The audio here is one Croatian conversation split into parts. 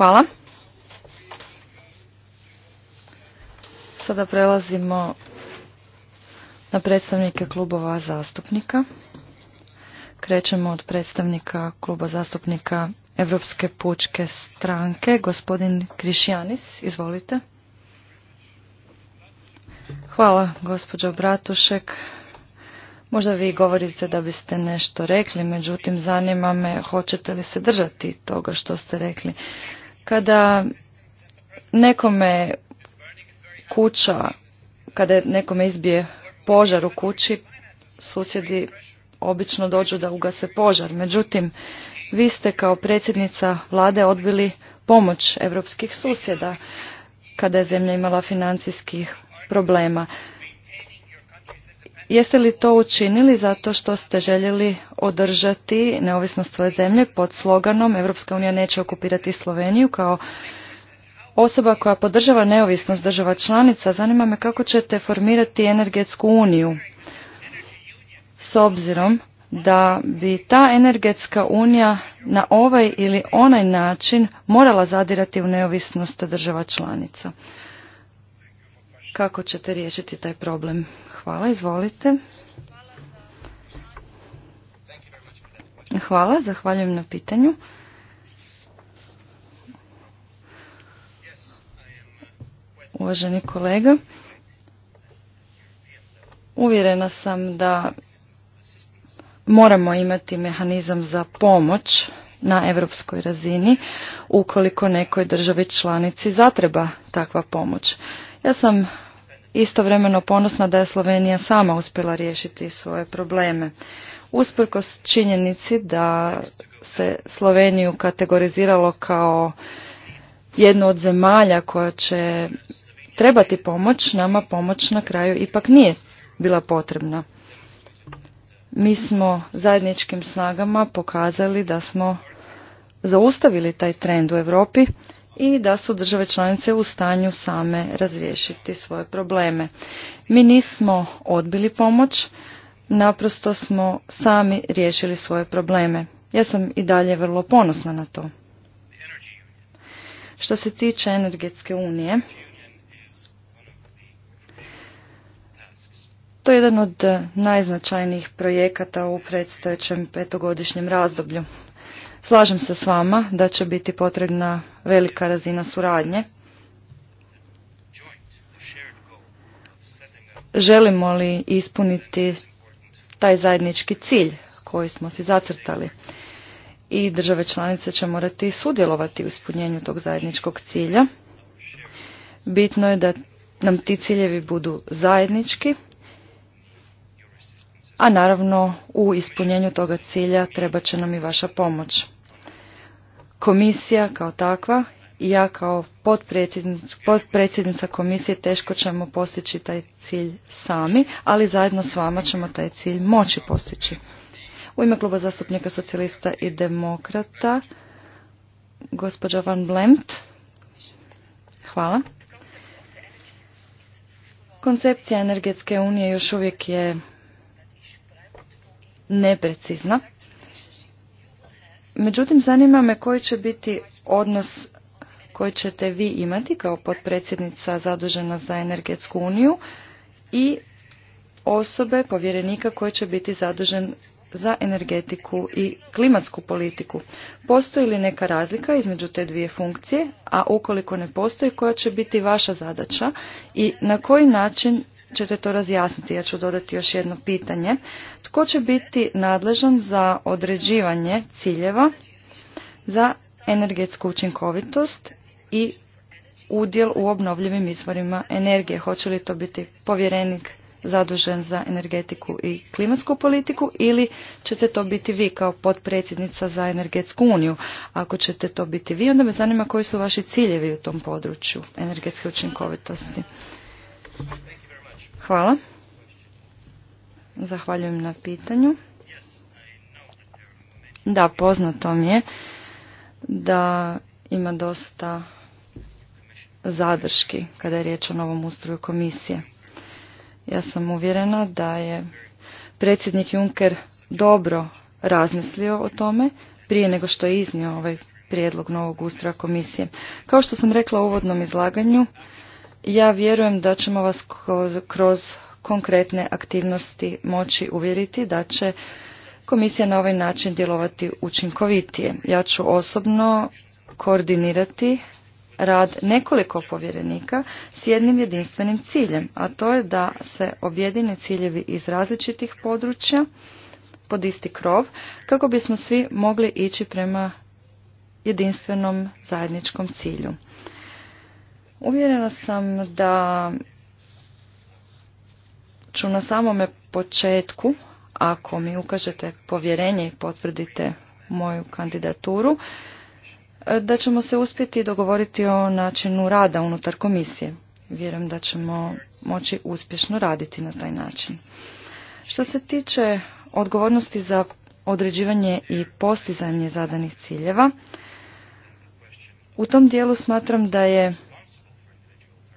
Hvala. Sada prelazimo na predstavnike klubova zastupnika. Krećemo od predstavnika kluba zastupnika Europske pučke stranke, gospodin Krišjanis, izvolite. Hvala, gospođo Bratušek. Možda vi govorite da biste nešto rekli, međutim zanima me hoćete li se držati toga što ste rekli. Kada nekome kuća, kada nekome izbije požar u kući, susjedi obično dođu da ugase požar. Međutim, vi ste kao predsjednica vlade odbili pomoć europskih susjeda kada je zemlja imala financijskih problema. Jeste li to učinili zato što ste željeli održati neovisnost svoje zemlje pod sloganom Europska unija neće okupirati Sloveniju kao osoba koja podržava neovisnost država članica, zanima me kako ćete formirati energetsku uniju s obzirom da bi ta energetska unija na ovaj ili onaj način morala zadirati u neovisnost država članica kako ćete riješiti taj problem. Hvala, izvolite. Hvala, zahvaljujem na pitanju. Uvaženi kolega, uvjerena sam da moramo imati mehanizam za pomoć na europskoj razini ukoliko nekoj državi članici zatreba takva pomoć. Ja sam istovremeno ponosna da je Slovenija sama uspjela riješiti svoje probleme. Usprkos činjenici da se Sloveniju kategoriziralo kao jednu od zemalja koja će trebati pomoć, nama pomoć na kraju ipak nije bila potrebna. Mi smo zajedničkim snagama pokazali da smo zaustavili taj trend u Europi i da su države članice u stanju same razriješiti svoje probleme. Mi nismo odbili pomoć, naprosto smo sami riješili svoje probleme. Ja sam i dalje vrlo ponosna na to. Što se tiče energetske unije, to je jedan od najznačajnijih projekata u predstojećem petogodišnjem razdoblju. Slažem se s vama da će biti potrebna velika razina suradnje. Želimo li ispuniti taj zajednički cilj koji smo si zacrtali? I države članice će morati sudjelovati u ispunjenju tog zajedničkog cilja. Bitno je da nam ti ciljevi budu zajednički a naravno u ispunjenju toga cilja treba će nam i vaša pomoć. Komisija kao takva i ja kao potpredsjednica komisije teško ćemo postići taj cilj sami, ali zajedno s vama ćemo taj cilj moći postići. U ime kluba zastupnika socijalista i demokrata, gospođa Van Blemt. Hvala. Koncepcija energetske unije još uvijek je neprecizna. Međutim, zanima me koji će biti odnos koji ćete vi imati kao potpredsjednica zadužena za energetsku uniju i osobe povjerenika koji će biti zadužen za energetiku i klimatsku politiku. Postoji li neka razlika između te dvije funkcije, a ukoliko ne postoji, koja će biti vaša zadaća i na koji način ćete to razjasniti. Ja ću dodati još jedno pitanje. Tko će biti nadležan za određivanje ciljeva za energetsku učinkovitost i udjel u obnovljivim izvorima energije? Hoće li to biti povjerenik zadužen za energetiku i klimatsku politiku ili ćete to biti vi kao potpredsjednica za energetsku uniju? Ako ćete to biti vi, onda me zanima koji su vaši ciljevi u tom području energetske učinkovitosti. Hvala. Zahvaljujem na pitanju. Da, poznato mi je da ima dosta zadrški kada je riječ o novom ustroju komisije. Ja sam uvjerena da je predsjednik Juncker dobro razmislio o tome prije nego što je iznio ovaj prijedlog novog ustroja komisije. Kao što sam rekla u uvodnom izlaganju, ja vjerujem da ćemo vas kroz konkretne aktivnosti moći uvjeriti da će komisija na ovaj način djelovati učinkovitije. Ja ću osobno koordinirati rad nekoliko povjerenika s jednim jedinstvenim ciljem, a to je da se objedine ciljevi iz različitih područja pod isti krov kako bismo svi mogli ići prema jedinstvenom zajedničkom cilju. Uvjerena sam da ću na samome početku, ako mi ukažete povjerenje i potvrdite moju kandidaturu, da ćemo se uspjeti dogovoriti o načinu rada unutar komisije. Vjerujem da ćemo moći uspješno raditi na taj način. Što se tiče odgovornosti za određivanje i postizanje zadanih ciljeva, u tom dijelu smatram da je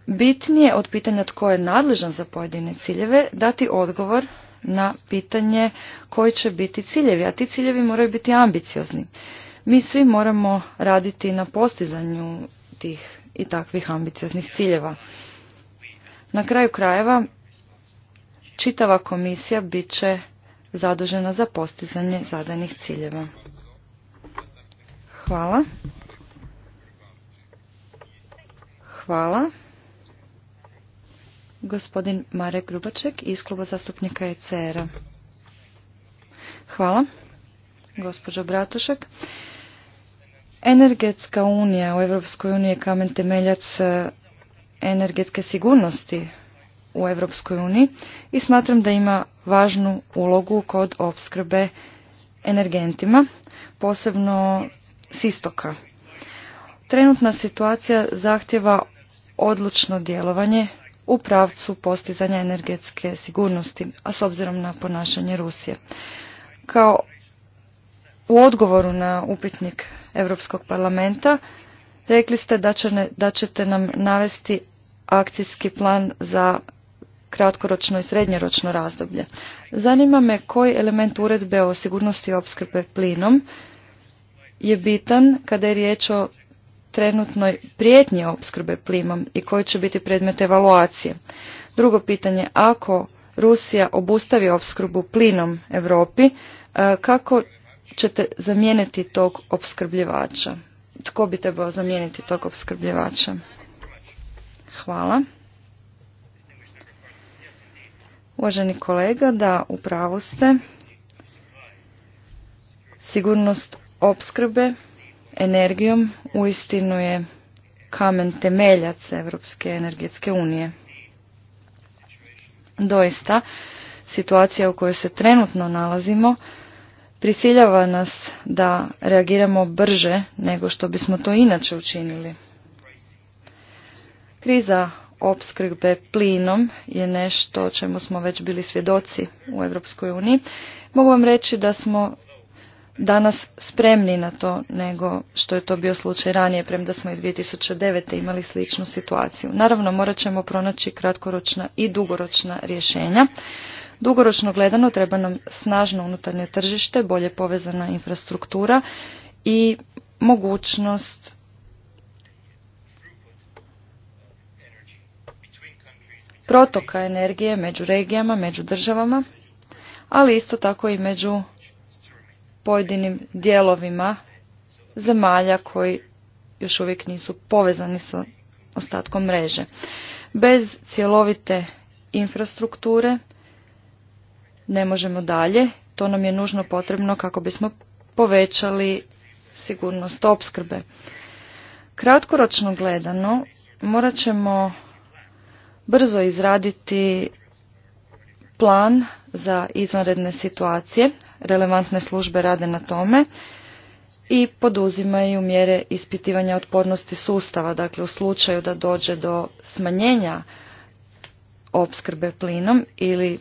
bitnije od pitanja tko je nadležan za pojedine ciljeve dati odgovor na pitanje koji će biti ciljevi, a ti ciljevi moraju biti ambiciozni. Mi svi moramo raditi na postizanju tih i takvih ambicioznih ciljeva. Na kraju krajeva čitava komisija bit će zadužena za postizanje zadanih ciljeva. Hvala. Hvala. Gospodin Marek Grubaček iz kluba zastupnika ECR-a. Hvala, gospođo Bratošek. Energetska unija u Europskoj uniji je kamen temeljac e, energetske sigurnosti u Europskoj uniji i smatram da ima važnu ulogu kod opskrbe energentima, posebno s istoka. Trenutna situacija zahtjeva odlučno djelovanje u pravcu postizanja energetske sigurnosti, a s obzirom na ponašanje Rusije. Kao u odgovoru na upitnik Europskog parlamenta rekli ste da, ćete nam navesti akcijski plan za kratkoročno i srednjeročno razdoblje. Zanima me koji element uredbe o sigurnosti opskrbe plinom je bitan kada je riječ o trenutnoj prijetnji opskrbe plimom i koji će biti predmet evaluacije. Drugo pitanje, ako Rusija obustavi opskrbu plinom Europi, e, kako ćete zamijeniti tog opskrbljivača? Tko bi trebao zamijeniti tog opskrbljivača? Hvala. Uvaženi kolega, da u ste. Sigurnost opskrbe energijom uistinu je kamen temeljac Europske energetske unije. Doista, situacija u kojoj se trenutno nalazimo prisiljava nas da reagiramo brže nego što bismo to inače učinili. Kriza opskrbe plinom je nešto o čemu smo već bili svjedoci u Europskoj uniji. Mogu vam reći da smo danas spremni na to nego što je to bio slučaj ranije, premda smo i 2009. imali sličnu situaciju. Naravno, morat ćemo pronaći kratkoročna i dugoročna rješenja. Dugoročno gledano treba nam snažno unutarnje tržište, bolje povezana infrastruktura i mogućnost protoka energije među regijama, među državama, ali isto tako i među pojedinim dijelovima zemalja koji još uvijek nisu povezani sa ostatkom mreže. Bez cjelovite infrastrukture ne možemo dalje. To nam je nužno potrebno kako bismo povećali sigurnost opskrbe. Kratkoročno gledano morat ćemo brzo izraditi plan za izvanredne situacije relevantne službe rade na tome i poduzimaju mjere ispitivanja otpornosti sustava. Dakle, u slučaju da dođe do smanjenja opskrbe plinom ili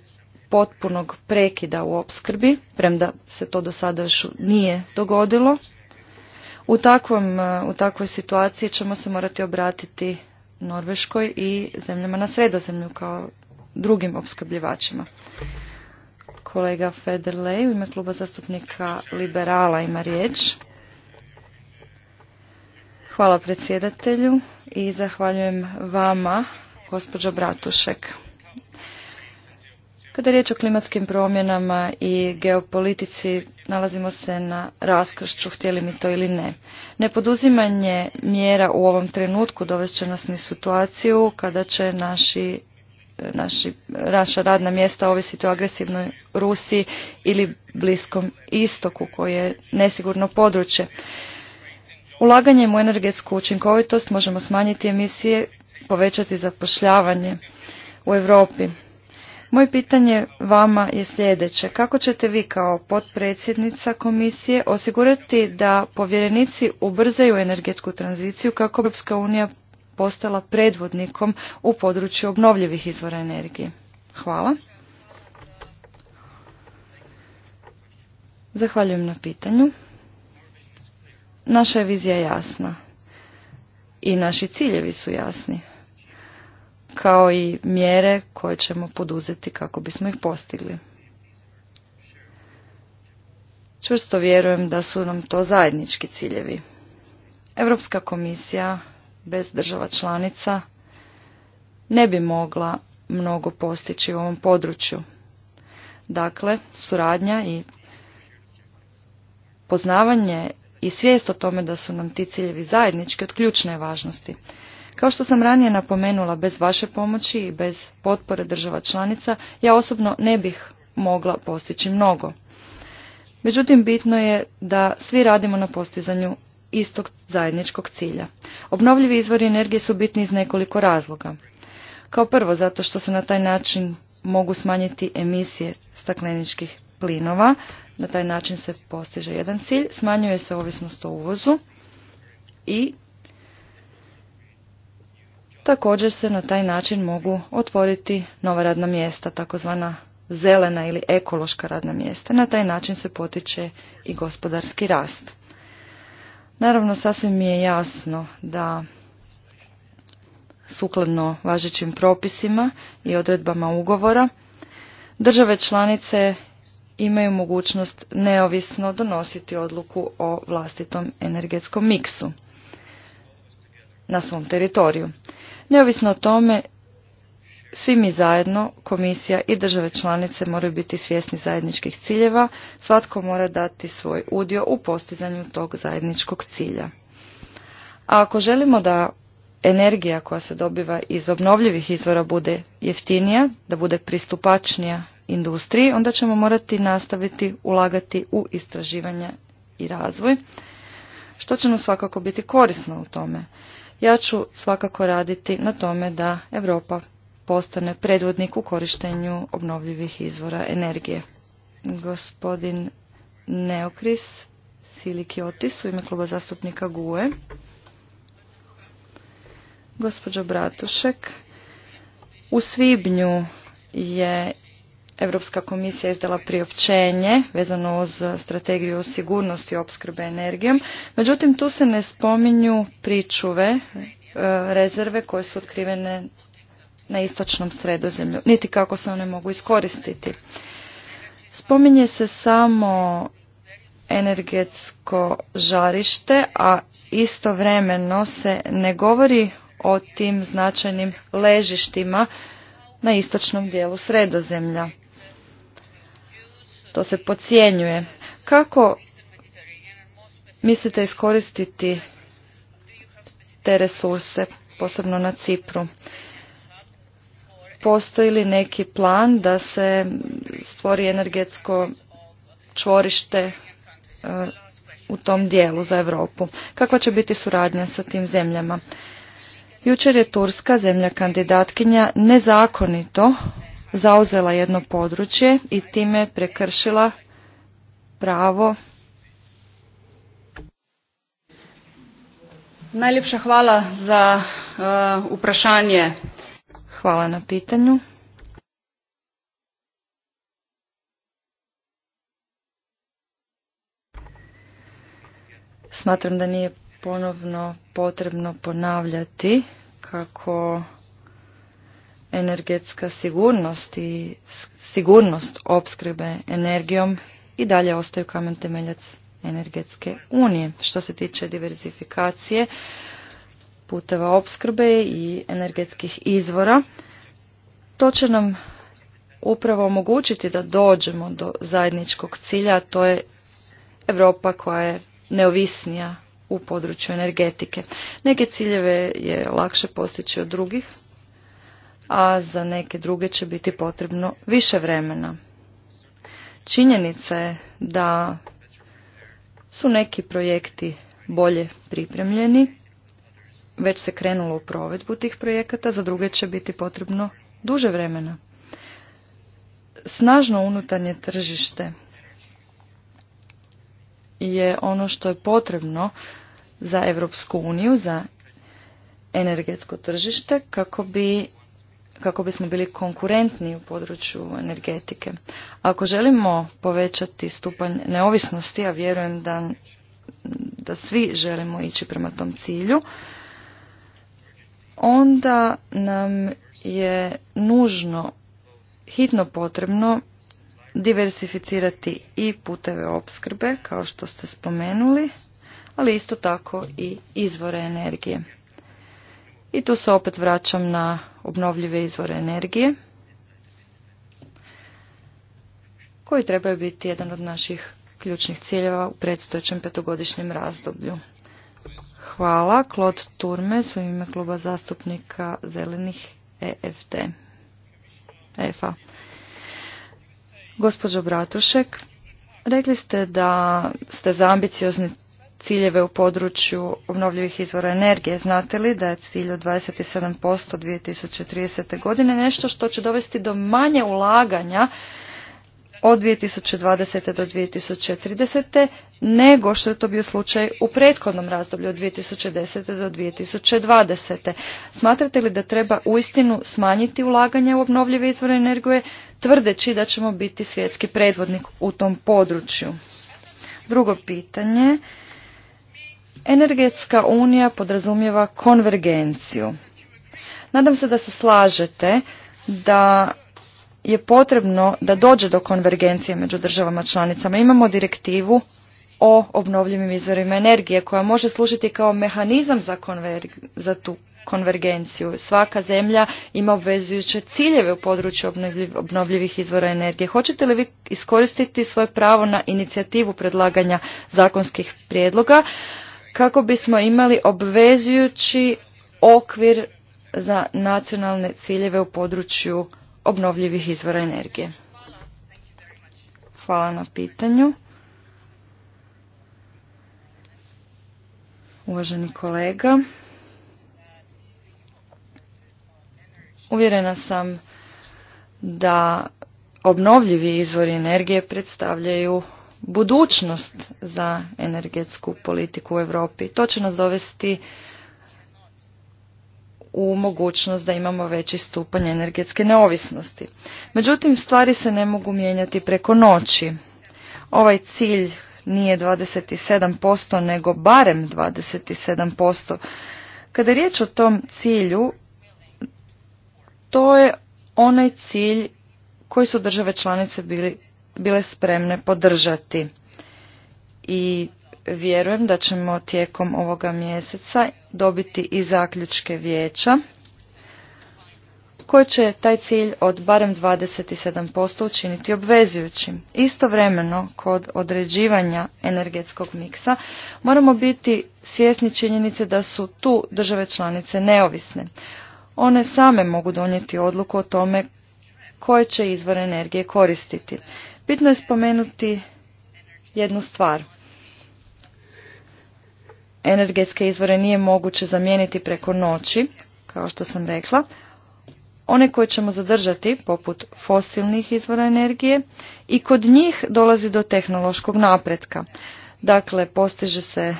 potpunog prekida u opskrbi, premda se to do sada još nije dogodilo, u, takvom, u takvoj situaciji ćemo se morati obratiti Norveškoj i zemljama na sredozemlju kao drugim opskrbljivačima. Kolega Federlej u ime kluba zastupnika Liberala ima riječ. Hvala predsjedatelju i zahvaljujem vama, gospođo Bratušek. Kada je riječ o klimatskim promjenama i geopolitici, nalazimo se na raskršću, htjeli mi to ili ne. Nepoduzimanje mjera u ovom trenutku dovest će nas na situaciju kada će naši naša radna mjesta ovisiti o agresivnoj Rusiji ili Bliskom istoku koje je nesigurno područje. Ulaganjem u energetsku učinkovitost možemo smanjiti emisije, povećati zapošljavanje u Europi. Moje pitanje vama je sljedeće. Kako ćete vi kao potpredsjednica komisije osigurati da povjerenici ubrzaju energetsku tranziciju kako Europska unija postala predvodnikom u području obnovljivih izvora energije. Hvala. Zahvaljujem na pitanju. Naša je vizija jasna i naši ciljevi su jasni, kao i mjere koje ćemo poduzeti kako bismo ih postigli. Čvrsto vjerujem da su nam to zajednički ciljevi. Europska komisija bez država članica ne bi mogla mnogo postići u ovom području. Dakle, suradnja i poznavanje i svijest o tome da su nam ti ciljevi zajednički od ključne važnosti. Kao što sam ranije napomenula, bez vaše pomoći i bez potpore država članica, ja osobno ne bih mogla postići mnogo. Međutim, bitno je da svi radimo na postizanju istog zajedničkog cilja. Obnovljivi izvori energije su bitni iz nekoliko razloga. Kao prvo, zato što se na taj način mogu smanjiti emisije stakleničkih plinova, na taj način se postiže jedan cilj, smanjuje se ovisnost o uvozu i također se na taj način mogu otvoriti nova radna mjesta, takozvana zelena ili ekološka radna mjesta. Na taj način se potiče i gospodarski rast. Naravno, sasvim mi je jasno da sukladno važećim propisima i odredbama ugovora, države članice imaju mogućnost neovisno donositi odluku o vlastitom energetskom miksu na svom teritoriju. Neovisno o tome svi mi zajedno, komisija i države članice moraju biti svjesni zajedničkih ciljeva, svatko mora dati svoj udio u postizanju tog zajedničkog cilja. A ako želimo da energija koja se dobiva iz obnovljivih izvora bude jeftinija, da bude pristupačnija industriji, onda ćemo morati nastaviti ulagati u istraživanje i razvoj, što će nam svakako biti korisno u tome. Ja ću svakako raditi na tome da Europa postane predvodnik u korištenju obnovljivih izvora energije. Gospodin Neokris Siliki Otis u ime kluba zastupnika GUE. Gospođo Bratušek, u Svibnju je Europska komisija izdala priopćenje vezano uz strategiju sigurnosti opskrbe energijom. Međutim, tu se ne spominju pričuve, e, rezerve koje su otkrivene na istočnom sredozemlju, niti kako se one mogu iskoristiti. Spominje se samo energetsko žarište, a istovremeno se ne govori o tim značajnim ležištima na istočnom dijelu sredozemlja. To se pocijenjuje. Kako mislite iskoristiti te resurse, posebno na Cipru? postoji li neki plan da se stvori energetsko čvorište e, u tom dijelu za Europu. Kakva će biti suradnja sa tim zemljama? Jučer je Turska, zemlja kandidatkinja, nezakonito zauzela jedno područje i time prekršila pravo. Najljepša hvala za uprašanje e, Hvala na pitanju. Smatram da nije ponovno potrebno ponavljati kako energetska sigurnost i sigurnost opskrbe energijom i dalje ostaju kamen temeljac energetske unije. Što se tiče diverzifikacije puteva opskrbe i energetskih izvora. To će nam upravo omogućiti da dođemo do zajedničkog cilja, a to je Europa koja je neovisnija u području energetike. Neke ciljeve je lakše postići od drugih, a za neke druge će biti potrebno više vremena. Činjenica je da su neki projekti bolje pripremljeni, već se krenulo u provedbu tih projekata, za druge će biti potrebno duže vremena. Snažno unutarnje tržište je ono što je potrebno za Europsku uniju, za energetsko tržište kako bi kako bismo bili konkurentni u području energetike. Ako želimo povećati stupanj neovisnosti, a vjerujem da, da svi želimo ići prema tom cilju, onda nam je nužno, hitno potrebno diversificirati i puteve opskrbe, kao što ste spomenuli, ali isto tako i izvore energije. I tu se opet vraćam na obnovljive izvore energije, koji trebaju biti jedan od naših ključnih ciljeva u predstojećem petogodišnjem razdoblju. Hvala. Klod Turmes u ime kluba zastupnika zelenih EFT. EFA. Gospođo Bratušek, rekli ste da ste za ambiciozne ciljeve u području obnovljivih izvora energije. Znate li da je cilj od 27% 2030. godine nešto što će dovesti do manje ulaganja od 2020. do 2030. nego što je to bio slučaj u prethodnom razdoblju od 2010. do 2020. Smatrate li da treba uistinu smanjiti ulaganje u obnovljive izvore energije tvrdeći da ćemo biti svjetski predvodnik u tom području? Drugo pitanje. Energetska unija podrazumijeva konvergenciju. Nadam se da se slažete da je potrebno da dođe do konvergencije među državama članicama. Imamo direktivu o obnovljivim izvorima energije koja može služiti kao mehanizam za, za tu konvergenciju. Svaka zemlja ima obvezujuće ciljeve u području obnovljivih izvora energije. Hoćete li vi iskoristiti svoje pravo na inicijativu predlaganja zakonskih prijedloga kako bismo imali obvezujući okvir za nacionalne ciljeve u području obnovljivih izvora energije. Hvala na pitanju. Uvaženi kolega, uvjerena sam da obnovljivi izvori energije predstavljaju budućnost za energetsku politiku u Europi. To će nas dovesti u mogućnost da imamo veći stupanj energetske neovisnosti. Međutim, stvari se ne mogu mijenjati preko noći. Ovaj cilj nije 27%, nego barem 27%. Kada je riječ o tom cilju, to je onaj cilj koji su države članice bile spremne podržati. I vjerujem da ćemo tijekom ovoga mjeseca dobiti i zaključke vijeća koje će taj cilj od barem 27% učiniti obvezujućim. Istovremeno, kod određivanja energetskog miksa, moramo biti svjesni činjenice da su tu države članice neovisne. One same mogu donijeti odluku o tome koje će izvore energije koristiti. Bitno je spomenuti jednu stvar energetske izvore nije moguće zamijeniti preko noći, kao što sam rekla. One koje ćemo zadržati, poput fosilnih izvora energije, i kod njih dolazi do tehnološkog napretka. Dakle, postiže se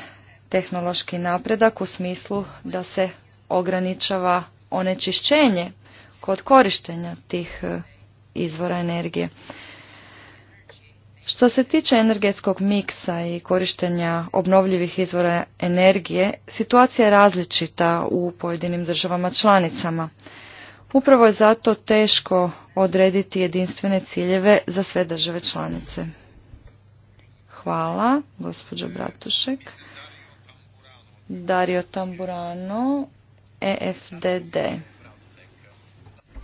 tehnološki napredak u smislu da se ograničava onečišćenje kod korištenja tih e, izvora energije. Što se tiče energetskog miksa i korištenja obnovljivih izvora energije, situacija je različita u pojedinim državama članicama. Upravo je zato teško odrediti jedinstvene ciljeve za sve države članice. Hvala, gospođo Bratušek. Dario Tamburano, EFDD.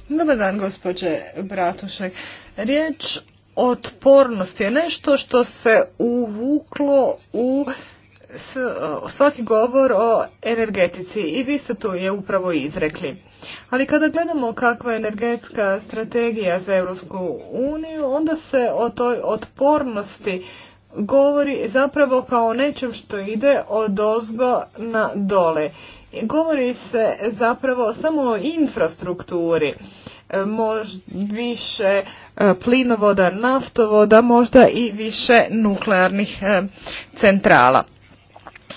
Dobar dan, gospođe Bratušek. Riječ otpornost je nešto što se uvuklo u svaki govor o energetici i vi ste to je upravo izrekli. Ali kada gledamo kakva je energetska strategija za Europsku uniju, onda se o toj otpornosti govori zapravo kao o nečem što ide od ozgo na dole. Govori se zapravo samo o infrastrukturi. E, možda više e, plinovoda, naftovoda, možda i više nuklearnih e, centrala.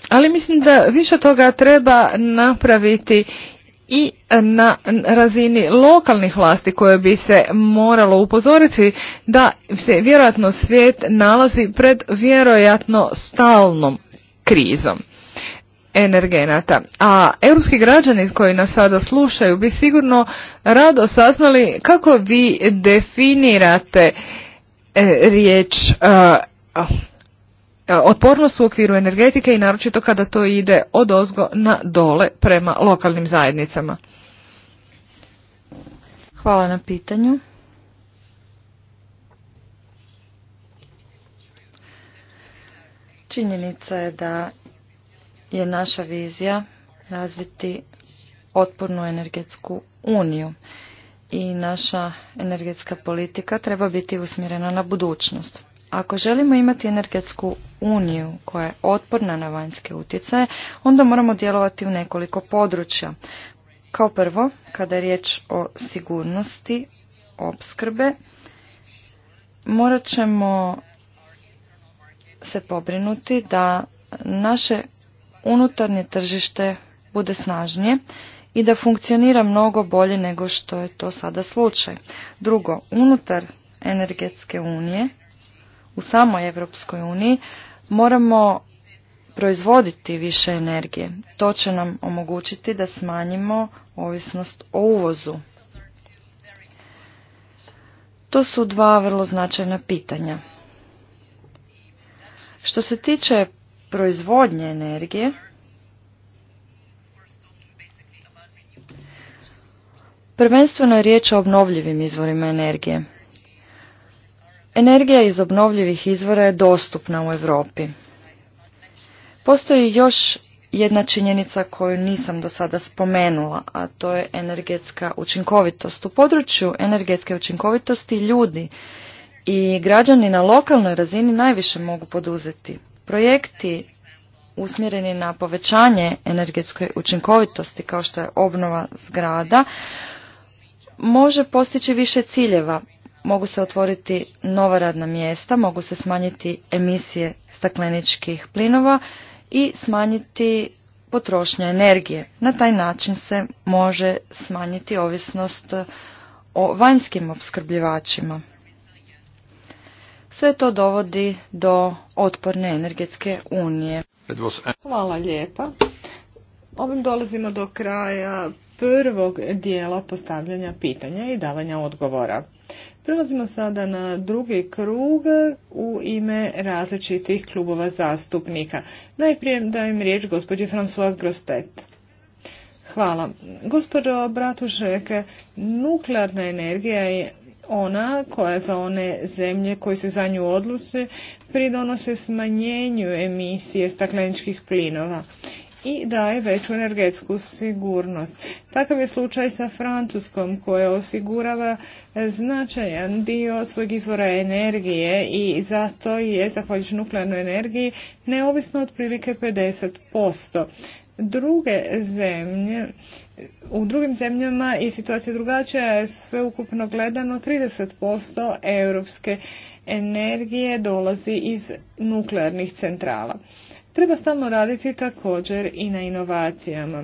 Ali mislim da više toga treba napraviti i na razini lokalnih vlasti koje bi se moralo upozoriti da se vjerojatno svijet nalazi pred vjerojatno stalnom krizom energenata. A europski građani koji nas sada slušaju bi sigurno rado saznali kako vi definirate e, riječ otpornost u okviru energetike i naročito kada to ide od ozgo na dole prema lokalnim zajednicama. Hvala na pitanju. Činjenica je da je naša vizija razviti otpornu energetsku uniju i naša energetska politika treba biti usmjerena na budućnost. Ako želimo imati energetsku uniju koja je otporna na vanjske utjecaje, onda moramo djelovati u nekoliko područja. Kao prvo, kada je riječ o sigurnosti opskrbe, morat ćemo se pobrinuti da naše unutarnje tržište bude snažnije i da funkcionira mnogo bolje nego što je to sada slučaj. Drugo, unutar energetske unije, u samoj Evropskoj uniji, moramo proizvoditi više energije. To će nam omogućiti da smanjimo ovisnost o uvozu. To su dva vrlo značajna pitanja. Što se tiče proizvodnje energije prvenstveno je riječ o obnovljivim izvorima energije energija iz obnovljivih izvora je dostupna u europi postoji još jedna činjenica koju nisam do sada spomenula, a to je energetska učinkovitost. U području energetske učinkovitosti ljudi i građani na lokalnoj razini najviše mogu poduzeti. Projekti usmjereni na povećanje energetske učinkovitosti kao što je obnova zgrada može postići više ciljeva. Mogu se otvoriti nova radna mjesta, mogu se smanjiti emisije stakleničkih plinova i smanjiti potrošnja energije. Na taj način se može smanjiti ovisnost o vanjskim opskrbljivačima. Sve to dovodi do otporne energetske unije. Hvala lijepa. Ovim dolazimo do kraja prvog dijela postavljanja pitanja i davanja odgovora. Prelazimo sada na drugi krug u ime različitih klubova zastupnika. Najprije dajem riječ gospođi François Grostet. Hvala. Gospođo Bratušek, nuklearna energija je ona koja za one zemlje koje se za nju odluče pridonose smanjenju emisije stakleničkih plinova i daje veću energetsku sigurnost. Takav je slučaj sa Francuskom koja osigurava značajan dio svojeg izvora energije i zato je, zahvaljujući nuklearnoj energiji, neovisno prilike 50% druge zemlje, u drugim zemljama je situacija drugačija, sve ukupno gledano 30% europske energije dolazi iz nuklearnih centrala. Treba stalno raditi također i na inovacijama.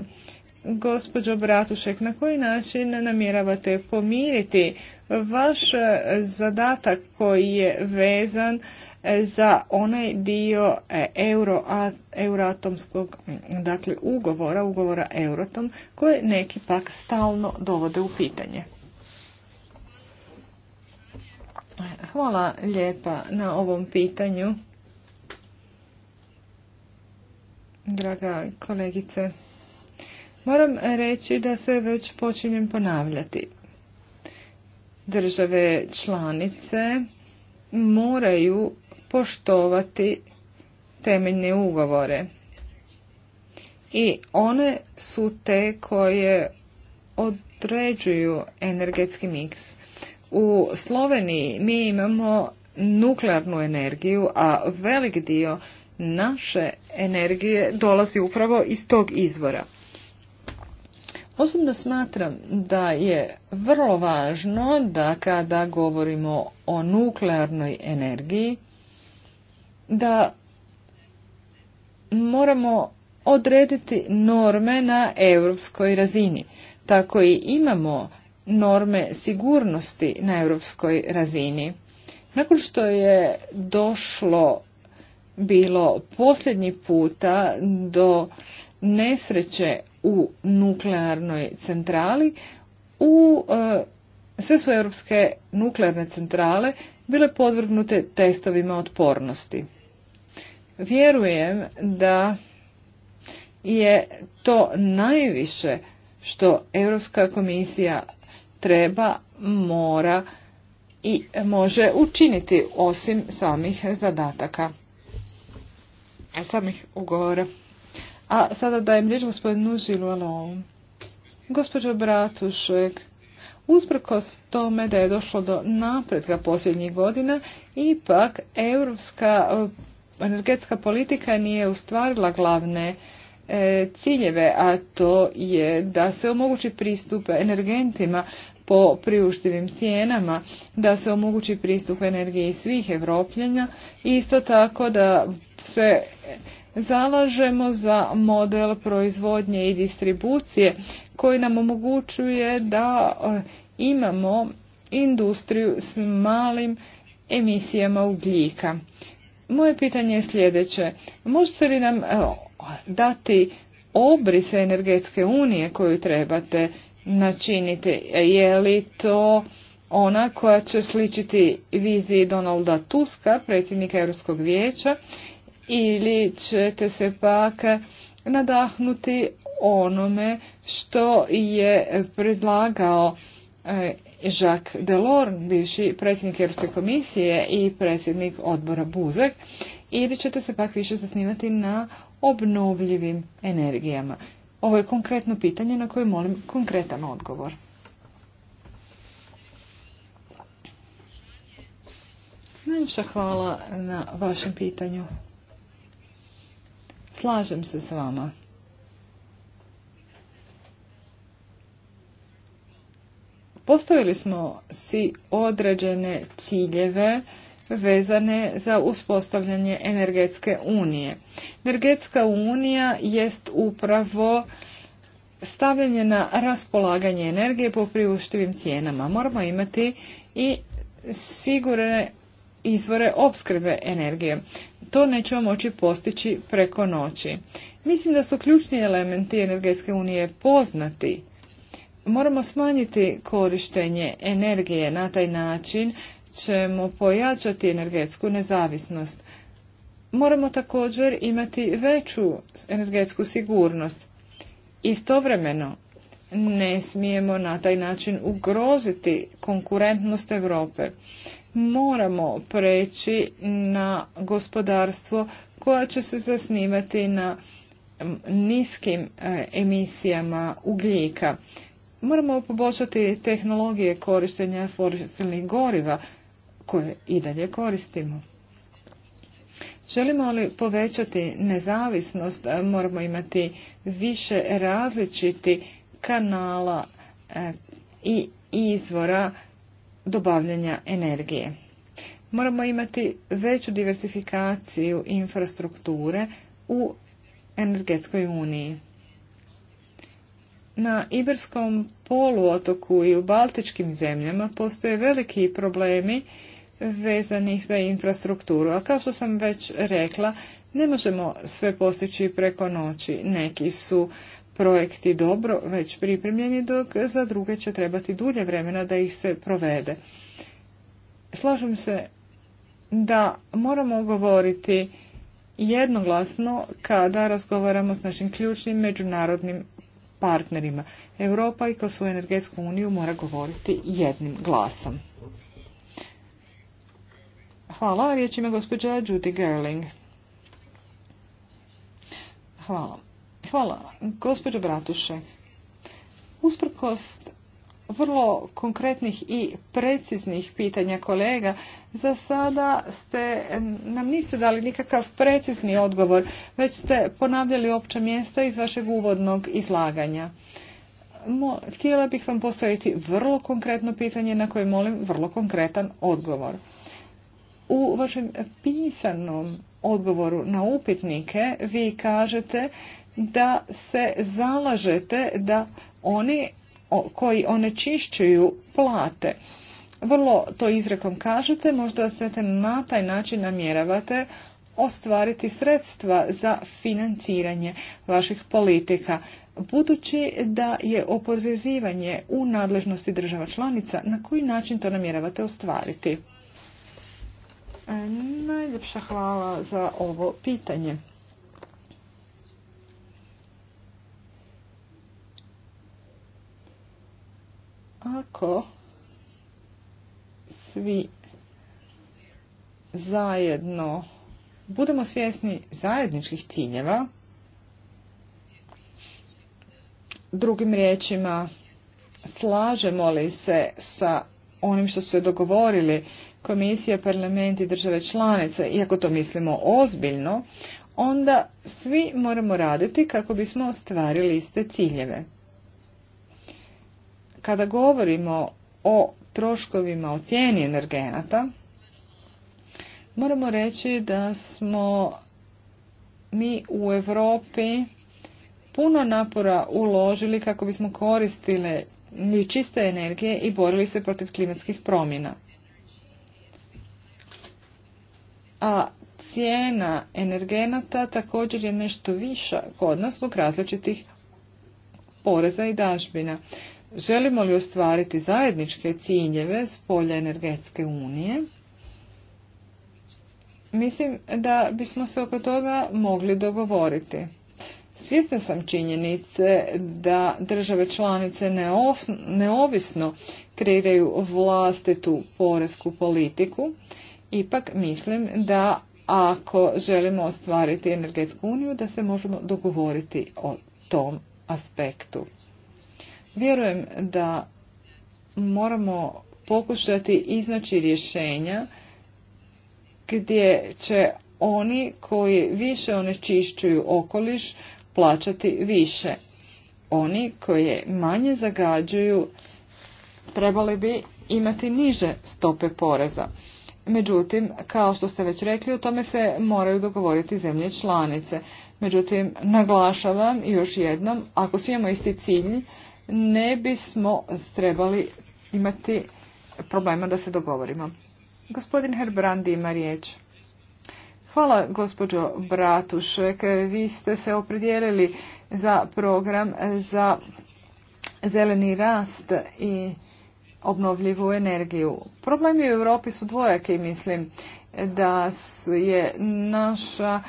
Gospođo Bratušek, na koji način namjeravate pomiriti vaš zadatak koji je vezan za onaj dio e, euro, euroatomskog dakle, ugovora, ugovora eurotom koje neki pak stalno dovode u pitanje. Hvala lijepa na ovom pitanju, draga kolegice. Moram reći da se već počinjem ponavljati. Države članice moraju poštovati temeljne ugovore. I one su te koje određuju energetski miks. U Sloveniji mi imamo nuklearnu energiju, a velik dio naše energije dolazi upravo iz tog izvora. Osobno smatram da je vrlo važno da kada govorimo o nuklearnoj energiji, da moramo odrediti norme na europskoj razini. Tako i imamo norme sigurnosti na europskoj razini. Nakon što je došlo bilo posljednji puta do nesreće u nuklearnoj centrali, u e, sve su europske nuklearne centrale bile podvrgnute testovima otpornosti. Vjerujem da je to najviše što Europska komisija treba, mora i može učiniti osim samih zadataka, samih ugovora. A sada dajem riječ gospodinu Žilu Alonu. Gospođo Bratušek, usprkos tome da je došlo do napretka posljednjih godina, ipak europska energetska politika nije ustvarila glavne e, ciljeve, a to je da se omogući pristup energentima po priuštivim cijenama, da se omogući pristup energiji svih Evropljenja, isto tako da se zalažemo za model proizvodnje i distribucije koji nam omogućuje da e, imamo industriju s malim emisijama ugljika. Moje pitanje je sljedeće. Možete li nam dati obrise energetske unije koju trebate načiniti? Je li to ona koja će sličiti viziji Donalda Tuska, predsjednika Europskog vijeća, ili ćete se pak nadahnuti onome što je predlagao e, Jacques Delors, bivši predsjednik Europske komisije i predsjednik odbora Buzek, ili ćete se pak više zasnivati na obnovljivim energijama? Ovo je konkretno pitanje na koje molim konkretan odgovor. Najljepša hvala na vašem pitanju. Slažem se s vama. Postavili smo si određene ciljeve vezane za uspostavljanje energetske unije. Energetska unija jest upravo stavljanje na raspolaganje energije po priuštivim cijenama. Moramo imati i sigurne izvore opskrbe energije. To nećemo moći postići preko noći. Mislim da su ključni elementi energetske unije poznati Moramo smanjiti korištenje energije na taj način ćemo pojačati energetsku nezavisnost. Moramo također imati veću energetsku sigurnost. Istovremeno ne smijemo na taj način ugroziti konkurentnost Europe. Moramo preći na gospodarstvo koja će se zasnivati na niskim e, emisijama ugljika. Moramo poboljšati tehnologije korištenja fosilnih goriva koje i dalje koristimo. Želimo li povećati nezavisnost, e, moramo imati više različiti kanala e, i izvora dobavljanja energije. Moramo imati veću diversifikaciju infrastrukture u energetskoj uniji. Na Iberskom poluotoku i u Baltičkim zemljama postoje veliki problemi vezanih za infrastrukturu, a kao što sam već rekla, ne možemo sve postići preko noći. Neki su projekti dobro već pripremljeni, dok za druge će trebati dulje vremena da ih se provede. Slažem se da moramo govoriti jednoglasno kada razgovaramo s našim ključnim međunarodnim partnerima. Europa i kroz svoju energetsku uniju mora govoriti jednim glasom. Hvala. Riječ ima gospođa Judy Gerling. Hvala. Hvala. Gospođo Bratuše, usprkost vrlo konkretnih i preciznih pitanja kolega. Za sada ste, nam niste dali nikakav precizni odgovor, već ste ponavljali opće mjesta iz vašeg uvodnog izlaganja. Mo, htjela bih vam postaviti vrlo konkretno pitanje na koje molim vrlo konkretan odgovor. U vašem pisanom odgovoru na upitnike vi kažete da se zalažete da oni koji onečišćuju plate. Vrlo to izrekom kažete, možda se na taj način namjeravate ostvariti sredstva za financiranje vaših politika, budući da je oporezivanje u nadležnosti država članica, na koji način to namjeravate ostvariti? E, najljepša hvala za ovo pitanje. ako svi zajedno budemo svjesni zajedničkih ciljeva, drugim riječima slažemo li se sa onim što su se dogovorili komisija, parlament i države članice, iako to mislimo ozbiljno, onda svi moramo raditi kako bismo ostvarili iste ciljeve. Kada govorimo o troškovima, o cijeni energenata, moramo reći da smo mi u Europi puno napora uložili kako bismo koristile čiste energije i borili se protiv klimatskih promjena. A cijena energenata također je nešto viša kod nas zbog različitih poreza i dažbina. Želimo li ostvariti zajedničke ciljeve s polja energetske unije? Mislim da bismo se oko toga mogli dogovoriti. Svjesna sam činjenice da države članice neovisno kreiraju vlastitu poresku politiku, ipak mislim da ako želimo ostvariti energetsku uniju, da se možemo dogovoriti o tom aspektu. Vjerujem da moramo pokušati iznaći rješenja gdje će oni koji više onečišćuju okoliš plaćati više. Oni koji manje zagađuju trebali bi imati niže stope poreza. Međutim, kao što ste već rekli, o tome se moraju dogovoriti zemlje članice. Međutim, naglašavam još jednom, ako svi imamo isti cilj, ne bismo trebali imati problema da se dogovorimo. Gospodin Herbrandi ima riječ. Hvala gospođo Bratušek. Vi ste se opredijelili za program za zeleni rast i obnovljivu energiju. Problemi u Europi su dvojaki, mislim, da je naša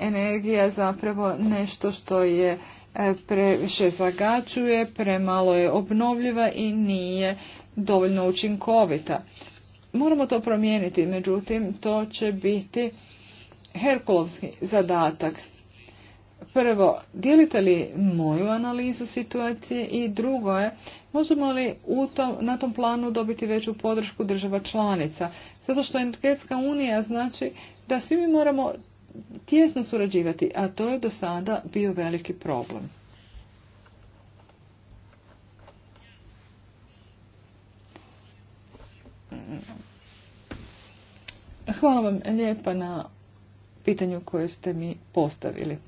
energija zapravo nešto što je E, previše zagađuje, premalo je obnovljiva i nije dovoljno učinkovita. Moramo to promijeniti, međutim to će biti herkulovski zadatak. Prvo, dijelite li moju analizu situacije i drugo je, možemo li na tom planu dobiti veću podršku država članica? Zato što energetska unija znači da svi mi moramo tjesno surađivati, a to je do sada bio veliki problem. Hvala vam lijepa na pitanju koje ste mi postavili.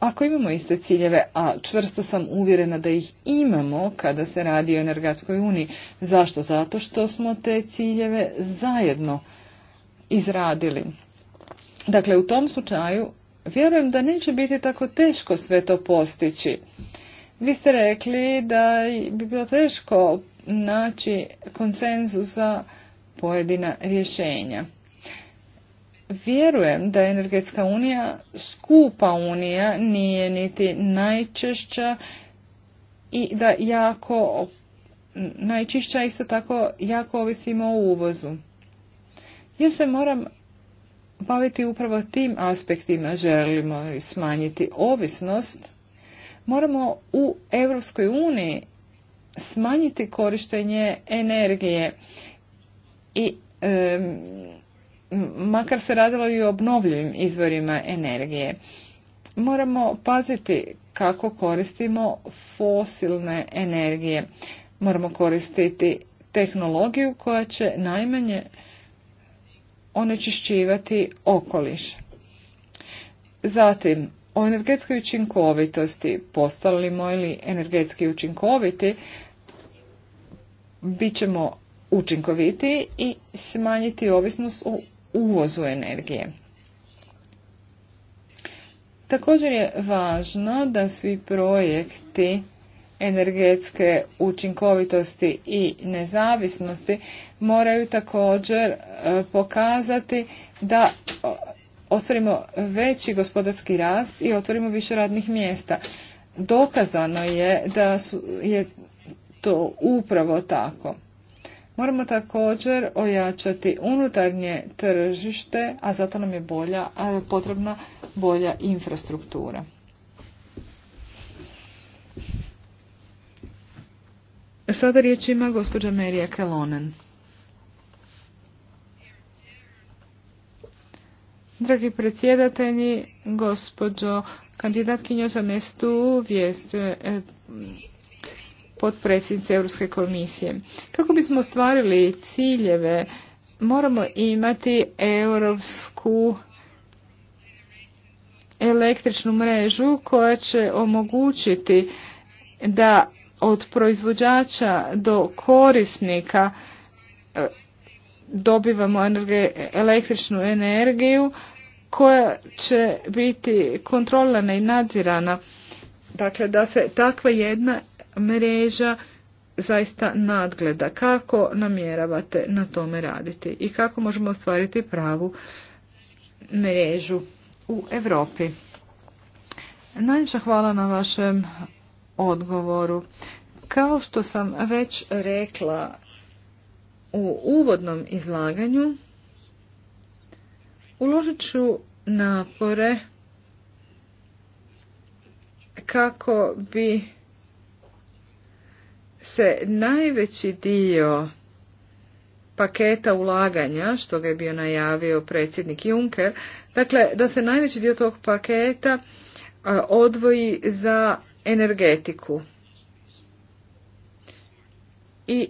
Ako imamo iste ciljeve, a čvrsto sam uvjerena da ih imamo kada se radi o energetskoj uniji, zašto? Zato što smo te ciljeve zajedno izradili. Dakle, u tom slučaju vjerujem da neće biti tako teško sve to postići. Vi ste rekli da bi bilo teško naći konsenzus za pojedina rješenja vjerujem da je energetska unija skupa unija, nije niti najčešća i da jako najčišća isto tako jako ovisimo o uvozu. Ja se moram baviti upravo tim aspektima želimo smanjiti ovisnost. Moramo u Europskoj uniji smanjiti korištenje energije i makar se radilo i o obnovljivim izvorima energije. Moramo paziti kako koristimo fosilne energije. Moramo koristiti tehnologiju koja će najmanje onečišćivati okoliš. Zatim, o energetskoj učinkovitosti, postalimo li energetski učinkoviti, bit ćemo učinkoviti i smanjiti ovisnost u uvozu energije. Također je važno da svi projekti energetske učinkovitosti i nezavisnosti moraju također e, pokazati da ostvarimo veći gospodarski rast i otvorimo više radnih mjesta. Dokazano je da je to upravo tako. Moramo također ojačati unutarnje tržište, a zato nam je bolja, potrebna bolja infrastruktura. Sada riječ ima gospođa Merija Kelonen. Dragi predsjedatelji, gospođo kandidatkinjo za mestu vijest e, potpredsjednice Europske komisije. Kako bismo ostvarili ciljeve, moramo imati europsku električnu mrežu koja će omogućiti da od proizvođača do korisnika e, dobivamo električnu energiju koja će biti kontrolana i nadzirana. Dakle, da se takva jedna mreža zaista nadgleda kako namjeravate na tome raditi i kako možemo ostvariti pravu mrežu u Europi. Najljepša hvala na vašem odgovoru. Kao što sam već rekla u uvodnom izlaganju, uložit ću napore kako bi se najveći dio paketa ulaganja, što ga je bio najavio predsjednik Juncker, dakle da se najveći dio tog paketa odvoji za energetiku. I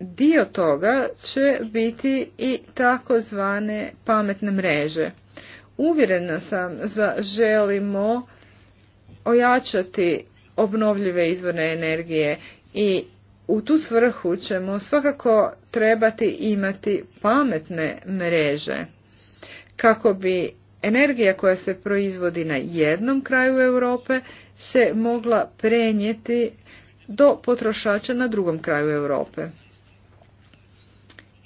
dio toga će biti i takozvane pametne mreže. Uvjerena sam da želimo ojačati obnovljive izvorne energije i u tu svrhu ćemo svakako trebati imati pametne mreže kako bi energija koja se proizvodi na jednom kraju Europe se mogla prenijeti do potrošača na drugom kraju Europe.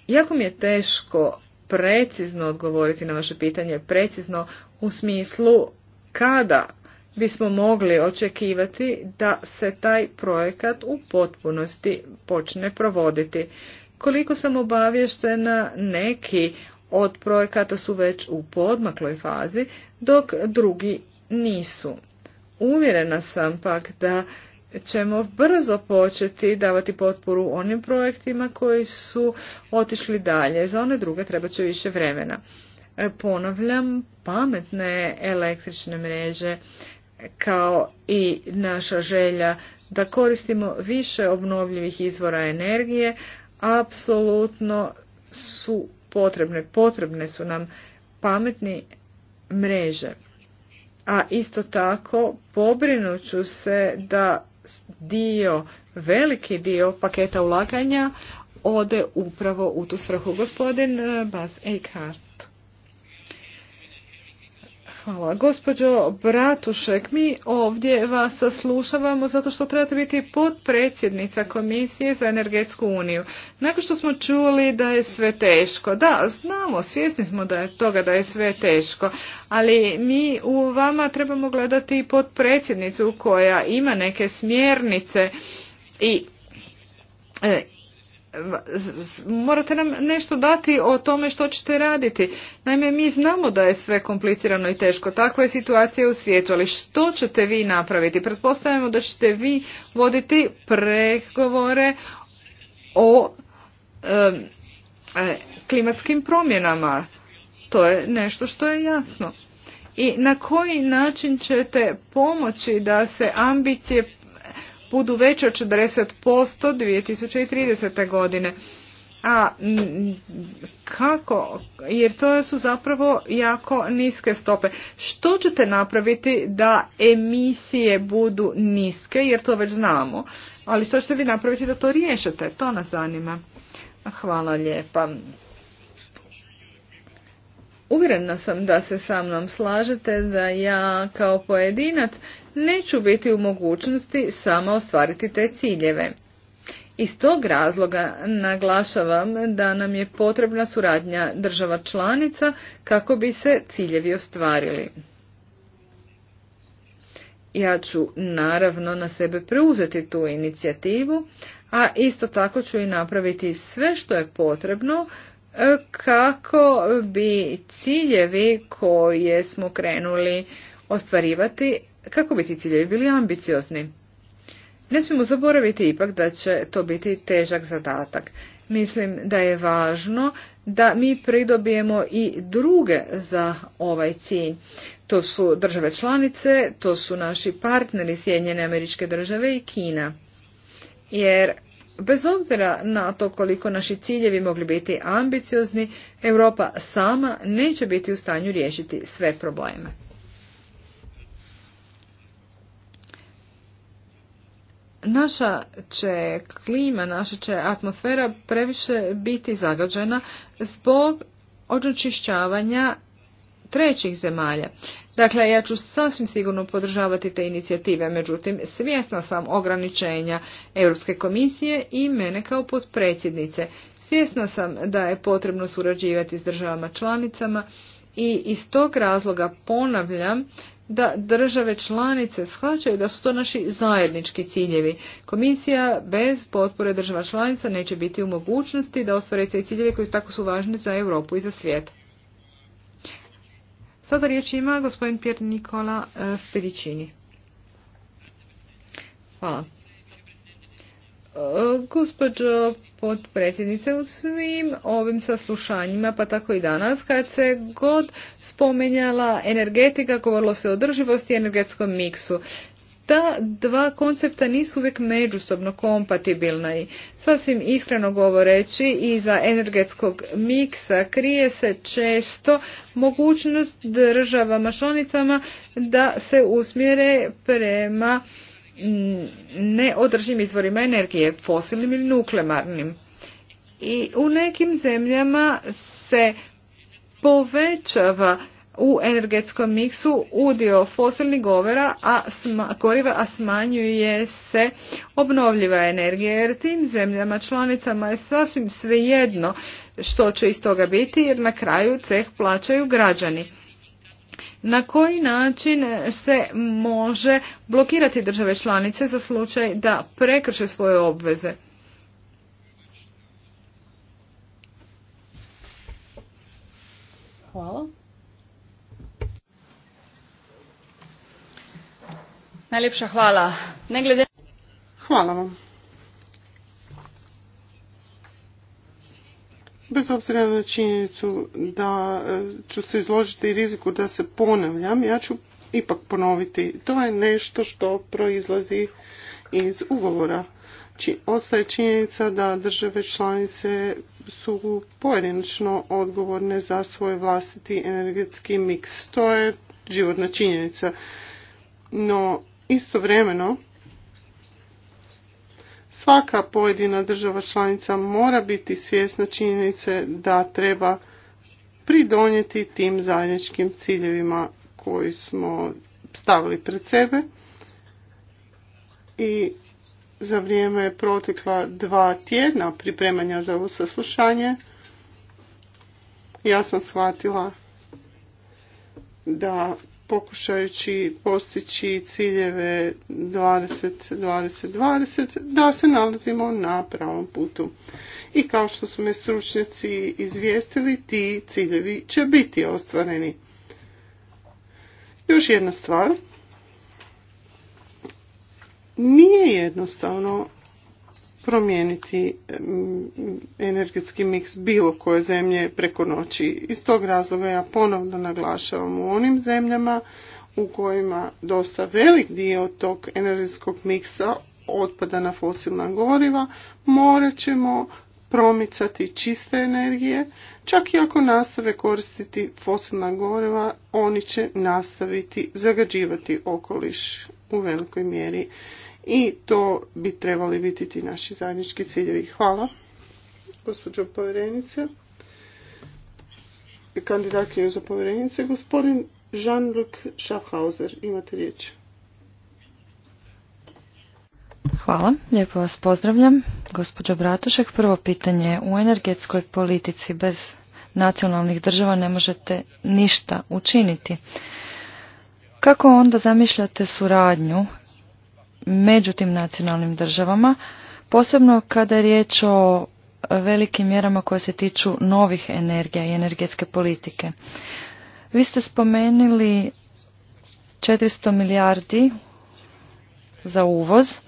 Jako mi je teško precizno odgovoriti na vaše pitanje, precizno u smislu kada bismo mogli očekivati da se taj projekat u potpunosti počne provoditi. Koliko sam obavještena, neki od projekata su već u podmakloj fazi, dok drugi nisu. Uvjerena sam pak da ćemo brzo početi davati potporu onim projektima koji su otišli dalje. Za one druge treba će više vremena. E, ponavljam, pametne električne mreže, kao i naša želja da koristimo više obnovljivih izvora energije, apsolutno su potrebne. Potrebne su nam pametni mreže. A isto tako pobrinuću se da dio, veliki dio paketa ulaganja ode upravo u tu svrhu. Gospodin eh, Bas Eichhardt. Hvala. Gospođo Bratušek, mi ovdje vas slušavamo zato što trebate biti potpredsjednica Komisije za energetsku uniju. Nakon što smo čuli da je sve teško, da, znamo, svjesni smo da je toga da je sve teško, ali mi u vama trebamo gledati potpredsjednicu koja ima neke smjernice i e, morate nam nešto dati o tome što ćete raditi. Naime, mi znamo da je sve komplicirano i teško. Takva je situacija u svijetu, ali što ćete vi napraviti? Pretpostavljamo da ćete vi voditi pregovore o e, klimatskim promjenama. To je nešto što je jasno. I na koji način ćete pomoći da se ambicije budu veće od 40% 2030. godine. A kako? Jer to su zapravo jako niske stope. Što ćete napraviti da emisije budu niske? Jer to već znamo. Ali što ćete vi napraviti da to riješite? To nas zanima. Hvala lijepa. Uvjerena sam da se sa mnom slažete da ja kao pojedinac neću biti u mogućnosti sama ostvariti te ciljeve. Iz tog razloga naglašavam da nam je potrebna suradnja država članica kako bi se ciljevi ostvarili. Ja ću naravno na sebe preuzeti tu inicijativu, a isto tako ću i napraviti sve što je potrebno kako bi ciljevi koje smo krenuli ostvarivati, kako bi ti ciljevi bili ambiciozni. Ne smijemo zaboraviti ipak da će to biti težak zadatak. Mislim da je važno da mi pridobijemo i druge za ovaj cilj. To su države članice, to su naši partneri Sjedinjene američke države i Kina. Jer Bez obzira na to koliko naši ciljevi mogli biti ambiciozni, Europa sama neće biti u stanju riješiti sve probleme. Naša će klima, naša će atmosfera previše biti zagađena zbog onečišćavanja trećih zemalja. Dakle, ja ću sasvim sigurno podržavati te inicijative, međutim, svjesna sam ograničenja Europske komisije i mene kao potpredsjednice. Svjesna sam da je potrebno surađivati s državama članicama i iz tog razloga ponavljam da države članice shvaćaju da su to naši zajednički ciljevi. Komisija bez potpore država članica neće biti u mogućnosti da ostvare te ciljeve koji tako su važni za Europu i za svijet. Sada riječ ima gospodin Pier Nikola eh, Hvala. Eh, gospođo potpredsjednice, u svim ovim saslušanjima, pa tako i danas, kad se god spomenjala energetika, govorilo se o drživosti i energetskom miksu ta dva koncepta nisu uvijek međusobno kompatibilna i sasvim iskreno govoreći iza energetskog miksa krije se često mogućnost državama članicama da se usmjere prema mm, neodrživim izvorima energije, fosilnim ili nuklearnim. I u nekim zemljama se povećava u energetskom miksu udio fosilnih govora, a goriva, a smanjuje se obnovljiva energija. Jer tim zemljama članicama je sasvim svejedno što će iz toga biti jer na kraju ceh plaćaju građani. Na koji način se može blokirati države članice za slučaj da prekrše svoje obveze? Hvala. Najlepša hvala. vam. Bez obzira na činjenicu da e, ću se izložiti riziku da se ponavljam, ja ću ipak ponoviti. To je nešto što proizlazi iz ugovora. ostaje činjenica da države članice su pojedinačno odgovorne za svoj vlastiti energetski miks. To je životna činjenica. No, Istovremeno, svaka pojedina država članica mora biti svjesna činjenice da treba pridonijeti tim zajedničkim ciljevima koji smo stavili pred sebe i za vrijeme protekla dva tjedna pripremanja za ovo saslušanje ja sam shvatila da pokušajući postići ciljeve 20-20-20 da se nalazimo na pravom putu. I kao što su me stručnjaci izvijestili, ti ciljevi će biti ostvareni. Još jedna stvar. Nije jednostavno promijeniti energetski miks bilo koje zemlje preko noći. Iz tog razloga ja ponovno naglašavam u onim zemljama u kojima dosta velik dio tog energetskog miksa otpada na fosilna goriva, morat ćemo promicati čiste energije, čak i ako nastave koristiti fosilna goriva, oni će nastaviti zagađivati okoliš u velikoj mjeri i to bi trebali biti ti naši zajednički ciljevi. Hvala, gospođo povjerenice. je za povjerenice, gospodin Jean-Luc Schaffhauser, imate riječ. Hvala, lijepo vas pozdravljam. Gospođo Bratušek, prvo pitanje. U energetskoj politici bez nacionalnih država ne možete ništa učiniti. Kako onda zamišljate suradnju među tim nacionalnim državama, posebno kada je riječ o velikim mjerama koje se tiču novih energija i energetske politike. Vi ste spomenuli 400 milijardi za uvoz.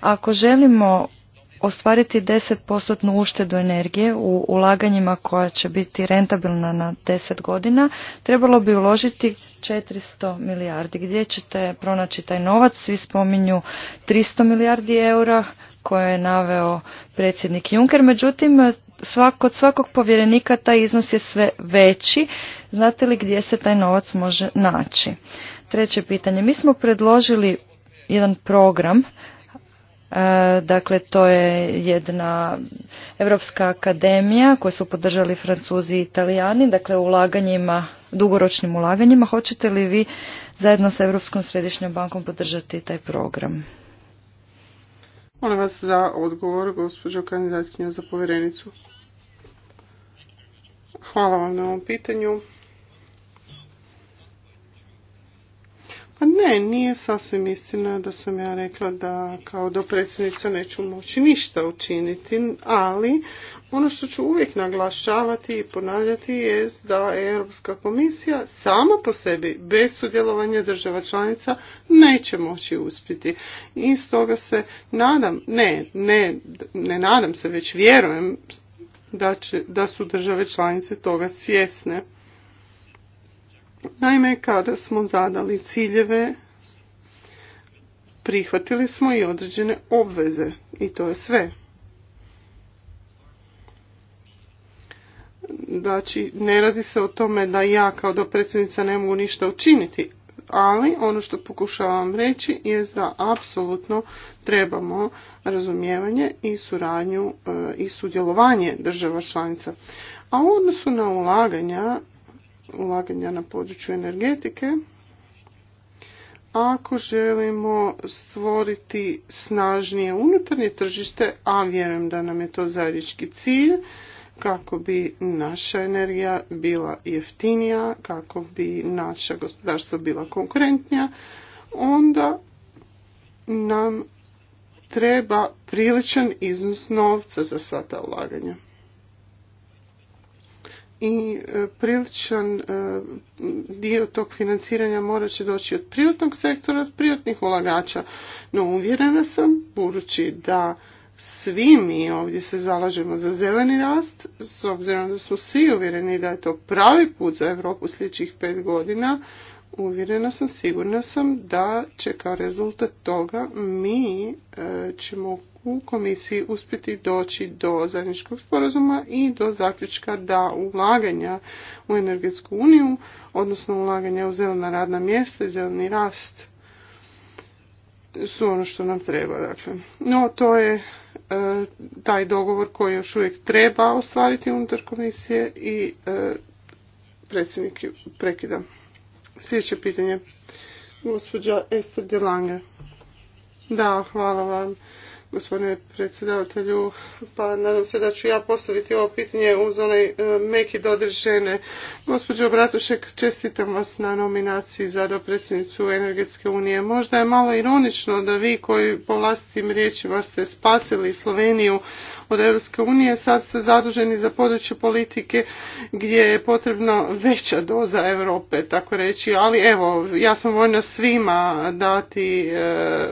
Ako želimo ostvariti 10% uštedu energije u ulaganjima koja će biti rentabilna na 10 godina, trebalo bi uložiti 400 milijardi. Gdje ćete pronaći taj novac? Svi spominju 300 milijardi eura koje je naveo predsjednik Juncker. Međutim, kod svakog povjerenika taj iznos je sve veći. Znate li gdje se taj novac može naći? Treće pitanje. Mi smo predložili jedan program E, dakle, to je jedna Europska akademija koju su podržali Francuzi i Italijani, dakle ulaganjima, dugoročnim ulaganjima. Hoćete li vi zajedno sa Europskom središnjom bankom podržati taj program? Molim vas za odgovor, gospođo kandidatkinja za povjerenicu. Hvala vam na ovom pitanju. Pa ne, nije sasvim istina da sam ja rekla da kao dopredsjednica neću moći ništa učiniti, ali ono što ću uvijek naglašavati i ponavljati je da Europska komisija sama po sebi, bez sudjelovanja država članica, neće moći uspjeti. I stoga se nadam, ne, ne, ne nadam se, već vjerujem da, će, da su države članice toga svjesne. Naime, kada smo zadali ciljeve, prihvatili smo i određene obveze i to je sve. Znači, ne radi se o tome da ja kao dopredsjednica ne mogu ništa učiniti, ali ono što pokušavam reći je da apsolutno trebamo razumijevanje i suradnju e, i sudjelovanje država članica. A u odnosu na ulaganja ulaganja na području energetike. Ako želimo stvoriti snažnije unutarnje tržište, a vjerujem da nam je to zajednički cilj, kako bi naša energija bila jeftinija, kako bi naša gospodarstvo bila konkurentnija, onda nam treba priličan iznos novca za sva ulaganja i e, priličan e, dio tog financiranja morat će doći od privatnog sektora, od privatnih ulagača. No uvjerena sam, budući da svi mi ovdje se zalažemo za zeleni rast, s obzirom da smo svi uvjereni da je to pravi put za Europu sljedećih pet godina, Uvjerena sam, sigurna sam da će kao rezultat toga mi e, ćemo u komisiji uspjeti doći do zajedničkog sporazuma i do zaključka da ulaganja u energetsku uniju, odnosno ulaganja u zelena radna mjesta i zeleni rast su ono što nam treba. Dakle. No, to je e, taj dogovor koji još uvijek treba ostvariti unutar komisije i e, predsjednik prekida. Sljedeće pitanje. Gospođa Ester Delange. Da, hvala vam gospodine predsjedavatelju. Pa nadam se da ću ja postaviti ovo pitanje uz onaj e, meki dodir žene. Gospođo Bratušek, čestitam vas na nominaciji za dopredsjednicu Energetske unije. Možda je malo ironično da vi koji po vlastitim riječima ste spasili Sloveniju od Europske unije, sad ste zaduženi za područje politike gdje je potrebno veća doza Europe, tako reći. Ali evo, ja sam voljna svima dati e,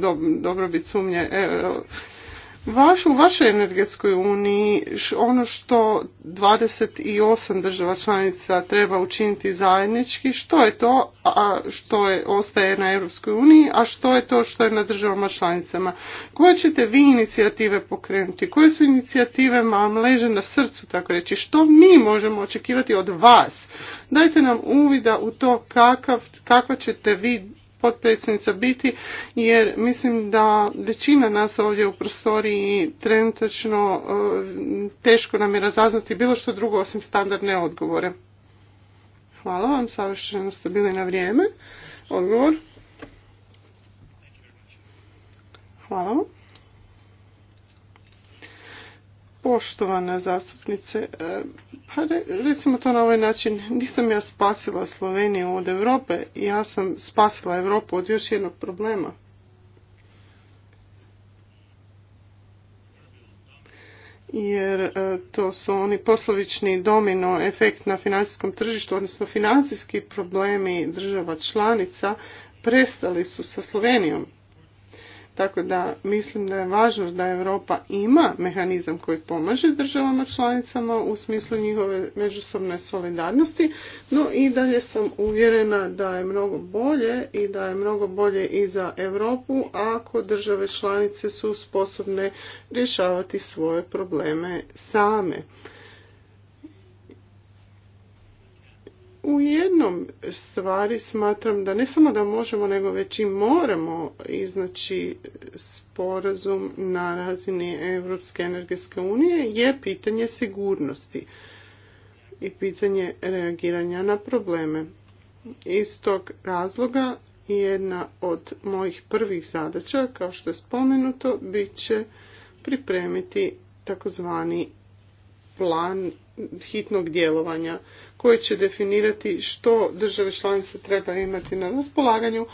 dobrobit dobrobit sumnje. E, u vašoj energetskoj uniji ono što 28 država članica treba učiniti zajednički, što je to a što je, ostaje na Europskoj uniji, a što je to što je na državama članicama. Koje ćete vi inicijative pokrenuti? Koje su inicijative vam leže na srcu, tako reći? Što mi možemo očekivati od vas? Dajte nam uvida u to kakav, kakva ćete vi potpredsjednica biti jer mislim da većina nas ovdje u prostoriji trenutačno e, teško nam je razaznati bilo što drugo osim standardne odgovore. Hvala vam, savršeno ste bili na vrijeme. Odgovor. Hvala vam. Poštovana zastupnice, e, pa recimo to na ovaj način, nisam ja spasila Sloveniju od Europe, ja sam spasila Europu od još jednog problema. Jer e, to su oni poslovični domino efekt na financijskom tržištu, odnosno financijski problemi država članica prestali su sa Slovenijom. Tako da mislim da je važno da Europa ima mehanizam koji pomaže državama članicama u smislu njihove međusobne solidarnosti, no i dalje sam uvjerena da je mnogo bolje i da je mnogo bolje i za Europu ako države članice su sposobne rješavati svoje probleme same. U jednom stvari smatram da ne samo da možemo, nego već i moramo iznaći sporazum na razini Europske energetske unije je pitanje sigurnosti i pitanje reagiranja na probleme. Iz tog razloga jedna od mojih prvih zadaća, kao što je spomenuto, bit će pripremiti takozvani plan hitnog djelovanja koji će definirati što države članice treba imati na raspolaganju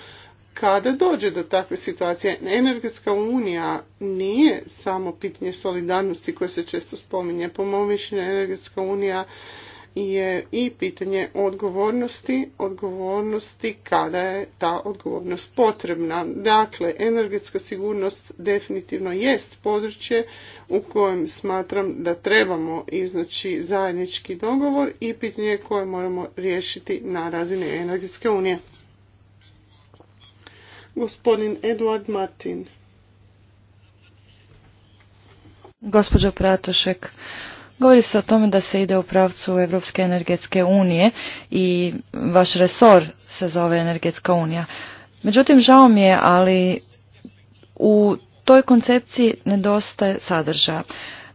kada dođe do takve situacije. Energetska unija nije samo pitanje solidarnosti koje se često spominje. Po mom mišljenju energetska unija je i pitanje odgovornosti, odgovornosti kada je ta odgovornost potrebna. Dakle, energetska sigurnost definitivno jest područje u kojem smatram da trebamo iznaći zajednički dogovor i pitanje koje moramo riješiti na razini energetske unije. Gospodin Eduard Martin. gospođa Pratošek, Govori se o tome da se ide u pravcu Europske energetske unije i vaš resor se zove Energetska unija. Međutim, žao mi je, ali u toj koncepciji nedostaje sadržaja.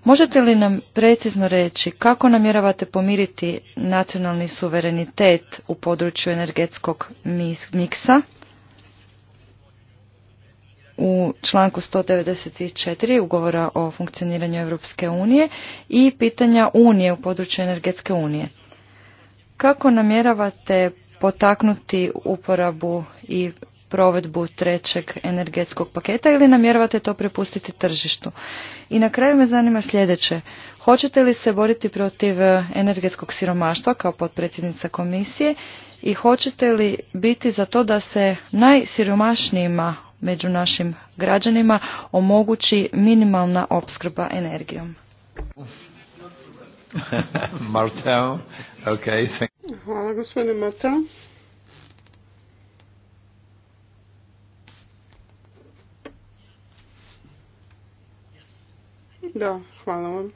Možete li nam precizno reći kako namjeravate pomiriti nacionalni suverenitet u području energetskog miksa u članku 194 ugovora o funkcioniranju Europske unije i pitanja unije u području energetske unije. Kako namjeravate potaknuti uporabu i provedbu trećeg energetskog paketa ili namjeravate to prepustiti tržištu? I na kraju me zanima sljedeće. Hoćete li se boriti protiv energetskog siromaštva kao potpredsjednica komisije i hoćete li biti za to da se najsiromašnijima među našim građanima omogući minimalna opskrba energijom. Martel. Okay, thank Hvala gospodine Martel. Da, hvala vam.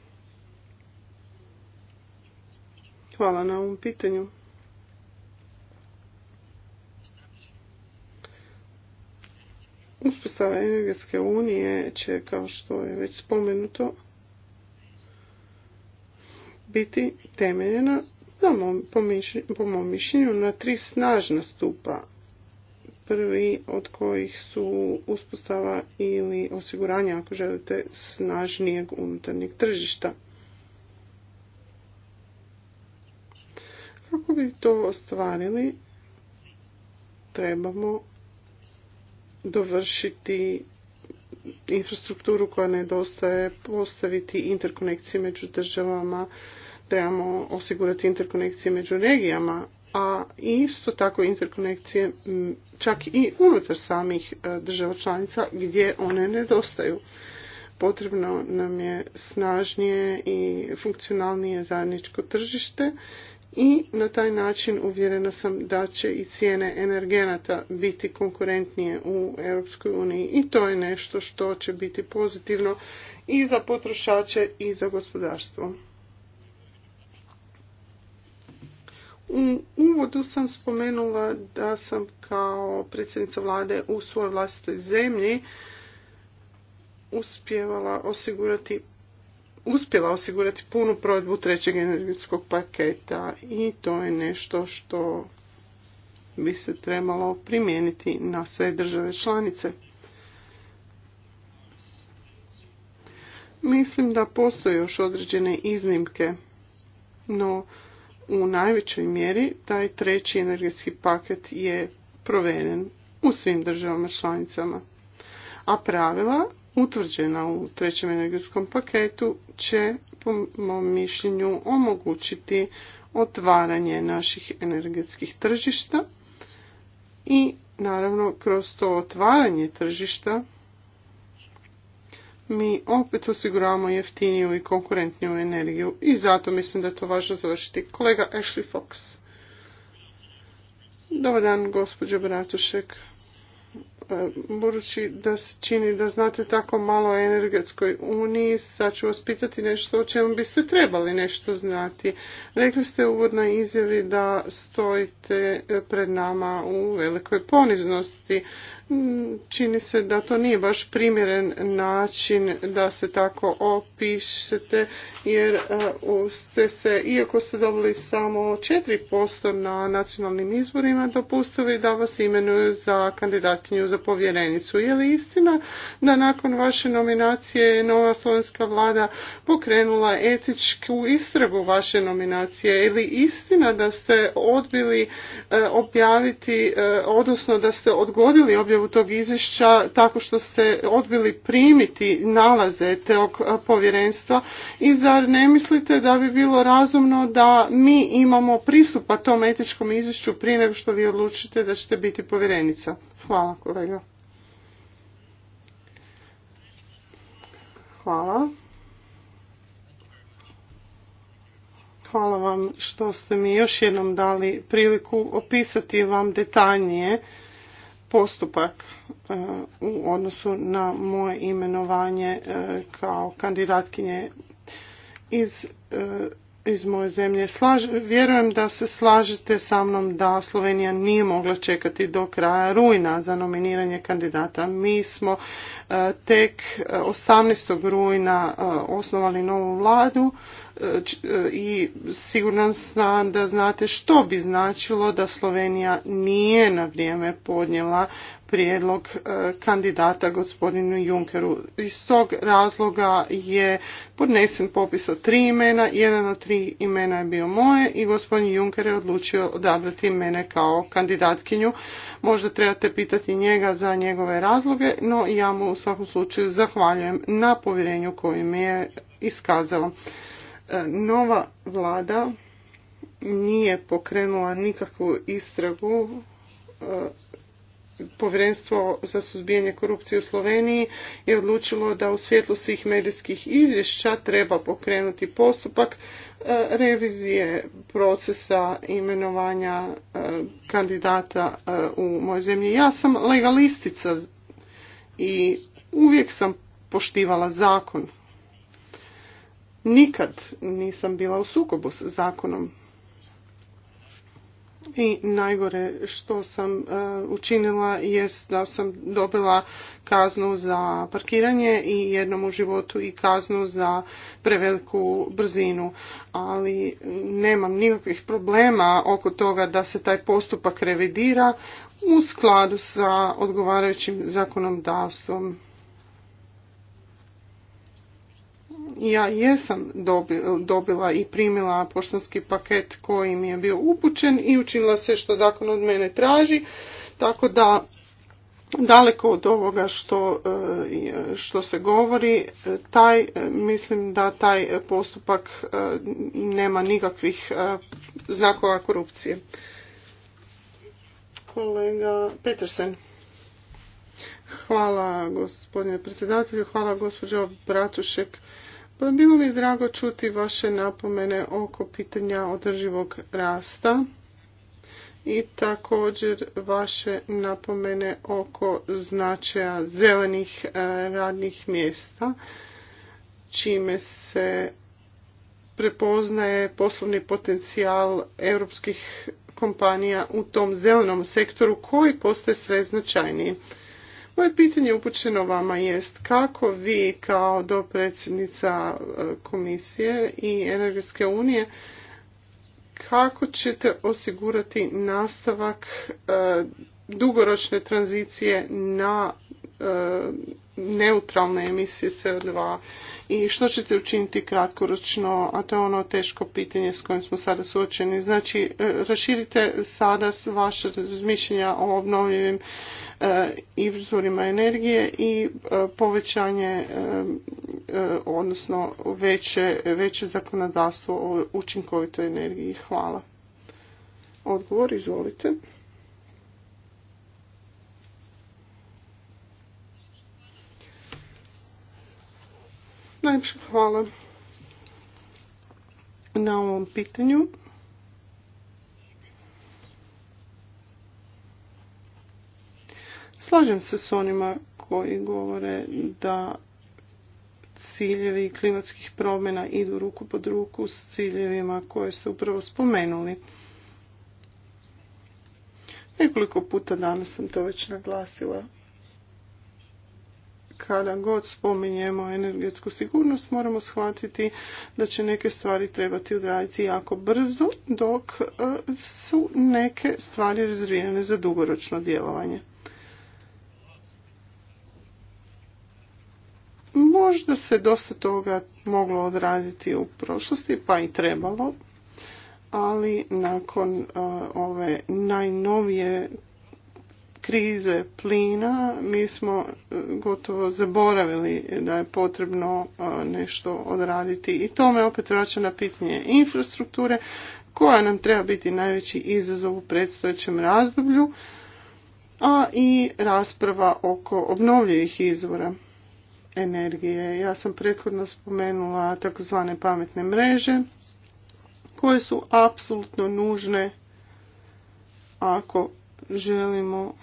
Hvala na ovom pitanju. Uspostava energetske unije će, kao što je već spomenuto, biti temeljena, po mom mišljenju, na tri snažna stupa. Prvi od kojih su uspostava ili osiguranje, ako želite, snažnijeg unutarnjeg tržišta. Kako bi to ostvarili, trebamo dovršiti infrastrukturu koja nedostaje, postaviti interkonekcije među državama, trebamo osigurati interkonekcije među regijama, a isto tako interkonekcije čak i unutar samih e, država članica gdje one nedostaju. Potrebno nam je snažnije i funkcionalnije zajedničko tržište i na taj način uvjerena sam da će i cijene energenata biti konkurentnije u Europskoj uniji i to je nešto što će biti pozitivno i za potrošače i za gospodarstvo. U uvodu sam spomenula da sam kao predsjednica vlade u svojoj vlastitoj zemlji uspjevala osigurati uspjela osigurati punu provedbu trećeg energetskog paketa i to je nešto što bi se trebalo primijeniti na sve države članice. Mislim da postoje još određene iznimke, no u najvećoj mjeri taj treći energetski paket je proveden u svim državama članicama. A pravila utvrđena u trećem energetskom paketu će po mom mišljenju omogućiti otvaranje naših energetskih tržišta i naravno kroz to otvaranje tržišta mi opet osiguravamo jeftiniju i konkurentniju energiju i zato mislim da je to važno završiti. Kolega Ashley Fox. Dobar dan, gospođo Bratušek. E, budući da se čini da znate tako malo o energetskoj uniji, sad ću vas pitati nešto o čemu biste trebali nešto znati. Rekli ste u uvodnoj izjavi da stojite e, pred nama u velikoj poniznosti. Čini se da to nije baš primjeren način da se tako opišete, jer e, ste se, iako ste dobili samo 4% na nacionalnim izborima, dopustili da vas imenuju za kandidatkinju za povjerenicu. Je li istina da nakon vaše nominacije je nova slovenska vlada pokrenula etičku istragu vaše nominacije? Je li istina da ste odbili e, objaviti, e, odnosno da ste odgodili objaviti u tog izvješća tako što ste odbili primiti nalaze tog povjerenstva i zar ne mislite da bi bilo razumno da mi imamo pristupa tom etičkom izvješću prije nego što vi odlučite da ćete biti povjerenica? Hvala kolega. Hvala. Hvala vam što ste mi još jednom dali priliku opisati vam detaljnije postupak e, u odnosu na moje imenovanje e, kao kandidatkinje iz, e, iz moje zemlje. vjerujem da se slažete sa mnom da Slovenija nije mogla čekati do kraja rujna za nominiranje kandidata. Mi smo tek 18. rujna osnovali novu vladu i siguran sam da znate što bi značilo da Slovenija nije na vrijeme podnijela prijedlog e, kandidata gospodinu Junkeru. Iz tog razloga je podnesen popis od tri imena, jedan od tri imena je bio moje i gospodin Juncker je odlučio odabrati mene kao kandidatkinju. Možda trebate pitati njega za njegove razloge, no ja mu u svakom slučaju zahvaljujem na povjerenju koje mi je iskazalo. E, nova vlada nije pokrenula nikakvu istragu e, Povjerenstvo za suzbijanje korupcije u Sloveniji je odlučilo da u svjetlu svih medijskih izvješća treba pokrenuti postupak e, revizije procesa imenovanja kandidata u mojoj zemlji. Ja sam legalistica i uvijek sam poštivala zakon nikad nisam bila u sukobu s zakonom. I najgore što sam e, učinila jest da sam dobila kaznu za parkiranje i jednom u životu i kaznu za preveliku brzinu. Ali e, nemam nikakvih problema oko toga da se taj postupak revidira u skladu sa odgovarajućim zakonodavstvom. ja jesam dobila i primila poštanski paket koji mi je bio upućen i učinila sve što zakon od mene traži, tako da daleko od ovoga što, e, što se govori, e, taj, e, mislim da taj postupak nema nikakvih znakova korupcije. Kolega Petersen. Hvala gospodine predsjedatelju, hvala gospođo Bratušek pa bilo mi je drago čuti vaše napomene oko pitanja održivog rasta i također vaše napomene oko značaja zelenih e, radnih mjesta, čime se prepoznaje poslovni potencijal europskih kompanija u tom zelenom sektoru koji postaje sve značajniji. Moje pitanje upućeno vama jest kako vi kao dopredsjednica e, komisije i energetske unije kako ćete osigurati nastavak e, dugoročne tranzicije na e, neutralne emisije CO2 i što ćete učiniti kratkoročno, a to je ono teško pitanje s kojim smo sada suočeni. Znači, e, raširite sada vaše razmišljenja o obnovljivim e, izvorima energije i e, povećanje, odnosno veće, veće zakonodavstvo o učinkovitoj energiji. Hvala. Odgovor, izvolite. Najljepša hvala na ovom pitanju. Slažem se s onima koji govore da ciljevi klimatskih promjena idu ruku pod ruku s ciljevima koje ste upravo spomenuli. Nekoliko puta danas sam to već naglasila kada god spominjemo energetsku sigurnost moramo shvatiti da će neke stvari trebati odraditi jako brzo dok e, su neke stvari razvijene za dugoročno djelovanje. Možda se dosta toga moglo odraditi u prošlosti, pa i trebalo, ali nakon e, ove najnovije krize plina mi smo e, gotovo zaboravili da je potrebno e, nešto odraditi i to me opet vraća na pitanje infrastrukture koja nam treba biti najveći izazov u predstojećem razdoblju a i rasprava oko obnovljivih izvora energije. Ja sam prethodno spomenula takozvane pametne mreže koje su apsolutno nužne ako želimo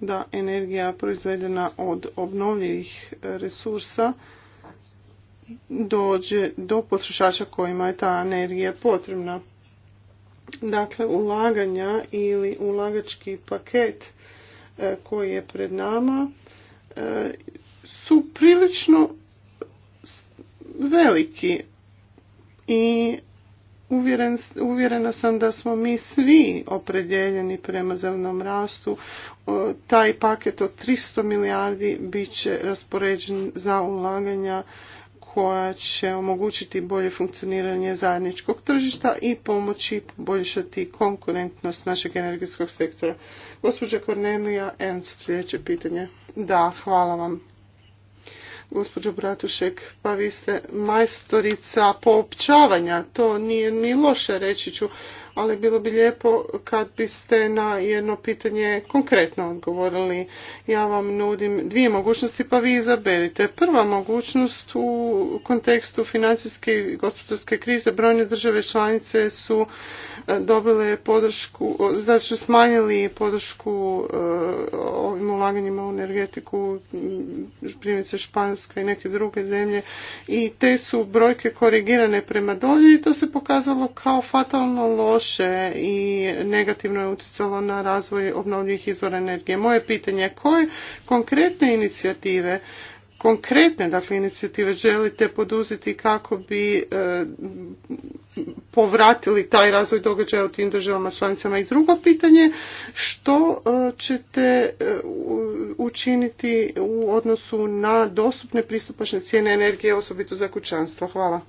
da energija proizvedena od obnovljivih e, resursa dođe do potrošača kojima je ta energija potrebna. Dakle, ulaganja ili ulagački paket e, koji je pred nama e, su prilično veliki i uvjerena sam da smo mi svi opredjeljeni prema zelenom rastu. Taj paket od 300 milijardi bit će raspoređen za ulaganja koja će omogućiti bolje funkcioniranje zajedničkog tržišta i pomoći poboljšati konkurentnost našeg energetskog sektora. Gospođa Kornelija end sljedeće pitanje. Da, hvala vam. Gospođo Bratušek, pa vi ste majstorica poopćavanja, to nije ni loše reći ću, ali bilo bi lijepo kad biste na jedno pitanje konkretno odgovorili. Ja vam nudim dvije mogućnosti pa vi izaberite. Prva mogućnost u kontekstu financijske i gospodarske krize brojne države članice su e, dobile podršku, znači smanjili podršku e, ovim ulaganjima u energetiku, primjerice Španjolska i neke druge zemlje i te su brojke korigirane prema dolje i to se pokazalo kao fatalno loš loše i negativno je utjecalo na razvoj obnovljivih izvora energije. Moje pitanje je koje konkretne inicijative konkretne dakle inicijative želite poduzeti kako bi e, povratili taj razvoj događaja u tim državama članicama i drugo pitanje što e, ćete e, učiniti u odnosu na dostupne pristupačne cijene energije osobito za kućanstva hvala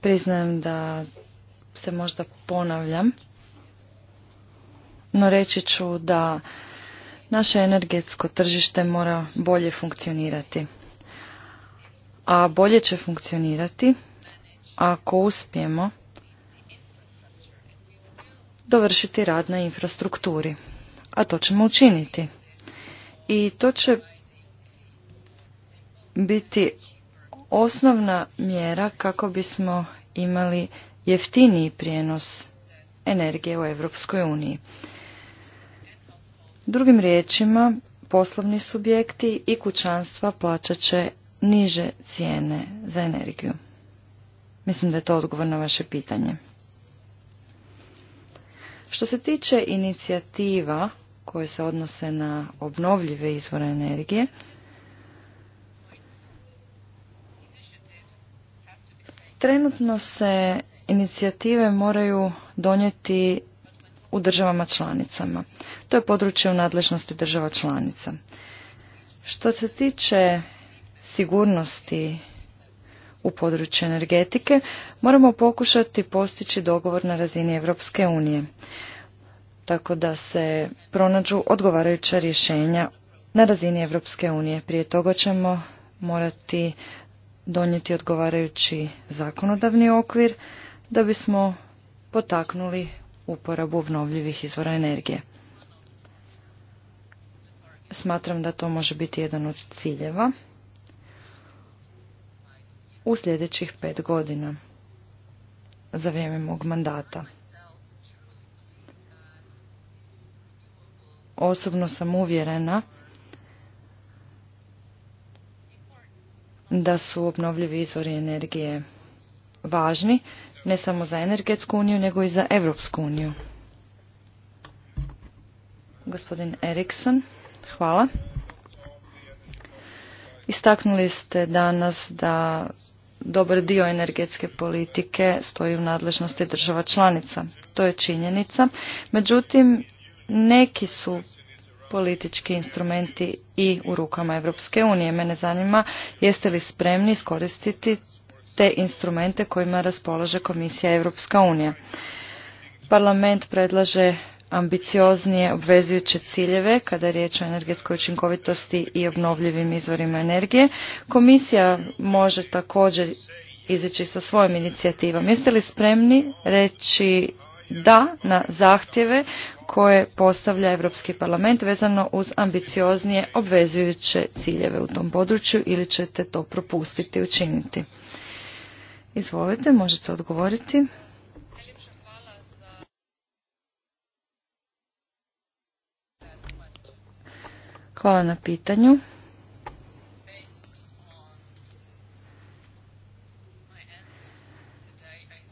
Priznajem da se možda ponavljam, no reći ću da naše energetsko tržište mora bolje funkcionirati. A bolje će funkcionirati ako uspijemo dovršiti rad na infrastrukturi. A to ćemo učiniti. I to će biti osnovna mjera kako bismo imali jeftiniji prijenos energije u Europskoj uniji. Drugim riječima, poslovni subjekti i kućanstva plaćat će niže cijene za energiju. Mislim da je to odgovor na vaše pitanje. Što se tiče inicijativa koje se odnose na obnovljive izvore energije, Trenutno se inicijative moraju donijeti u državama članicama. To je područje u nadležnosti država članica. Što se tiče sigurnosti u području energetike, moramo pokušati postići dogovor na razini Europske unije, tako da se pronađu odgovarajuća rješenja na razini Europske unije. Prije toga ćemo morati donijeti odgovarajući zakonodavni okvir da bismo potaknuli uporabu obnovljivih izvora energije. Smatram da to može biti jedan od ciljeva u sljedećih pet godina za vrijeme mog mandata. Osobno sam uvjerena da su obnovljivi izvori energije važni, ne samo za energetsku uniju, nego i za Evropsku uniju. Gospodin Eriksson, hvala. Istaknuli ste danas da dobar dio energetske politike stoji u nadležnosti država članica. To je činjenica. Međutim, neki su politički instrumenti i u rukama Europske unije. Mene zanima jeste li spremni iskoristiti te instrumente kojima raspolaže Komisija Europska unija. Parlament predlaže ambicioznije obvezujuće ciljeve kada je riječ o energetskoj učinkovitosti i obnovljivim izvorima energije. Komisija može također izići sa svojom inicijativom. Jeste li spremni reći da na zahtjeve koje postavlja Europski parlament vezano uz ambicioznije obvezujuće ciljeve u tom području ili ćete to propustiti učiniti? Izvolite, možete odgovoriti. Hvala na pitanju.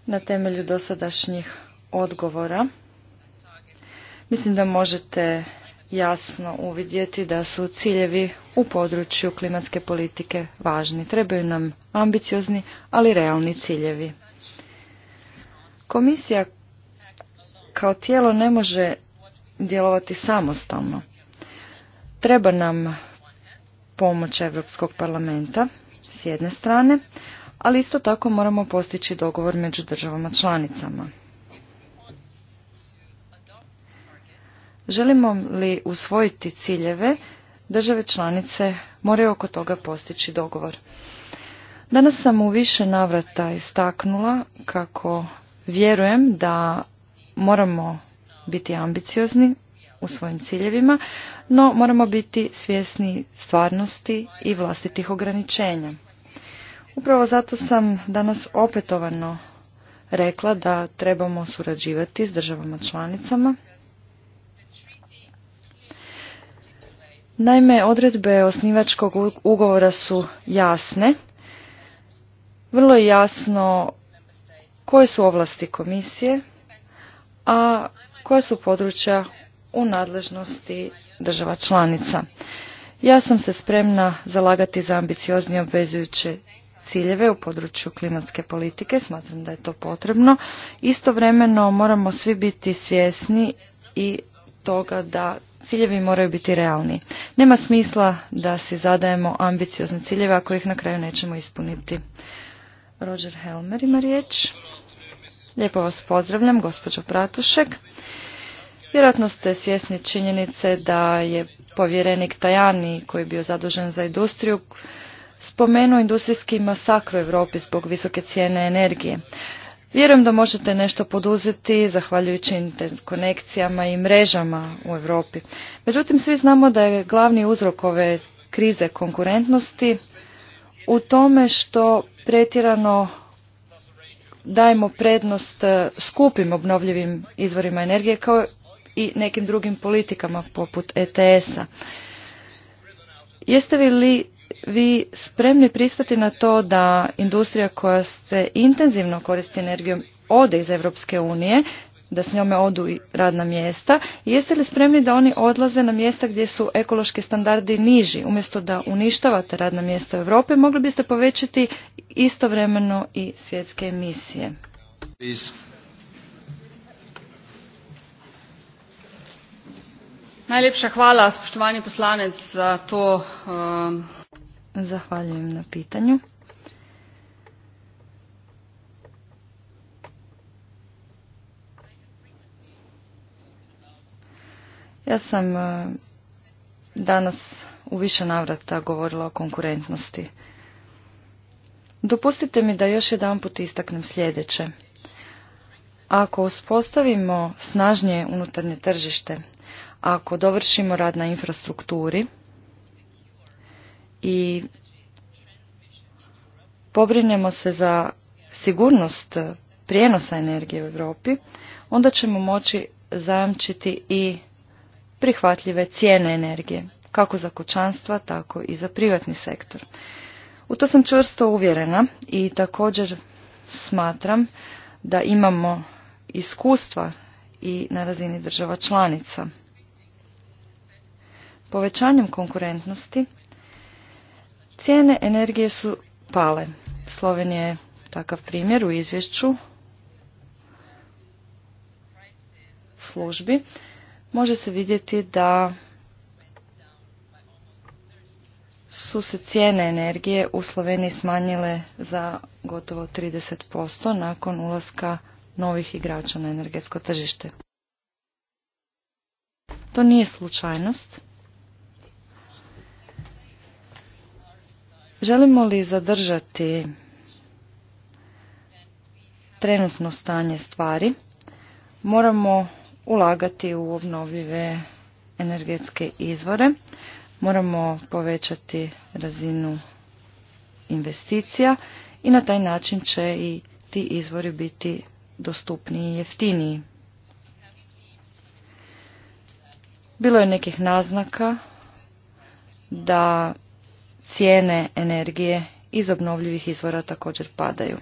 Na temelju dosadašnjih odgovora Mislim da možete jasno uvidjeti da su ciljevi u području klimatske politike važni. Trebaju nam ambiciozni, ali realni ciljevi. Komisija kao tijelo ne može djelovati samostalno. Treba nam pomoć Europskog parlamenta s jedne strane, ali isto tako moramo postići dogovor među državama članicama. Želimo li usvojiti ciljeve, države članice moraju oko toga postići dogovor. Danas sam u više navrata istaknula kako vjerujem da moramo biti ambiciozni u svojim ciljevima, no moramo biti svjesni stvarnosti i vlastitih ograničenja. Upravo zato sam danas opetovano rekla da trebamo surađivati s državama članicama Naime, odredbe osnivačkog ugovora su jasne. Vrlo je jasno koje su ovlasti komisije, a koja su područja u nadležnosti država članica. Ja sam se spremna zalagati za ambicioznije obvezujuće ciljeve u području klimatske politike, smatram da je to potrebno. Istovremeno moramo svi biti svjesni i toga da ciljevi moraju biti realni. Nema smisla da si zadajemo ambiciozne ciljeve ako ih na kraju nećemo ispuniti. Roger Helmer ima riječ. Lijepo vas pozdravljam, gospođo Pratušek. Vjerojatno ste svjesni činjenice da je povjerenik Tajani, koji je bio zadužen za industriju, spomenuo industrijski masakr u Europi zbog visoke cijene energije. Vjerujem da možete nešto poduzeti zahvaljujući konekcijama i mrežama u Europi. Međutim, svi znamo da je glavni uzrok ove krize konkurentnosti u tome što pretjerano dajemo prednost e, skupim obnovljivim izvorima energije kao i nekim drugim politikama poput ETS-a. Jeste li vi spremni pristati na to da industrija koja se intenzivno koristi energijom ode iz Europske unije, da s njome odu i radna mjesta, jeste li spremni da oni odlaze na mjesta gdje su ekološki standardi niži, umjesto da uništavate radna mjesta u Europi, mogli biste povećati istovremeno i svjetske emisije. Najljepša hvala, spoštovani poslanec, za to um, Zahvaljujem na pitanju. Ja sam e, danas u više navrata govorila o konkurentnosti. Dopustite mi da još jedan put istaknem sljedeće. Ako uspostavimo snažnije unutarnje tržište, ako dovršimo rad na infrastrukturi, i pobrinemo se za sigurnost prijenosa energije u Europi, onda ćemo moći zajamčiti i prihvatljive cijene energije, kako za kućanstva, tako i za privatni sektor. U to sam čvrsto uvjerena i također smatram da imamo iskustva i na razini država članica. Povećanjem konkurentnosti Cijene energije su pale. Slovenija je takav primjer u izvješću službi. Može se vidjeti da su se cijene energije u Sloveniji smanjile za gotovo 30% nakon ulaska novih igrača na energetsko tržište. To nije slučajnost. Želimo li zadržati trenutno stanje stvari, moramo ulagati u obnovljive energetske izvore, moramo povećati razinu investicija i na taj način će i ti izvori biti dostupniji i jeftiniji. Bilo je nekih naznaka da cijene energije iz obnovljivih izvora također padaju.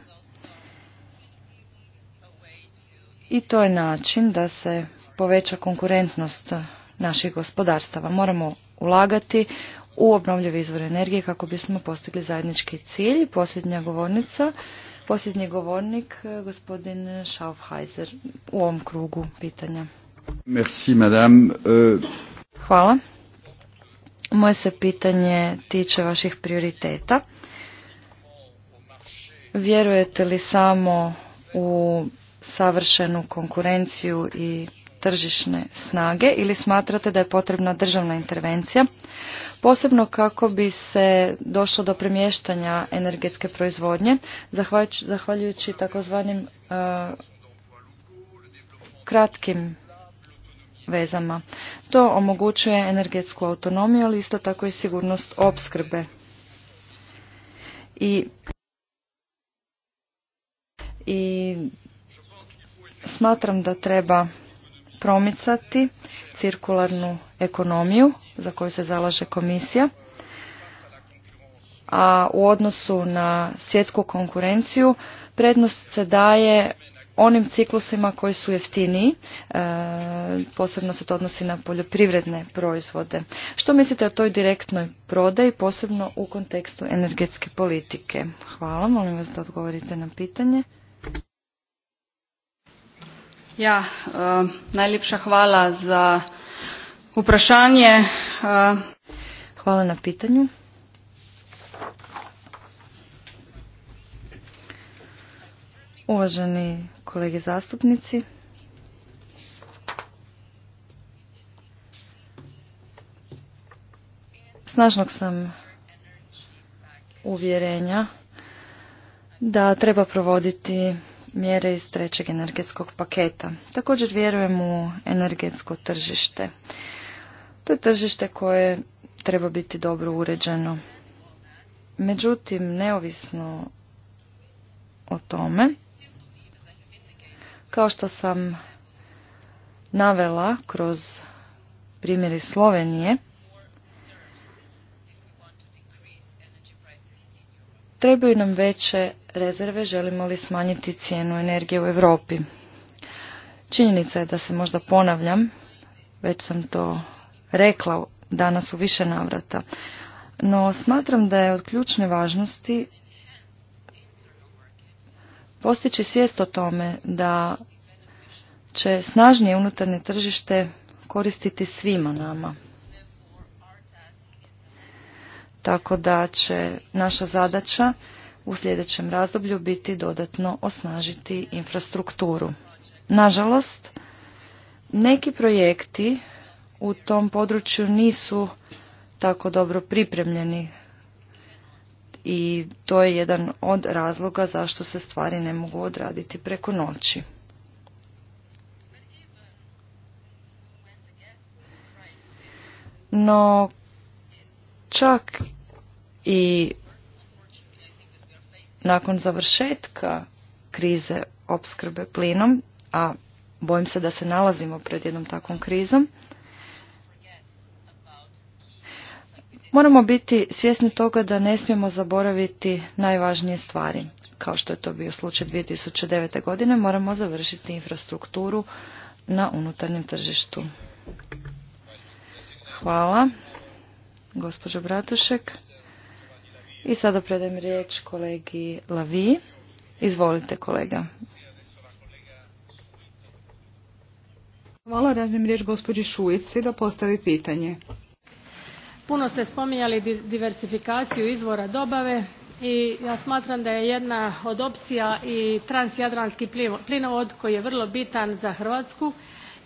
I to je način da se poveća konkurentnost naših gospodarstava. Moramo ulagati u obnovljive izvore energije kako bismo postigli zajednički cilj. Posljednja govornica, posljednji govornik, gospodin Schaufheiser, u ovom krugu pitanja. Euh, Hvala. Moje se pitanje tiče vaših prioriteta. Vjerujete li samo u savršenu konkurenciju i tržišne snage ili smatrate da je potrebna državna intervencija, posebno kako bi se došlo do premještanja energetske proizvodnje, zahvaljujući takozvanim uh, kratkim vezama. To omogućuje energetsku autonomiju, ali isto tako i sigurnost opskrbe. I, I smatram da treba promicati cirkularnu ekonomiju za koju se zalaže komisija. A u odnosu na svjetsku konkurenciju prednost se daje onim ciklusima koji su jeftiniji, e, posebno se to odnosi na poljoprivredne proizvode. Što mislite o toj direktnoj prodaji, posebno u kontekstu energetske politike? Hvala, molim vas da odgovorite na pitanje. Ja, e, najljepša hvala za uprašanje. E. Hvala na pitanju. Uvaženi kolege zastupnici, snažnog sam uvjerenja da treba provoditi mjere iz trećeg energetskog paketa. Također vjerujem u energetsko tržište. To je tržište koje treba biti dobro uređeno. Međutim, neovisno o tome, kao što sam navela kroz primjeri Slovenije, trebaju nam veće rezerve želimo li smanjiti cijenu energije u Europi. Činjenica je da se možda ponavljam, već sam to rekla danas u više navrata, no smatram da je od ključne važnosti postići svijest o tome da će snažnije unutarnje tržište koristiti svima nama. Tako da će naša zadaća u sljedećem razdoblju biti dodatno osnažiti infrastrukturu. Nažalost, neki projekti u tom području nisu tako dobro pripremljeni i to je jedan od razloga zašto se stvari ne mogu odraditi preko noći. No, čak i nakon završetka krize opskrbe plinom, a bojim se da se nalazimo pred jednom takvom krizom, Moramo biti svjesni toga da ne smijemo zaboraviti najvažnije stvari. Kao što je to bio slučaj 2009. godine, moramo završiti infrastrukturu na unutarnjem tržištu. Hvala, gospođo Bratušek. I sada predajem riječ kolegi Lavi. Izvolite, kolega. Hvala, radim riječ gospođi Šuici da postavi pitanje puno ste spominjali diversifikaciju izvora dobave i ja smatram da je jedna od opcija i transjadranski plinovod koji je vrlo bitan za hrvatsku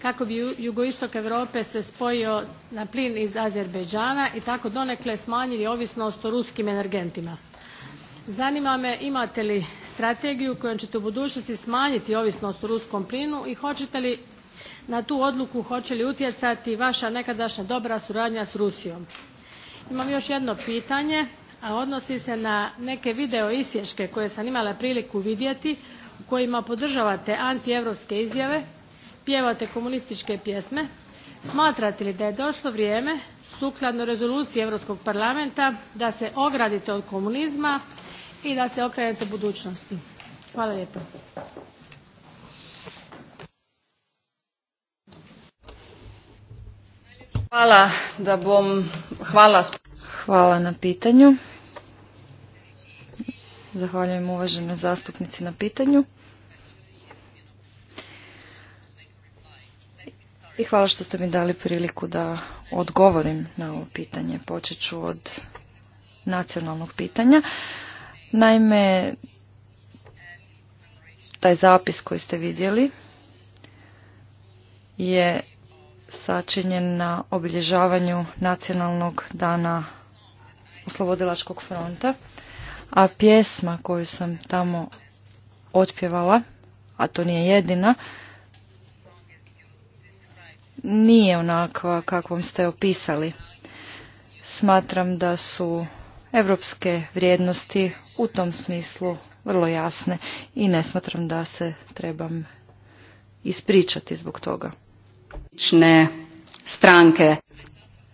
kako bi jugoistok europe se spojio na plin iz Azerbejdžana i tako donekle smanjili ovisnost o ruskim energentima. zanima me imate li strategiju kojom ćete u budućnosti smanjiti ovisnost o ruskom plinu i hoćete li na tu odluku hoće li utjecati vaša nekadašnja dobra suradnja s rusijom? imam još jedno pitanje a odnosi se na neke video isječke koje sam imala priliku vidjeti u kojima podržavate antieuropske izjave pjevate komunističke pjesme smatrate li da je došlo vrijeme sukladno rezoluciji europskog parlamenta da se ogradite od komunizma i da se okrenete budućnosti? hvala lijepo. Hvala da bom... Hvala. Hvala na pitanju. Zahvaljujem uvaženoj zastupnici na pitanju. I hvala što ste mi dali priliku da odgovorim na ovo pitanje. Počet ću od nacionalnog pitanja. Naime, taj zapis koji ste vidjeli je sačinjen na obilježavanju Nacionalnog dana oslobodilačkog fronta, a pjesma koju sam tamo otpjevala, a to nije jedina, nije onakva kakvom ste opisali. Smatram da su evropske vrijednosti u tom smislu vrlo jasne i ne smatram da se trebam ispričati zbog toga stranke.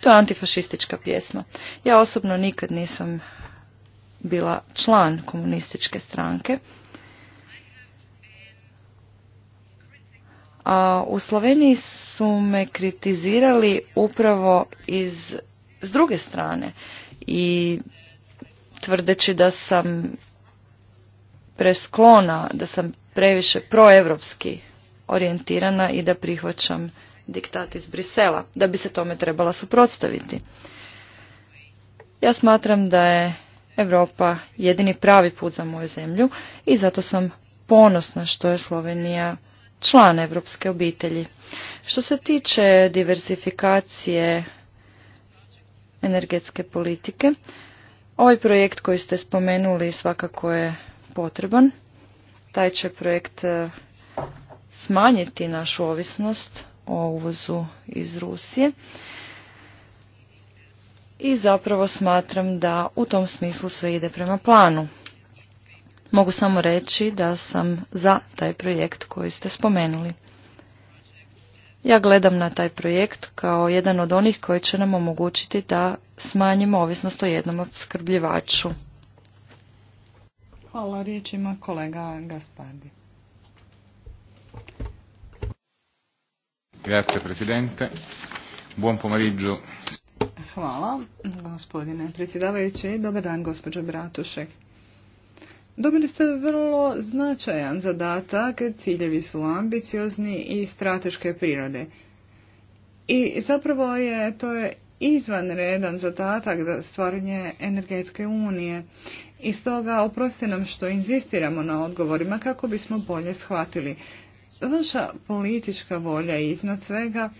To je antifašistička pjesma. Ja osobno nikad nisam bila član komunističke stranke. A u Sloveniji su me kritizirali upravo iz s druge strane i tvrdeći da sam presklona, da sam previše proevropski orijentirana i da prihvaćam diktat iz Brisela, da bi se tome trebala suprotstaviti. Ja smatram da je Europa jedini pravi put za moju zemlju i zato sam ponosna što je Slovenija član Europske obitelji. Što se tiče diversifikacije energetske politike, ovaj projekt koji ste spomenuli svakako je potreban. Taj će projekt eh, smanjiti našu ovisnost o uvozu iz Rusije. I zapravo smatram da u tom smislu sve ide prema planu. Mogu samo reći da sam za taj projekt koji ste spomenuli. Ja gledam na taj projekt kao jedan od onih koji će nam omogućiti da smanjimo ovisnost o jednom opskrbljivaču. Hvala riječima kolega Gaspardi. Grazie, presidente. Buon pomeriggio. Hvala, gospodine predsjedavajući. Dobar dan, gospođo Bratušek. Dobili ste vrlo značajan zadatak, ciljevi su ambiciozni i strateške prirode. I zapravo je to je izvanredan zadatak za stvaranje energetske unije. I stoga oprosti nam što inzistiramo na odgovorima kako bismo bolje shvatili vaša politička volja iznad svega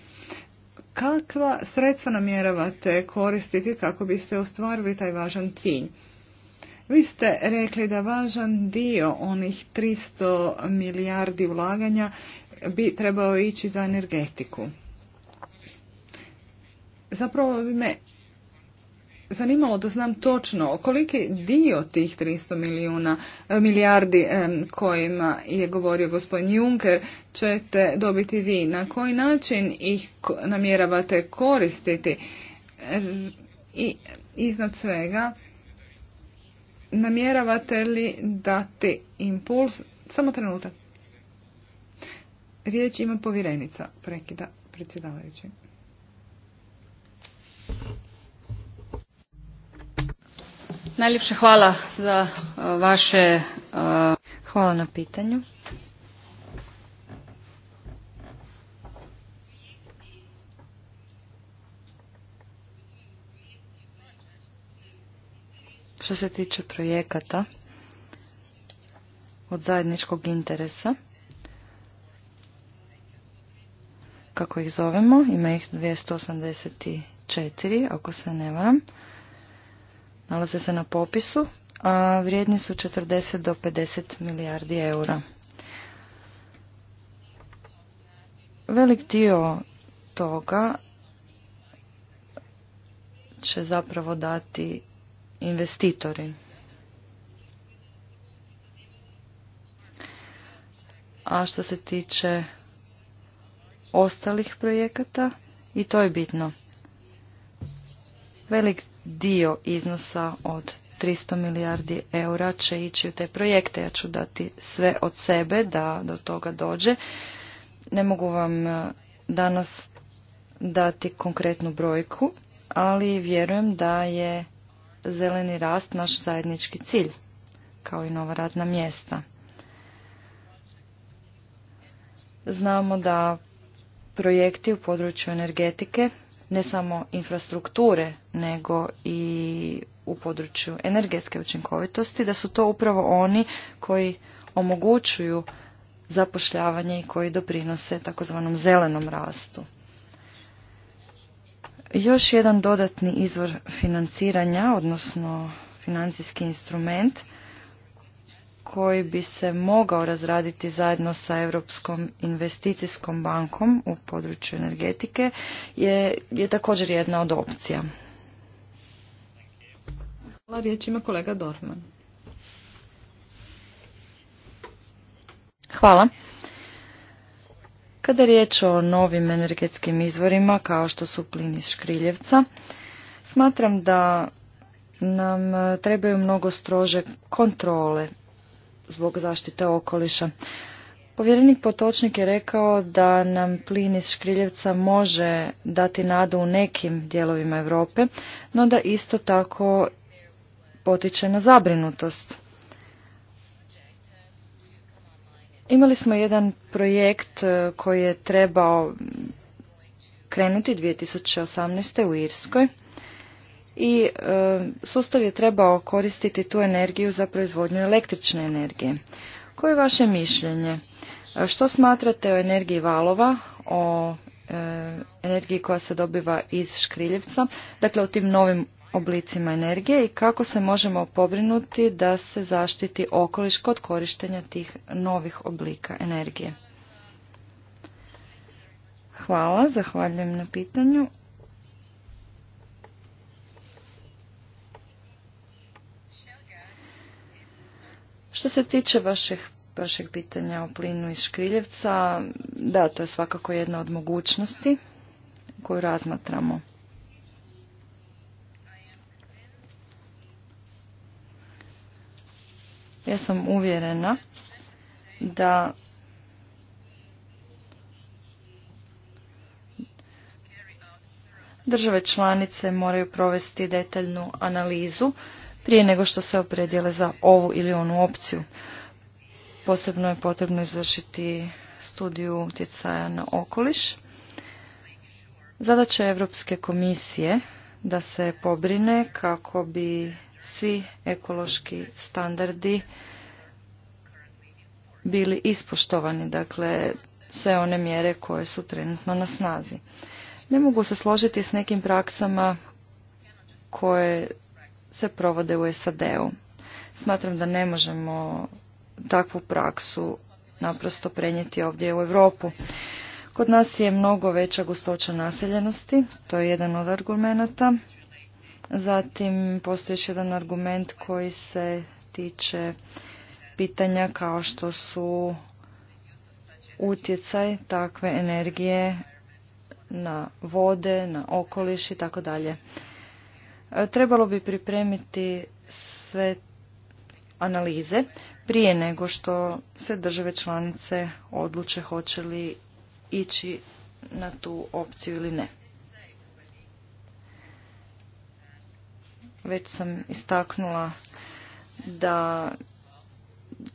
kakva sredstva namjeravate koristiti kako biste ostvarili taj važan cilj? Vi ste rekli da važan dio onih 300 milijardi ulaganja bi trebao ići za energetiku. Zapravo bi me zanimalo da znam točno koliki dio tih 300 milijuna e, milijardi e, kojima je govorio gospodin Juncker ćete dobiti vi. Na koji način ih namjeravate koristiti? I iznad svega, namjeravate li dati impuls? Samo trenutak. Riječ ima povjerenica, prekida predsjedavajući. Najljepše hvala za e, vaše... E, hvala na pitanju. Što se tiče projekata od zajedničkog interesa, kako ih zovemo, ima ih 284, ako se ne varam nalaze se na popisu, a vrijedni su 40 do 50 milijardi eura. Velik dio toga će zapravo dati investitori. A što se tiče ostalih projekata, i to je bitno. Velik dio iznosa od 300 milijardi eura će ići u te projekte. Ja ću dati sve od sebe da do toga dođe. Ne mogu vam e, danas dati konkretnu brojku, ali vjerujem da je zeleni rast naš zajednički cilj, kao i nova radna mjesta. Znamo da projekti u području energetike ne samo infrastrukture, nego i u području energetske učinkovitosti, da su to upravo oni koji omogućuju zapošljavanje i koji doprinose takozvanom zelenom rastu. Još jedan dodatni izvor financiranja, odnosno financijski instrument, koji bi se mogao razraditi zajedno sa Europskom investicijskom bankom u području energetike je, je također jedna od opcija. Hvala riječ ima kolega Dorman. Hvala. Kada je riječ o novim energetskim izvorima kao što su plin iz škriljevca, smatram da nam trebaju mnogo strože kontrole zbog zaštite okoliša. Povjerenik Potočnik je rekao da nam plin iz Škriljevca može dati nadu u nekim dijelovima Europe, no da isto tako potiče na zabrinutost. Imali smo jedan projekt e, koji je trebao krenuti 2018. u Irskoj i e, sustav je trebao koristiti tu energiju za proizvodnju električne energije. Koje je vaše mišljenje? E, što smatrate o energiji valova, o e, energiji koja se dobiva iz škriljevca, dakle o tim novim oblicima energije i kako se možemo pobrinuti da se zaštiti okoliš kod korištenja tih novih oblika energije. Hvala, zahvaljujem na pitanju. Što se tiče vaših vašeg pitanja o plinu iz Škriljevca, da, to je svakako jedna od mogućnosti koju razmatramo. Ja sam uvjerena da države članice moraju provesti detaljnu analizu prije nego što se opredijele za ovu ili onu opciju. Posebno je potrebno izvršiti studiju utjecaja na okoliš. Zadaća Europske komisije da se pobrine kako bi svi ekološki standardi bili ispoštovani, dakle sve one mjere koje su trenutno na snazi. Ne mogu se složiti s nekim praksama koje se provode u SAD-u. Smatram da ne možemo takvu praksu naprosto prenijeti ovdje u Europu. Kod nas je mnogo veća gustoća naseljenosti, to je jedan od argumenata. Zatim postoji još jedan argument koji se tiče pitanja kao što su utjecaj takve energije na vode, na okoliš i tako dalje. Trebalo bi pripremiti sve analize prije nego što se države članice odluče hoće li ići na tu opciju ili ne. Već sam istaknula da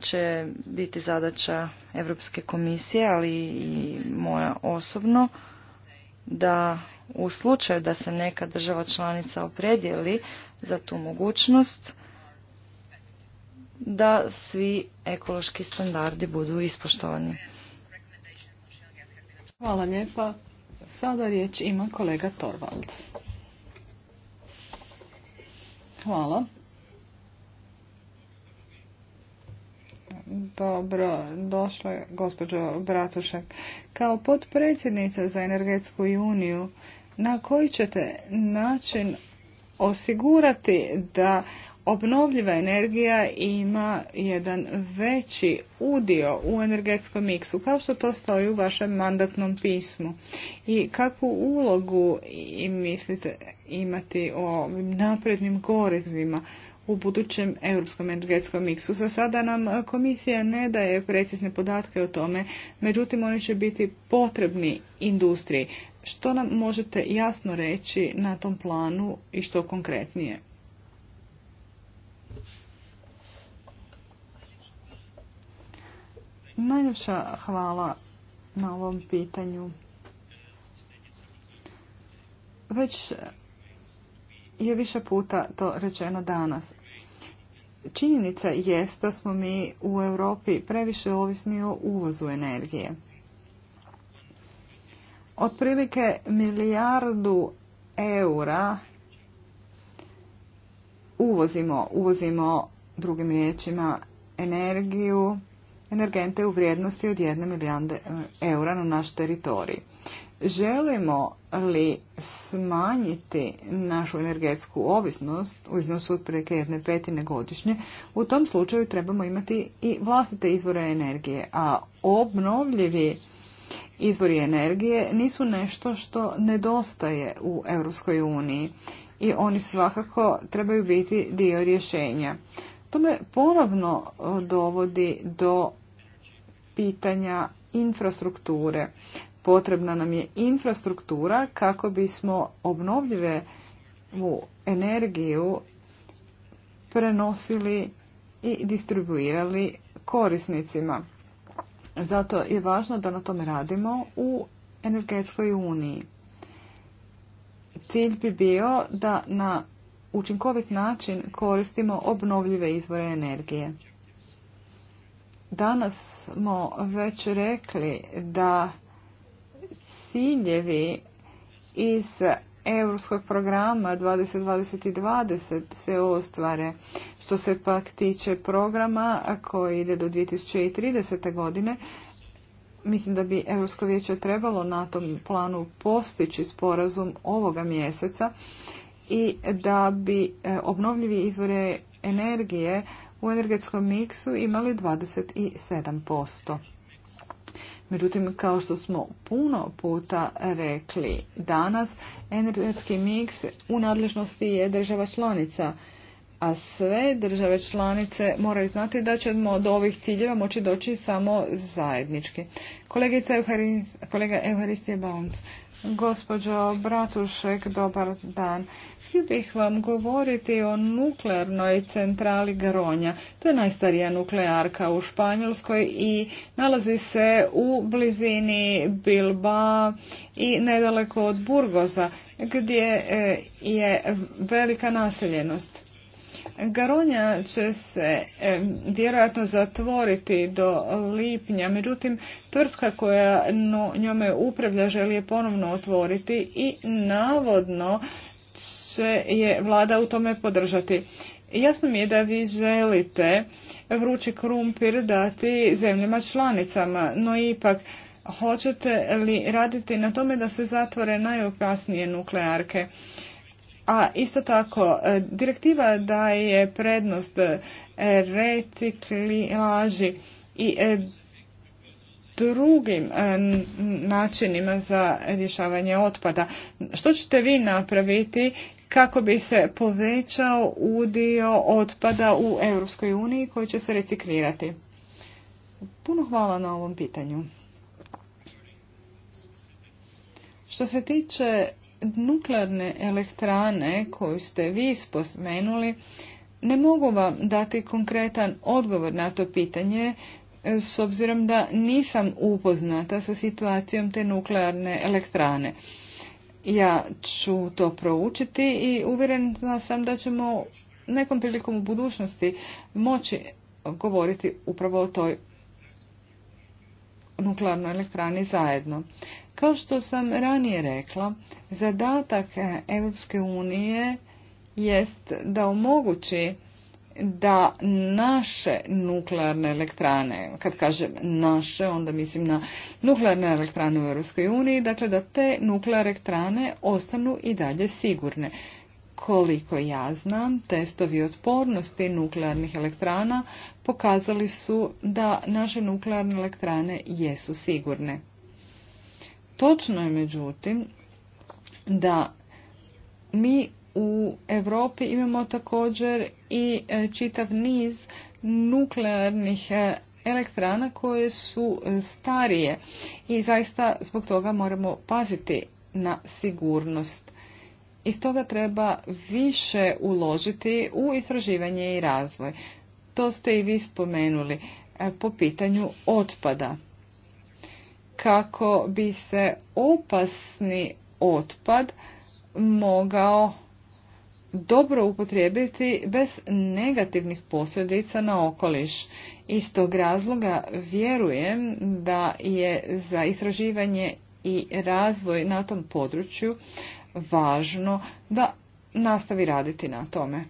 će biti zadaća Europske komisije, ali i moja osobno, da u slučaju da se neka država članica opredijeli za tu mogućnost da svi ekološki standardi budu ispoštovani. Hvala lijepa. Sada riječ ima kolega Torvald. Hvala. dobro došla, gospođo Bratušek. Kao potpredsjednica za energetsku uniju, na koji ćete način osigurati da obnovljiva energija ima jedan veći udio u energetskom miksu, kao što to stoji u vašem mandatnom pismu. I kakvu ulogu mislite imati o naprednim gorezima? u budućem europskom energetskom miksu. Za sada nam e, komisija ne daje precizne podatke o tome, međutim oni će biti potrebni industriji. Što nam možete jasno reći na tom planu i što konkretnije? Najljepša hvala na ovom pitanju. Već je više puta to rečeno danas činjenica jest da smo mi u Europi previše ovisni o uvozu energije. Otprilike milijardu eura uvozimo, uvozimo drugim riječima energiju, energente u vrijednosti od jedne milijarde eh, eura na naš teritorij. Želimo li smanjiti našu energetsku ovisnost u iznosu od preke jedne petine godišnje, u tom slučaju trebamo imati i vlastite izvore energije, a obnovljivi izvori energije nisu nešto što nedostaje u Europskoj uniji i oni svakako trebaju biti dio rješenja. To me ponovno dovodi do pitanja infrastrukture. Potrebna nam je infrastruktura kako bismo obnovljive u energiju prenosili i distribuirali korisnicima. Zato je važno da na tome radimo u energetskoj uniji. Cilj bi bio da na učinkovit način koristimo obnovljive izvore energije. Danas smo već rekli da ciljevi iz europskog programa 2020 2020 se ostvare. Što se pak tiče programa koji ide do 2030. godine, mislim da bi Europsko vijeće trebalo na tom planu postići sporazum ovoga mjeseca i da bi e, obnovljivi izvore energije u energetskom miksu imali 27%. Međutim, kao što smo puno puta rekli danas, energetski miks u nadležnosti je država članica, a sve države članice moraju znati da ćemo do ovih ciljeva moći doći samo zajednički. kolega Euharistije Bounce, Gospođo Bratušek, dobar dan. Htio bih vam govoriti o nuklearnoj centrali Garonja. To je najstarija nuklearka u Španjolskoj i nalazi se u blizini Bilba i nedaleko od Burgoza, gdje e, je velika naseljenost. Garonja će se vjerojatno zatvoriti do lipnja, međutim tvrtka koja njome upravlja želi je ponovno otvoriti i navodno će je vlada u tome podržati. Jasno mi je da vi želite vrući krumpir dati zemljama članicama, no ipak hoćete li raditi na tome da se zatvore najopasnije nuklearke? A isto tako, e, direktiva daje prednost e, reciklaži i e, drugim načinima za rješavanje otpada. Što ćete vi napraviti kako bi se povećao udio otpada u Europskoj uniji koji će se reciklirati? Puno hvala na ovom pitanju. Što se tiče nuklearne elektrane koju ste vi spomenuli, ne mogu vam dati konkretan odgovor na to pitanje e, s obzirom da nisam upoznata sa situacijom te nuklearne elektrane. Ja ću to proučiti i uvjerena sam da ćemo nekom prilikom u budućnosti moći govoriti upravo o toj nuklearnoj elektrani zajedno. Kao što sam ranije rekla, zadatak Europske unije jest da omogući da naše nuklearne elektrane, kad kažem naše, onda mislim na nuklearne elektrane u Europskoj uniji, dakle da te nuklearne elektrane ostanu i dalje sigurne. Koliko ja znam, testovi otpornosti nuklearnih elektrana pokazali su da naše nuklearne elektrane jesu sigurne. Točno je međutim da mi u Europi imamo također i e, čitav niz nuklearnih e, elektrana koje su e, starije i zaista zbog toga moramo paziti na sigurnost. I stoga treba više uložiti u istraživanje i razvoj. To ste i vi spomenuli po pitanju otpada kako bi se opasni otpad mogao dobro upotrijebiti bez negativnih posljedica na okoliš. Iz tog razloga vjerujem da je za istraživanje i razvoj na tom području važno da nastavi raditi na tome.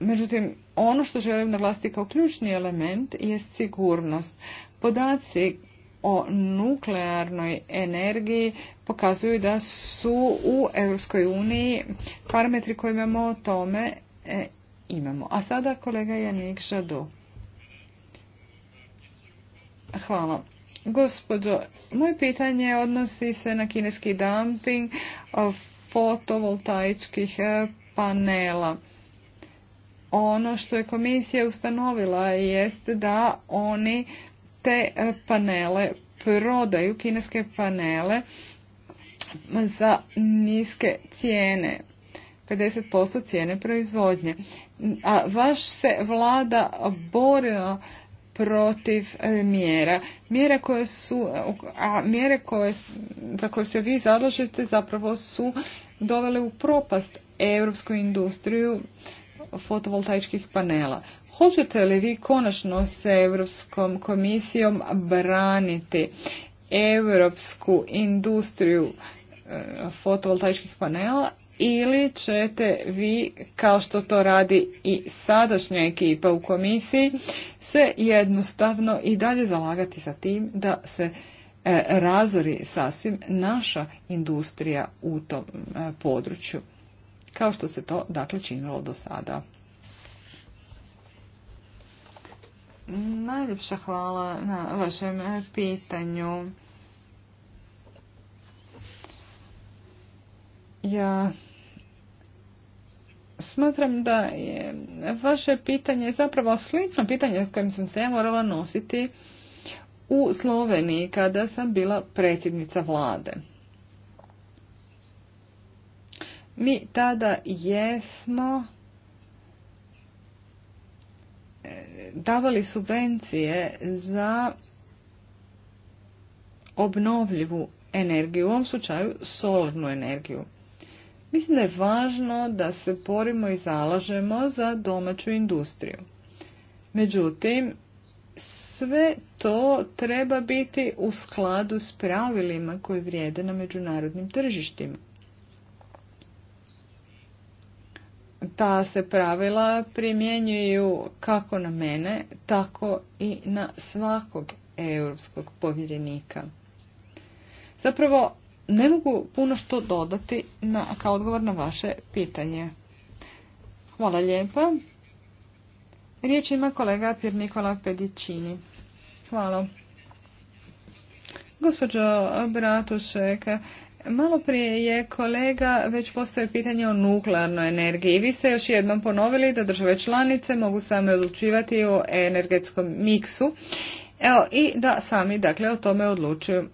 Međutim, ono što želim naglasiti kao ključni element je sigurnost. Podaci o nuklearnoj energiji pokazuju da su u Europskoj uniji parametri koje imamo o tome e, imamo. A sada kolega Janik Žadu. Hvala. Gospodo, moje pitanje odnosi se na kineski dumping fotovoltaičkih e, panela. Ono što je komisija ustanovila jest da oni te e, panele prodaju, kineske panele, za niske cijene. 50% cijene proizvodnje. A vaš se vlada borila protiv e, mjera. Mjere koje su, e, a mjere koje, za koje se vi zalažete zapravo su dovele u propast europsku industriju fotovoltaičkih panela. Hoćete li vi konačno sa Europskom komisijom braniti europsku industriju e, fotovoltaičkih panela ili ćete vi, kao što to radi i sadašnja ekipa u komisiji, se jednostavno i dalje zalagati sa tim da se e, razori sasvim naša industrija u tom e, području kao što se to dakle činilo do sada. Najljepša hvala na vašem pitanju. Ja smatram da je vaše pitanje zapravo slično pitanje s kojim sam se ja morala nositi u Sloveniji kada sam bila predsjednica vlade. Mi tada jesmo e, davali subvencije za obnovljivu energiju, u ovom slučaju solarnu energiju. Mislim da je važno da se porimo i zalažemo za domaću industriju. Međutim, sve to treba biti u skladu s pravilima koje vrijede na međunarodnim tržištima. ta se pravila primjenjuju kako na mene, tako i na svakog europskog povjerenika. Zapravo, ne mogu puno što dodati na, kao odgovor na vaše pitanje. Hvala lijepa. Riječ ima kolega Pir Nikola Pedicini. Hvala. Gospođo Bratušek, Malo prije je kolega već postoje pitanje o nuklearnoj energiji. Vi ste još jednom ponovili da države članice mogu same odlučivati o energetskom miksu Evo, i da sami dakle o tome odlučuju.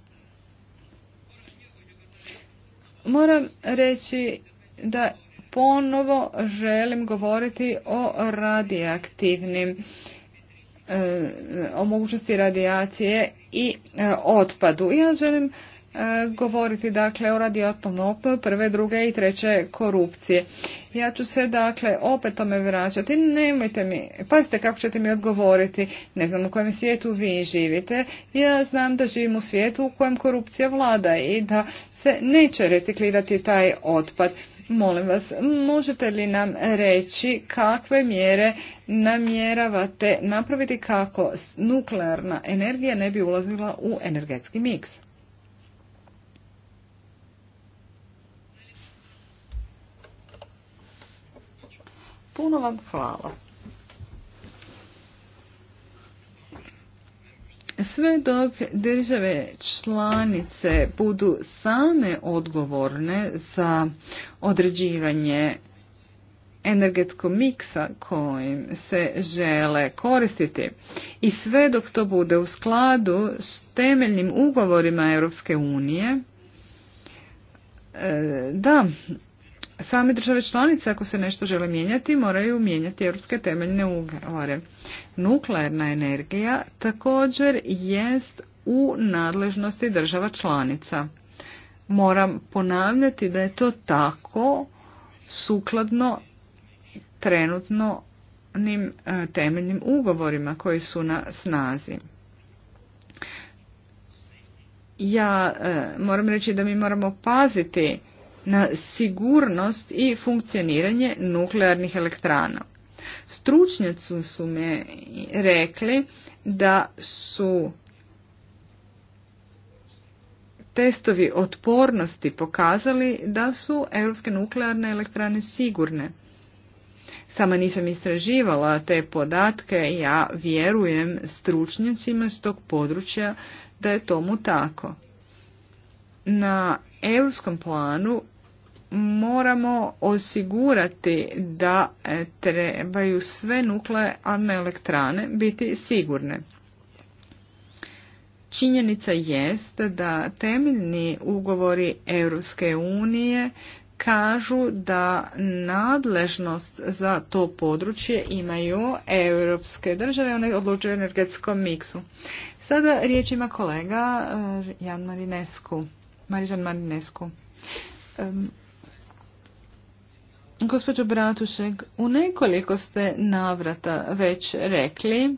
Moram reći da ponovo želim govoriti o radioaktivnim e, o mogućnosti radijacije i e, otpadu. Ja želim E, govoriti dakle o radiotomop prve, druge i treće korupcije. Ja ću se dakle opet tome vraćati. Nemojte mi, pazite kako ćete mi odgovoriti. Ne znam u kojem svijetu vi živite. Ja znam da živim u svijetu u kojem korupcija vlada i da se neće reciklirati taj otpad. Molim vas, možete li nam reći kakve mjere namjeravate napraviti kako nuklearna energija ne bi ulazila u energetski miks? Puno vam hvala. Sve dok države članice budu same odgovorne za određivanje energetskog miksa kojim se žele koristiti i sve dok to bude u skladu s temeljnim ugovorima Europske unije, e, da, same države članice ako se nešto žele mijenjati moraju mijenjati europske temeljne ugovore. Nuklearna energija također jest u nadležnosti država članica. Moram ponavljati da je to tako sukladno trenutno e, temeljnim ugovorima koji su na snazi. Ja e, moram reći da mi moramo paziti na sigurnost i funkcioniranje nuklearnih elektrana. Stručnjaci su me rekli da su testovi otpornosti pokazali da su europske nuklearne elektrane sigurne. Sama nisam istraživala te podatke, ja vjerujem stručnjacima s tog područja da je tomu tako. Na europskom planu moramo osigurati da e, trebaju sve nuklearne elektrane biti sigurne. Činjenica jest da temeljni ugovori Europske unije kažu da nadležnost za to područje imaju europske države, one odlučuju energetskom miksu. Sada riječ ima kolega e, Jan Marinescu. Marijan Marinescu. Gospođo Bratušek, u nekoliko ste navrata već rekli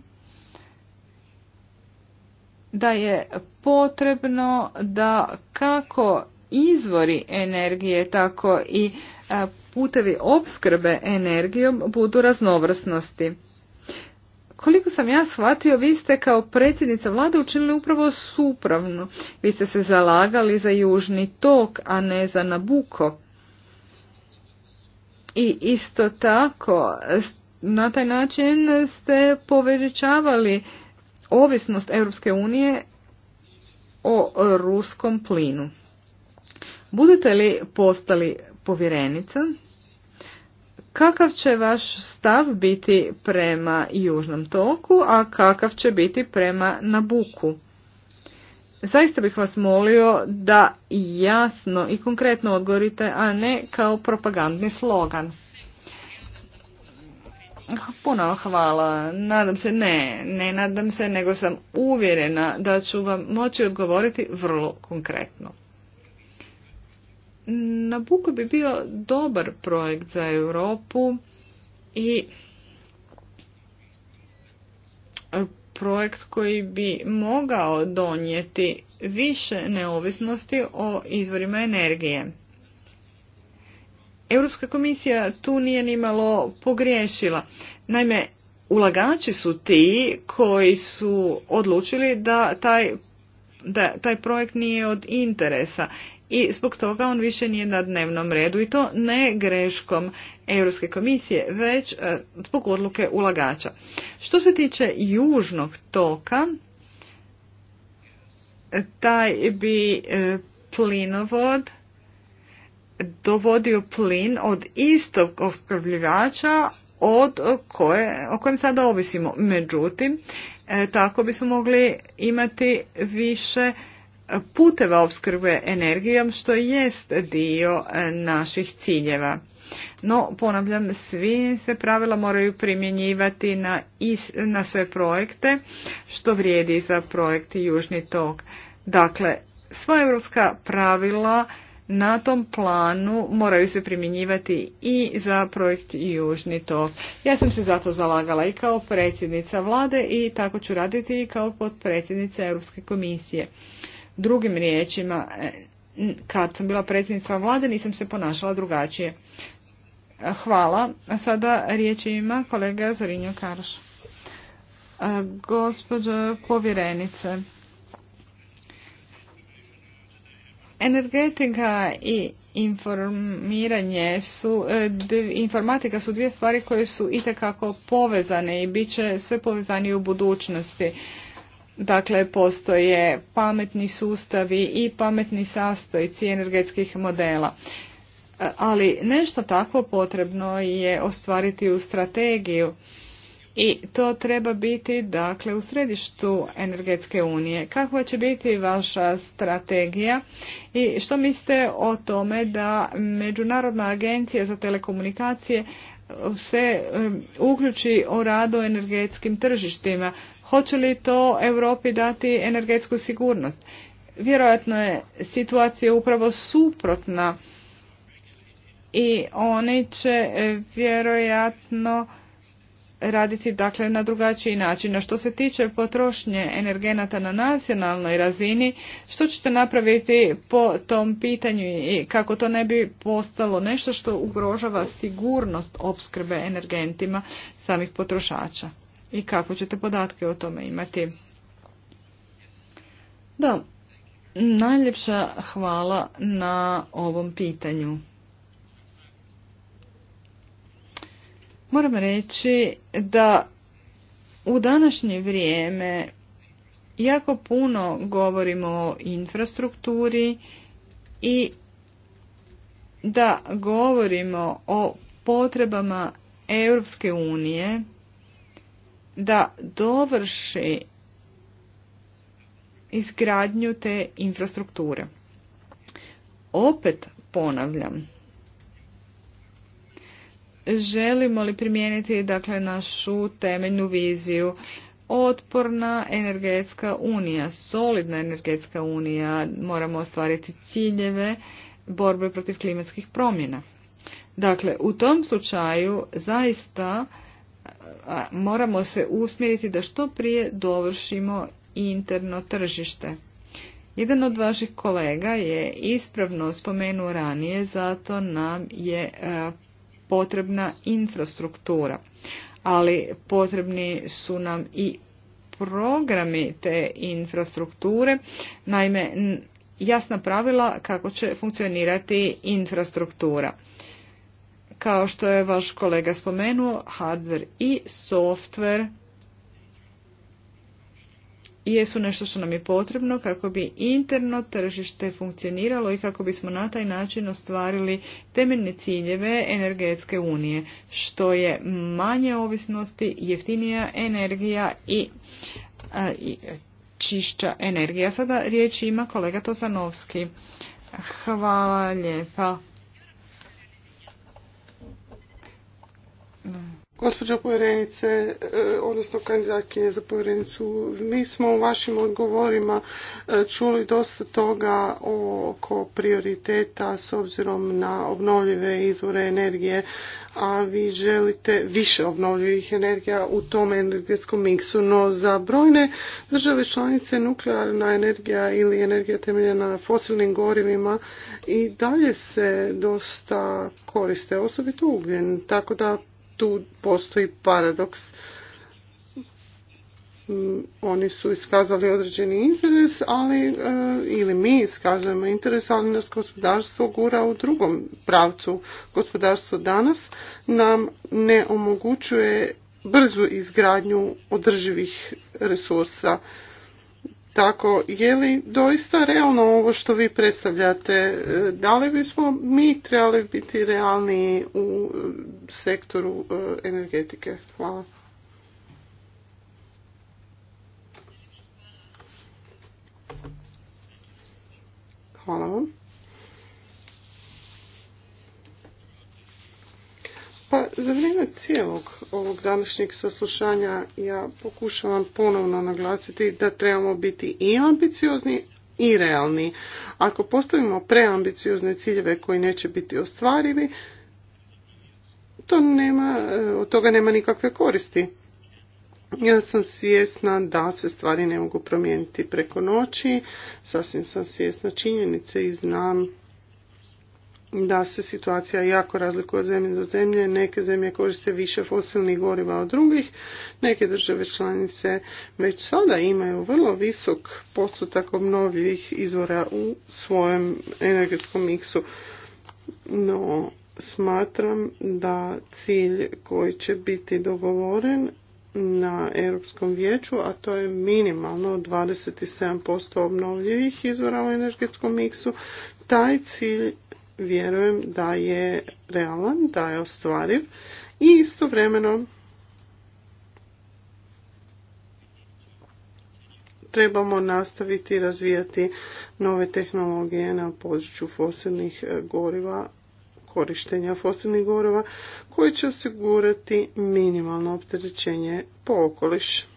da je potrebno da kako izvori energije, tako i putevi opskrbe energijom budu raznovrsnosti. Koliko sam ja shvatio, vi ste kao predsjednica vlade učinili upravo supravno. Vi ste se zalagali za južni tok, a ne za Nabuko. I isto tako, na taj način ste povećavali ovisnost Europske unije o ruskom plinu. Budete li postali povjerenica? Kakav će vaš stav biti prema Južnom toku, a kakav će biti prema Nabuku? Zaista bih vas molio da jasno i konkretno odgovorite, a ne kao propagandni slogan. Puno hvala. Nadam se ne, ne nadam se, nego sam uvjerena da ću vam moći odgovoriti vrlo konkretno. Nabuko bi bio dobar projekt za Europu i projekt koji bi mogao donijeti više neovisnosti o izvorima energije. Europska komisija tu nije nimalo pogriješila. Naime, ulagači su ti koji su odlučili da taj, da taj projekt nije od interesa i zbog toga on više nije na dnevnom redu i to ne greškom Europske komisije, već e, zbog odluke ulagača. Što se tiče južnog toka, taj bi e, plinovod dovodio plin od istog opskrbljivača od koje, o kojem sada ovisimo. Međutim, e, tako bismo mogli imati više puteva opskrbe energijom što jest dio e, naših ciljeva. No, ponavljam, svi se pravila moraju primjenjivati na, is, na sve projekte, što vrijedi za projekt Južni tok. Dakle, sva europska pravila na tom planu moraju se primjenjivati i za projekt Južni tok. Ja sam se zato zalagala i kao predsjednica vlade i tako ću raditi i kao potpredsjednica Europske komisije. Drugim riječima, e, kad sam bila predsjednica vlade nisam se ponašala drugačije. E, hvala. A sada riječ ima kolega Zorinjo Karš. E, gospođo povjerenice, energetika i informiranje su, informatika su dvije stvari koje su itekako povezane i bit će sve povezanije u budućnosti. Dakle, postoje pametni sustavi i pametni sastojci energetskih modela. Ali nešto tako potrebno je ostvariti u strategiju i to treba biti dakle u središtu energetske unije. Kakva će biti vaša strategija i što mislite o tome da Međunarodna agencija za telekomunikacije se uključi o radu energetskim tržištima. Hoće li to Europi dati energetsku sigurnost? Vjerojatno je situacija upravo suprotna i oni će vjerojatno raditi dakle na drugačiji način. A što se tiče potrošnje energenata na nacionalnoj razini, što ćete napraviti po tom pitanju i kako to ne bi postalo nešto što ugrožava sigurnost opskrbe energentima samih potrošača i kako ćete podatke o tome imati? Da, najljepša hvala na ovom pitanju. Moram reći da u današnje vrijeme jako puno govorimo o infrastrukturi i da govorimo o potrebama Europske unije da dovrši izgradnju te infrastrukture. Opet ponavljam, želimo li primijeniti dakle našu temeljnu viziju otporna energetska unija, solidna energetska unija, moramo ostvariti ciljeve borbe protiv klimatskih promjena. Dakle, u tom slučaju zaista moramo se usmjeriti da što prije dovršimo interno tržište. Jedan od vaših kolega je ispravno spomenuo ranije, zato nam je potrebna infrastruktura, ali potrebni su nam i programi te infrastrukture, naime jasna pravila kako će funkcionirati infrastruktura. Kao što je vaš kolega spomenuo, hardware i software jesu nešto što nam je potrebno kako bi interno tržište funkcioniralo i kako bismo na taj način ostvarili temeljne ciljeve energetske unije, što je manje ovisnosti, jeftinija energija i, i čišća energija. Sada riječ ima kolega Tosanovski. Hvala lijepa. Gospođo povjerenice, e, odnosno kandidatkinje za povjerenicu, mi smo u vašim odgovorima e, čuli dosta toga oko prioriteta s obzirom na obnovljive izvore energije, a vi želite više obnovljivih energija u tom energetskom miksu, no za brojne države članice nuklearna energija ili energija temeljena na fosilnim gorivima i dalje se dosta koriste, osobito ugljen, tako da tu postoji paradoks. Mm, oni su iskazali određeni interes, ali e, ili mi iskazujemo interes, ali nas gospodarstvo gura u drugom pravcu. Gospodarstvo danas nam ne omogućuje brzu izgradnju održivih resursa tako je li doista realno ovo što vi predstavljate? E, da li bismo mi trebali biti realni u e, sektoru e, energetike? Hvala. Hvala vam. Pa za vrijeme cijelog ovog današnjeg saslušanja ja pokušavam ponovno naglasiti da trebamo biti i ambiciozni i realni. Ako postavimo preambiciozne ciljeve koji neće biti ostvarivi, to nema, od toga nema nikakve koristi. Ja sam svjesna da se stvari ne mogu promijeniti preko noći, sasvim sam svjesna činjenice i znam da se situacija jako razlikuje od zemlje do zemlje. Neke zemlje koriste više fosilnih goriva od drugih, neke države članice već sada imaju vrlo visok postotak obnovljivih izvora u svojem energetskom miksu. No, smatram da cilj koji će biti dogovoren na Europskom vijeću, a to je minimalno 27% obnovljivih izvora u energetskom miksu, taj cilj vjerujem da je realan, da je ostvariv i istovremeno trebamo nastaviti razvijati nove tehnologije na području fosilnih e, goriva, korištenja fosilnih goriva koji će osigurati minimalno opterećenje po okolišu.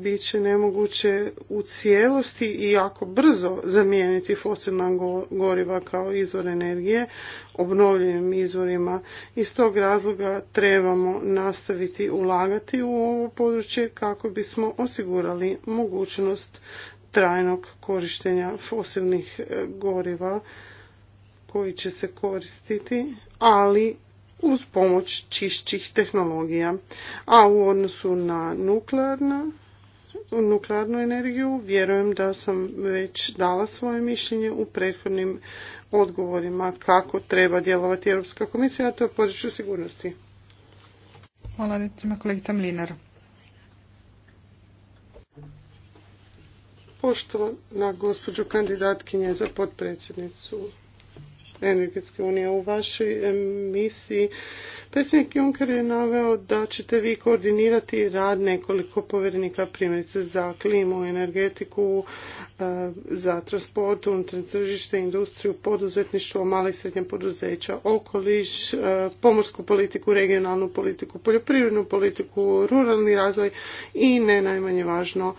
bit će nemoguće u cijelosti i jako brzo zamijeniti fosilna goriva kao izvor energije obnovljivim izvorima. Iz tog razloga trebamo nastaviti ulagati u ovo područje kako bismo osigurali mogućnost trajnog korištenja fosilnih e, goriva koji će se koristiti, ali uz pomoć čišćih tehnologija. A u odnosu na nuklearnu energiju. Vjerujem da sam već dala svoje mišljenje u prethodnim odgovorima kako treba djelovati Europska komisija, a to je području sigurnosti. Hvala recimo kolegica Mlinar. Poštovana gospođo kandidatkinje za potpredsjednicu energetske unije. U vašoj misiji predsjednik Juncker je naveo da ćete vi koordinirati rad nekoliko povjerenika primjerice za klimu, energetiku, za transport, unutarnje tržište, industriju, poduzetništvo, mali i srednja poduzeća, okoliš, pomorsku politiku, regionalnu politiku, poljoprivrednu politiku, ruralni razvoj i ne najmanje važno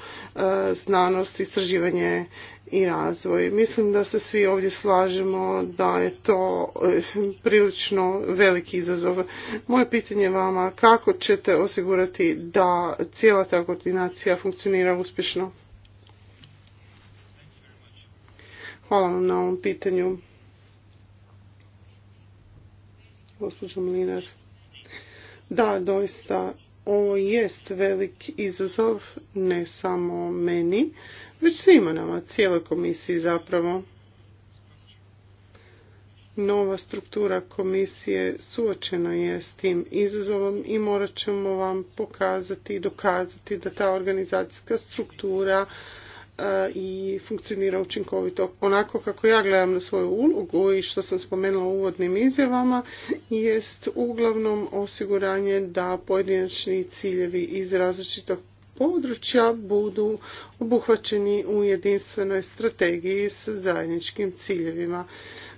znanost, istraživanje i razvoj. Mislim da se svi ovdje slažemo da je to eh, prilično veliki izazov. Moje pitanje vama kako ćete osigurati da cijela ta koordinacija funkcionira uspješno? Hvala vam na ovom pitanju. Gospođo Mlinar. Da, doista, ovo jest velik izazov, ne samo meni, već svima nama, cijeloj komisiji zapravo. Nova struktura komisije suočena je s tim izazovom i morat ćemo vam pokazati i dokazati da ta organizacijska struktura e, i funkcionira učinkovito. Onako kako ja gledam na svoju ulogu i što sam spomenula u uvodnim izjavama, jest uglavnom osiguranje da pojedinačni ciljevi iz različitog područja budu obuhvaćeni u jedinstvenoj strategiji s zajedničkim ciljevima.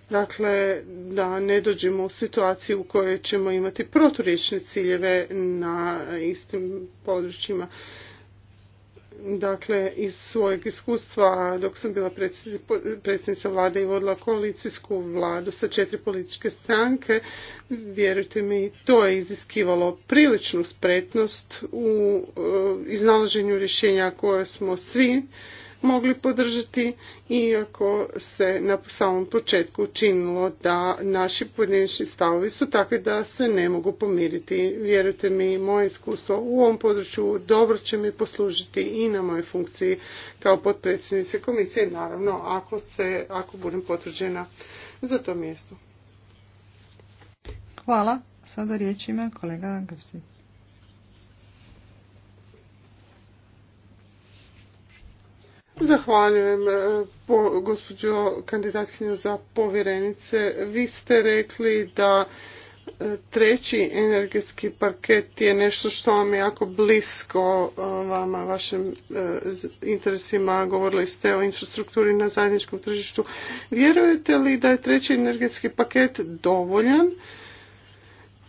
Dakle, da ne dođemo u situaciju u kojoj ćemo imati proturječne ciljeve na istim područjima dakle iz svojeg iskustva dok sam bila predsjednica vlade i vodila koalicijsku vladu sa četiri političke stranke, vjerujte mi, to je iziskivalo priličnu spretnost u e, iznalaženju rješenja koje smo svi mogli podržati iako se na samom početku činilo da naši pojedinačni stavovi su takvi da se ne mogu pomiriti. Vjerujte mi, moje iskustvo u ovom području dobro će mi poslužiti i na mojoj funkciji kao potpredsjednice komisije, naravno ako, se, ako budem potvrđena za to mjesto. Hvala. Sada riječ ima kolega Zahvaljujem e, gospođo kandidatkinju za povjerenice. Vi ste rekli da e, treći energetski paket je nešto što vam je jako blisko e, vama, vašim interesima. Govorili ste o infrastrukturi na zajedničkom tržištu. Vjerujete li da je treći energetski paket dovoljan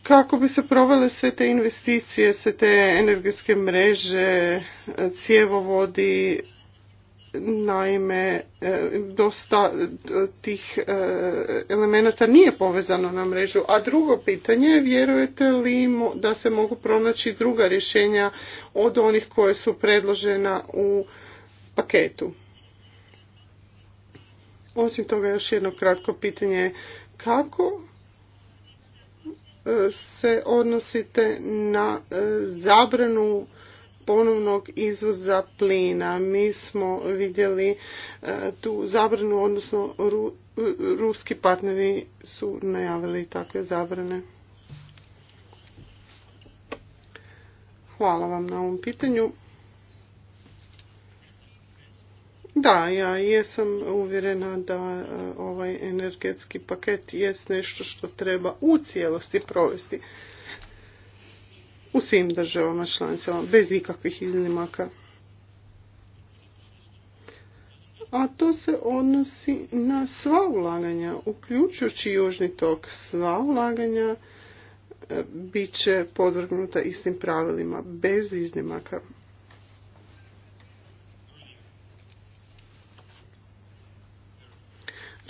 kako bi se provele sve te investicije, sve te energetske mreže, cjevovodi, Naime, e, dosta e, tih e, elemenata nije povezano na mrežu. A drugo pitanje vjerujete li da se mogu pronaći druga rješenja od onih koje su predložena u paketu? Osim toga još jedno kratko pitanje. Kako se odnosite na zabranu ponovnog izvoza plina. Mi smo vidjeli e, tu zabranu, odnosno e, ruski partneri su najavili takve zabrane. Hvala vam na ovom pitanju. Da, ja jesam uvjerena da e, ovaj energetski paket jest nešto što treba u cijelosti provesti u svim državama članicama, bez ikakvih iznimaka. A to se odnosi na sva ulaganja, uključujući južni tok. Sva ulaganja e, bit će podvrgnuta istim pravilima, bez iznimaka.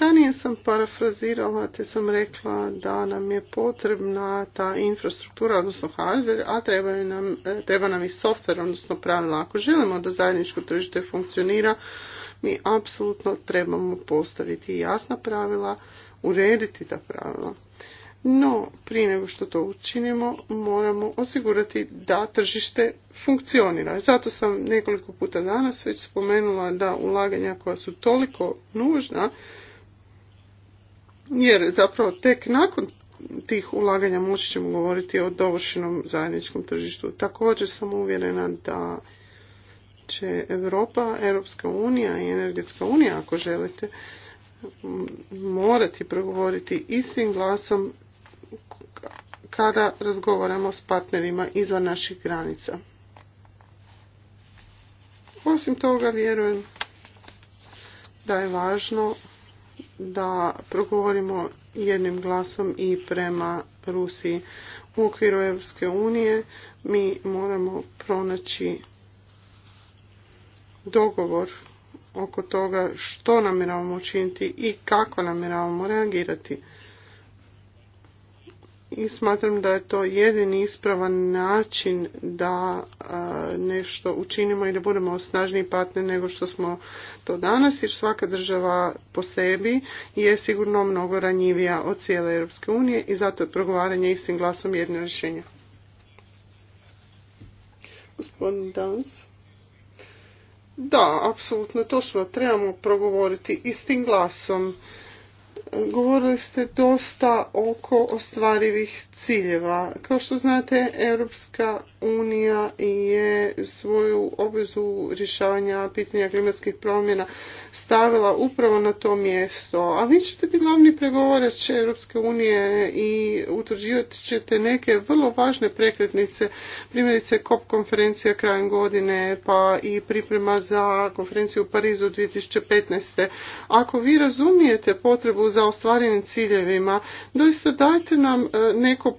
Ranije sam parafrazirala te sam rekla da nam je potrebna ta infrastruktura, odnosno hardware, a treba nam, e, treba nam i software, odnosno pravila. Ako želimo da zajedničko tržište funkcionira, mi apsolutno trebamo postaviti jasna pravila, urediti ta pravila. No, prije nego što to učinimo, moramo osigurati da tržište funkcionira. Zato sam nekoliko puta danas već spomenula da ulaganja koja su toliko nužna, jer zapravo tek nakon tih ulaganja moći ćemo govoriti o dovršenom zajedničkom tržištu. Također sam uvjerena da će Europa, Europska unija i Energetska unija, ako želite, morati progovoriti istim glasom kada razgovaramo s partnerima izvan naših granica. Osim toga, vjerujem da je važno da progovorimo jednim glasom i prema Rusiji. U okviru Europske unije mi moramo pronaći dogovor oko toga što namjeravamo učiniti i kako namjeravamo reagirati i smatram da je to jedini ispravan način da nešto učinimo i da budemo snažniji partner nego što smo to danas jer svaka država po sebi je sigurno mnogo ranjivija od cijele Europske unije i zato je progovaranje istim glasom jedno rješenje. Gospodin Dans. Da, apsolutno točno. Trebamo progovoriti istim glasom govorili ste dosta oko ostvarivih ciljeva. Kao što znate, Europska unija je svoju obvezu rješavanja pitanja klimatskih promjena stavila upravo na to mjesto. A vi ćete biti glavni pregovarač Europske unije i utvrđivat ćete neke vrlo važne prekretnice, primjerice COP konferencija krajem godine pa i priprema za konferenciju u Parizu 2015. Ako vi razumijete potrebu za ostvarenim ciljevima, doista dajte nam e,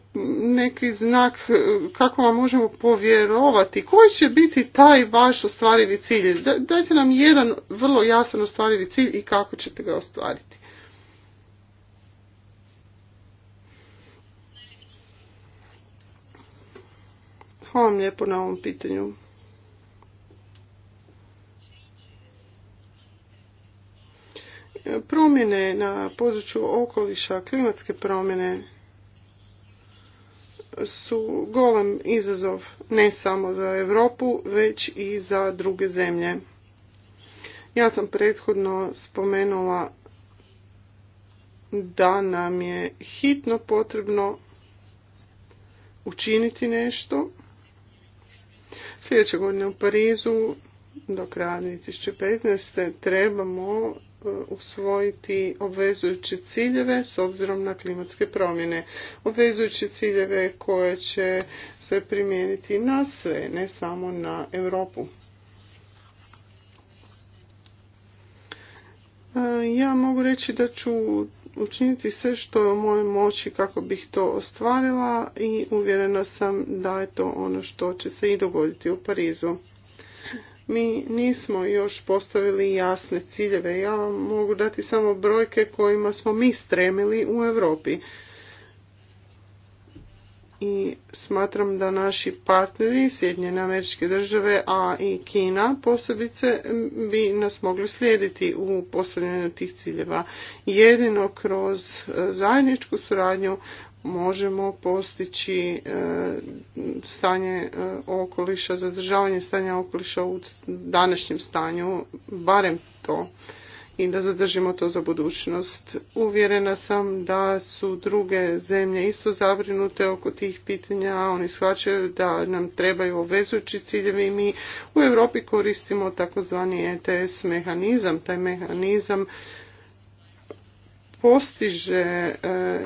neki znak e, kako vam možemo povjerovati. Koji će biti taj vaš ostvarivi cilj? Dajte nam jedan vrlo jasan ostvarivi cilj i kako ćete ga ostvariti. Hvala vam lijepo na ovom pitanju. Promjene na području okoliša, klimatske promjene, su golem izazov ne samo za Europu, već i za druge zemlje. Ja sam prethodno spomenula da nam je hitno potrebno učiniti nešto. Sljedeće godine u Parizu do kraja 2015. trebamo usvojiti obvezujuće ciljeve s obzirom na klimatske promjene. Obvezujuće ciljeve koje će se primijeniti na sve, ne samo na Europu. E, ja mogu reći da ću učiniti sve što je u mojoj moći kako bih to ostvarila i uvjerena sam da je to ono što će se i dogoditi u Parizu mi nismo još postavili jasne ciljeve. Ja vam mogu dati samo brojke kojima smo mi stremili u Europi. I smatram da naši partneri, Sjedinjene američke države, a i Kina posebice, bi nas mogli slijediti u postavljanju tih ciljeva. Jedino kroz e, zajedničku suradnju možemo postići e, stanje e, okoliša, zadržavanje stanja okoliša u današnjem stanju, barem to i da zadržimo to za budućnost. Uvjerena sam da su druge zemlje isto zabrinute oko tih pitanja, oni shvaćaju da nam trebaju obvezujući ciljevi mi u Europi koristimo takozvani ETS mehanizam, taj mehanizam postiže eh,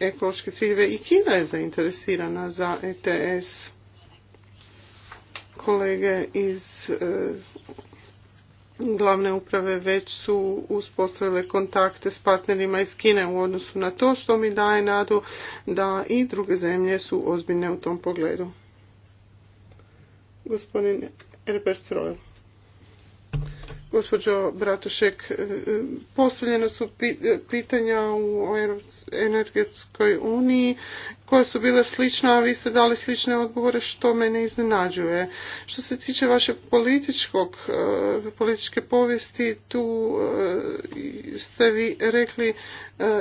ekološke ciljeve i Kina je zainteresirana za ETS. Kolege iz eh, glavne uprave već su uspostavile kontakte s partnerima iz Kine u odnosu na to što mi daje nadu da i druge zemlje su ozbiljne u tom pogledu. Gospodin Herbert gospođo Bratušek, e, e, postavljena su e, pitanja u energetskoj uniji koja su bila slična, a vi ste dali slične odgovore što mene iznenađuje. Što se tiče vaše političkog, e, političke povijesti, tu e, ste vi rekli e,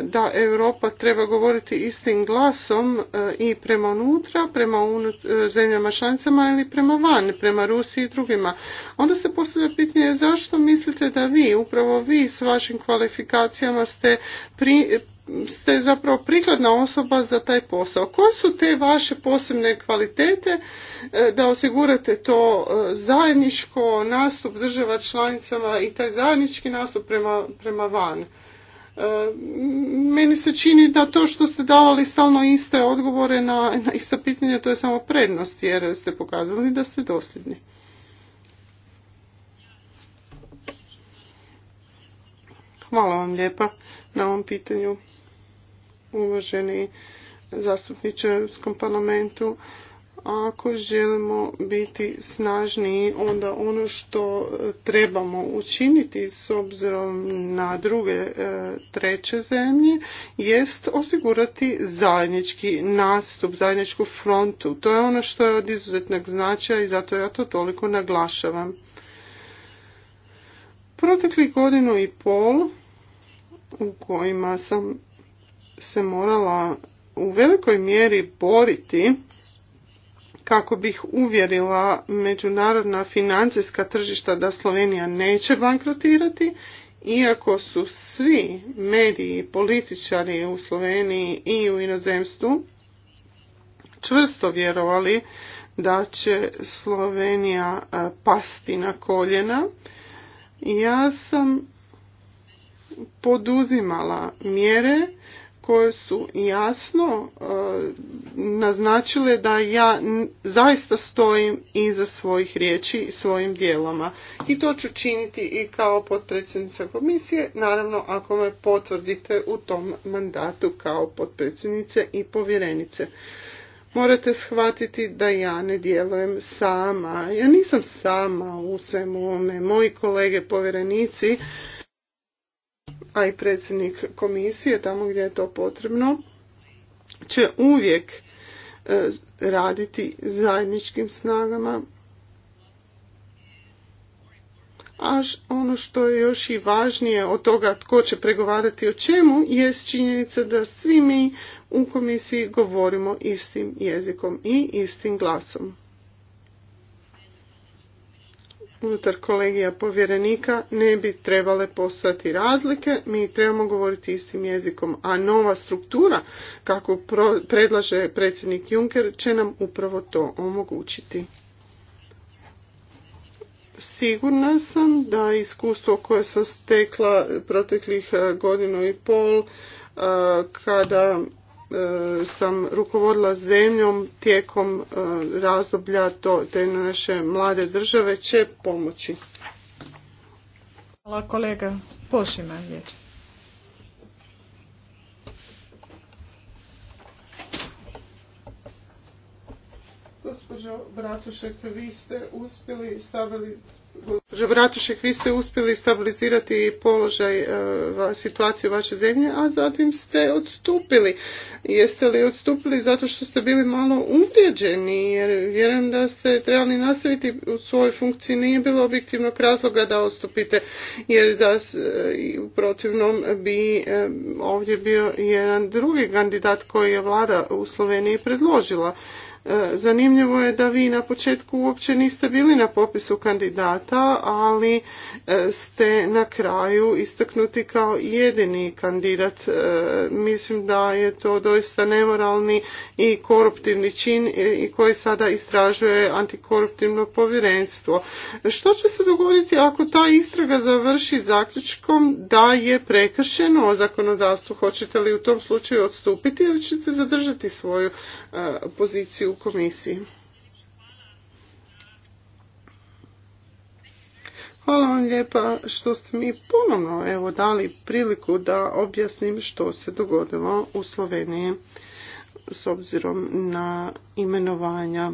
da Europa treba govoriti istim glasom i prema unutra, prema zemljama članicama ili prema van, prema Rusiji i drugima. Onda se postavlja pitanje zašto mislite da vi, upravo vi s vašim kvalifikacijama ste pri, ste zapravo prikladna osoba za taj posao. Koje su te vaše posebne kvalitete e, da osigurate to e, zajedničko nastup država članicama i taj zajednički nastup prema, prema van? E, meni se čini da to što ste davali stalno iste odgovore na, na ista pitanja, to je samo prednost jer ste pokazali da ste dosljedni. Hvala vam lijepa na ovom pitanju uvaženi zastupniče u Europskom parlamentu. ako želimo biti snažniji, onda ono što trebamo učiniti s obzirom na druge e, treće zemlje jest osigurati zajednički nastup, zajedničku frontu. To je ono što je od izuzetnog značaja i zato ja to toliko naglašavam. Proteklih godinu i pol u kojima sam se morala u velikoj mjeri boriti kako bih uvjerila međunarodna financijska tržišta da Slovenija neće bankrotirati, iako su svi mediji, političari u Sloveniji i u inozemstvu čvrsto vjerovali da će Slovenija e, pasti na koljena. Ja sam poduzimala mjere koje su jasno e, naznačile da ja zaista stojim iza svojih riječi i svojim dijelama. I to ću činiti i kao potpredsjednica komisije, naravno ako me potvrdite u tom mandatu kao potpredsjednice i povjerenice. Morate shvatiti da ja ne djelujem sama. Ja nisam sama u svemu ovome. Moji kolege povjerenici a i predsjednik komisije tamo gdje je to potrebno, će uvijek e, raditi zajedničkim snagama. A ono što je još i važnije od toga tko će pregovarati o čemu je činjenica da svi mi u komisiji govorimo istim jezikom i istim glasom unutar kolegija povjerenika ne bi trebale postojati razlike, mi trebamo govoriti istim jezikom, a nova struktura kako predlaže predsjednik Juncker će nam upravo to omogućiti. Sigurna sam da iskustvo koje sam stekla proteklih eh, godinu i pol eh, kada E, sam rukovodila zemljom tijekom e, razdoblja to, te naše mlade države će pomoći. Hvala kolega Pošima Gospođo Bratušek, vi ste uspjeli stabilizirati Gospođo Bratušek, vi ste uspjeli stabilizirati položaj, e, situaciju vaše zemlje, a zatim ste odstupili. Jeste li odstupili zato što ste bili malo uvrijeđeni, jer vjerujem da ste trebali nastaviti u svojoj funkciji, nije bilo objektivnog razloga da odstupite, jer da e, u protivnom bi e, ovdje bio jedan drugi kandidat koji je vlada u Sloveniji predložila. E, zanimljivo je da vi na početku uopće niste bili na popisu kandidata, ali e, ste na kraju istaknuti kao jedini kandidat. E, mislim da je to doista nemoralni i koruptivni čin i koji sada istražuje antikoruptivno povjerenstvo. Što će se dogoditi ako ta istraga završi zaključkom da je prekršeno zakonodavstvu? Hoćete li u tom slučaju odstupiti ili ćete zadržati svoju poziciju u komisiji. Hvala vam lijepa što ste mi ponovno evo dali priliku da objasnim što se dogodilo u Sloveniji s obzirom na imenovanja.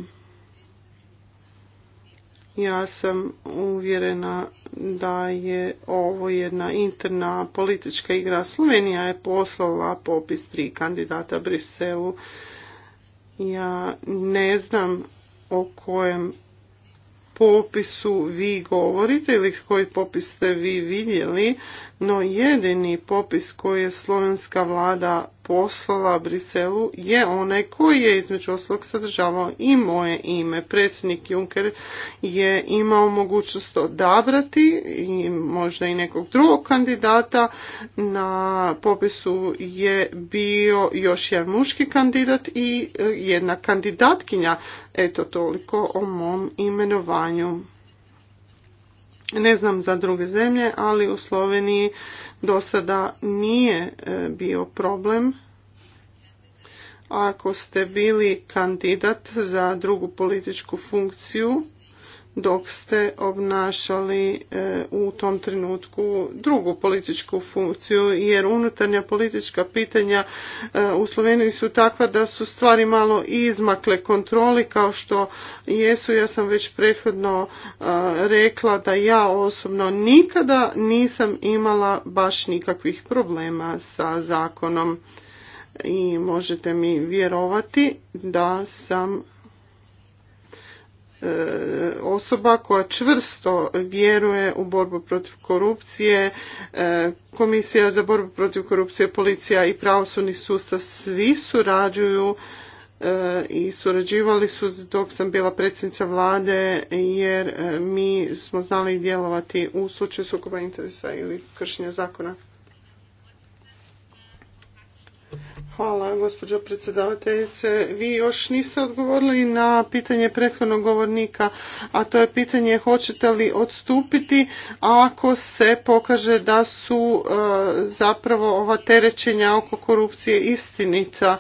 Ja sam uvjerena da je ovo jedna interna politička igra. Slovenija je poslala popis tri kandidata Briselu ja ne znam o kojem popisu vi govorite ili koji popis ste vi vidjeli, no jedini popis koji je slovenska vlada poslala Briselu je onaj koji je između ostalog sadržavao i moje ime. Predsjednik Juncker je imao mogućnost odabrati i možda i nekog drugog kandidata. Na popisu je bio još jedan muški kandidat i e, jedna kandidatkinja. Eto toliko o mom imenovanju. Ne znam za druge zemlje, ali u Sloveniji do sada nije e, bio problem ako ste bili kandidat za drugu političku funkciju dok ste obnašali e, u tom trenutku drugu političku funkciju jer unutarnja politička pitanja e, u Sloveniji su takva da su stvari malo izmakle kontroli kao što jesu. Ja sam već prethodno e, rekla da ja osobno nikada nisam imala baš nikakvih problema sa zakonom i možete mi vjerovati da sam E, osoba koja čvrsto vjeruje u borbu protiv korupcije, e, komisija za borbu protiv korupcije, policija i pravosudni sustav svi surađuju e, i surađivali su dok sam bila predsjednica vlade jer mi smo znali djelovati u slučaju sukoba interesa ili kršenja zakona. Hvala, gospođo predsjedavateljice. Vi još niste odgovorili na pitanje prethodnog govornika, a to je pitanje hoćete li odstupiti ako se pokaže da su e, zapravo ova terećenja oko korupcije istinita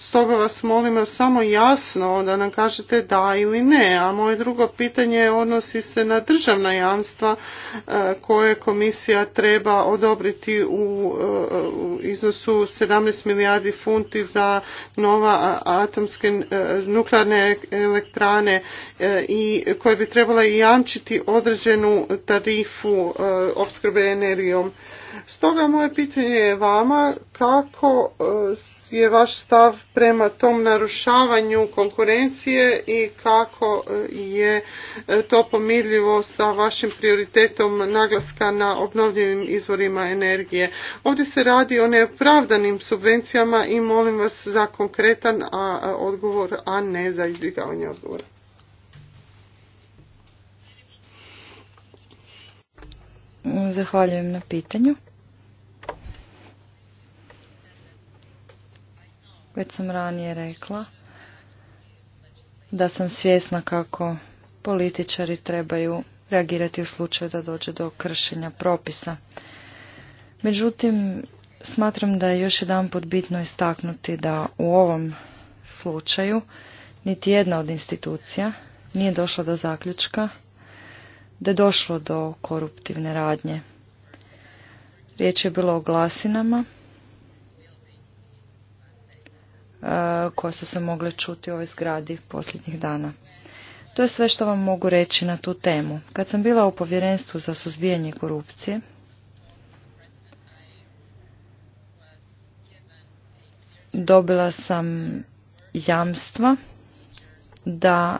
Stoga vas molim samo jasno da nam kažete da ili ne. A moje drugo pitanje odnosi se na državna jamstva e, koje komisija treba odobriti u e, iznosu 17 milijardi funti za nova atomske e, nuklearne elektrane i koje bi trebala jamčiti određenu tarifu opskrbe energijom. Stoga moje pitanje je vama kako e, je vaš stav prema tom narušavanju konkurencije i kako e, je e, to pomirljivo sa vašim prioritetom naglaska na obnovljivim izvorima energije. Ovdje se radi o neopravdanim subvencijama i molim vas za konkretan odgovor, a ne za izbjegavanje odgovora. Zahvaljujem na pitanju. Već sam ranije rekla da sam svjesna kako političari trebaju reagirati u slučaju da dođe do kršenja propisa. Međutim, smatram da je još jedan put bitno istaknuti da u ovom slučaju niti jedna od institucija nije došla do zaključka da je došlo do koruptivne radnje. Riječ je bilo o glasinama e, koje su se mogle čuti u ovoj zgradi posljednjih dana. To je sve što vam mogu reći na tu temu. Kad sam bila u povjerenstvu za suzbijanje korupcije, dobila sam jamstva da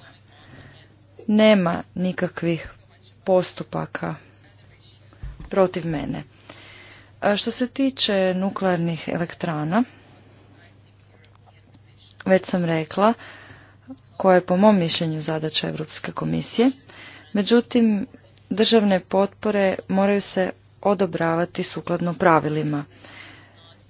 nema nikakvih postupaka protiv mene. Što se tiče nuklearnih elektrana, već sam rekla, koja je po mom mišljenju zadaća Europske komisije, međutim državne potpore moraju se odobravati sukladno pravilima.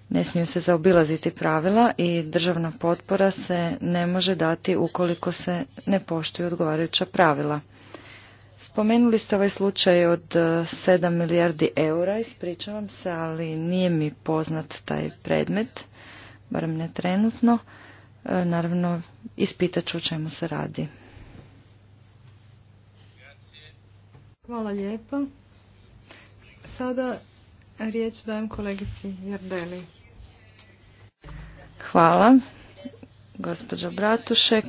Ne smiju se zaobilaziti pravila i državna potpora se ne može dati ukoliko se ne poštuju odgovarajuća pravila. Spomenuli ste ovaj slučaj od 7 e, milijardi eura, ispričavam se, ali nije mi poznat taj predmet, barem ne trenutno. E, naravno, ispitat ću o čemu se radi. Hvala lijepo. Sada riječ dajem kolegici Jardeli. Hvala, gospođo Bratušek.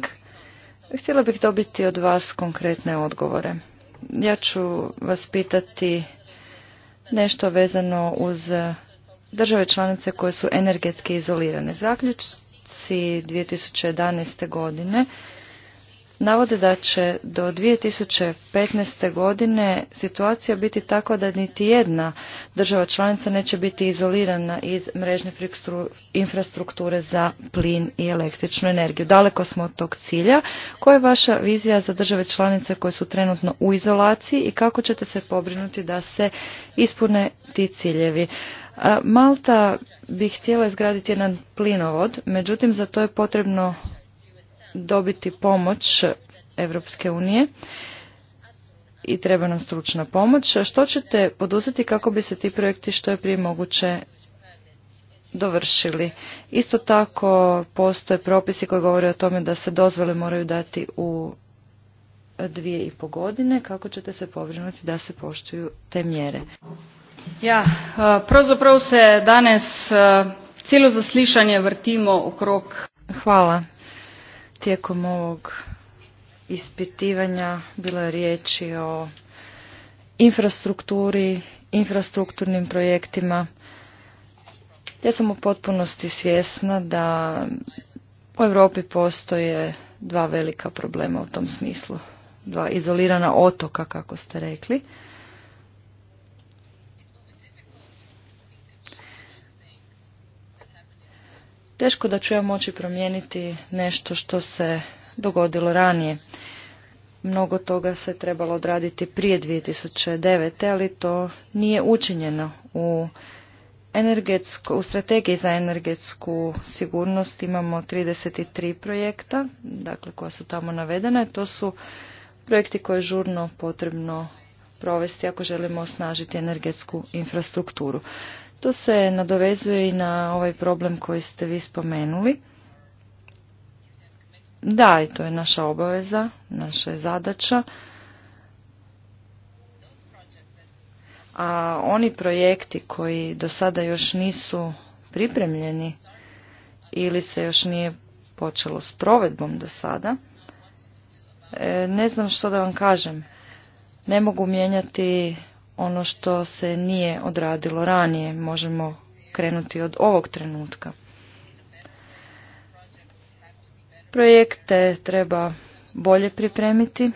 Htjela bih dobiti od vas konkretne odgovore ja ću vas pitati nešto vezano uz države članice koje su energetski izolirane. Zaključci 2011. godine navode da će do 2015. godine situacija biti takva da niti jedna država članica neće biti izolirana iz mrežne infrastrukture za plin i električnu energiju. Daleko smo od tog cilja. Koja je vaša vizija za države članice koje su trenutno u izolaciji i kako ćete se pobrinuti da se ispune ti ciljevi? Malta bi htjela izgraditi jedan plinovod, međutim za to je potrebno dobiti pomoć Europske unije i treba nam stručna pomoć. Što ćete poduzeti kako bi se ti projekti što je prije moguće dovršili? Isto tako postoje propisi koji govore o tome da se dozvole moraju dati u dvije i po godine. Kako ćete se pobrinuti da se poštuju te mjere? Ja, e, pravzaprav se danes e, cijelo zaslišanje vrtimo krok. Hvala. Tijekom ovog ispitivanja bilo je riječi o infrastrukturi, infrastrukturnim projektima. Ja sam u potpunosti svjesna da u Europi postoje dva velika problema u tom smislu, dva izolirana otoka kako ste rekli. teško da ću ja moći promijeniti nešto što se dogodilo ranije. Mnogo toga se trebalo odraditi prije 2009. ali to nije učinjeno u energetsko, u strategiji za energetsku sigurnost imamo 33 projekta, dakle koja su tamo navedena. To su projekti koje je žurno potrebno provesti ako želimo osnažiti energetsku infrastrukturu. To se nadovezuje i na ovaj problem koji ste vi spomenuli. Da, i to je naša obaveza, naša je zadaća. A oni projekti koji do sada još nisu pripremljeni ili se još nije počelo s provedbom do sada, e, ne znam što da vam kažem. Ne mogu mijenjati ono što se nije odradilo ranije. Možemo krenuti od ovog trenutka. Projekte treba bolje pripremiti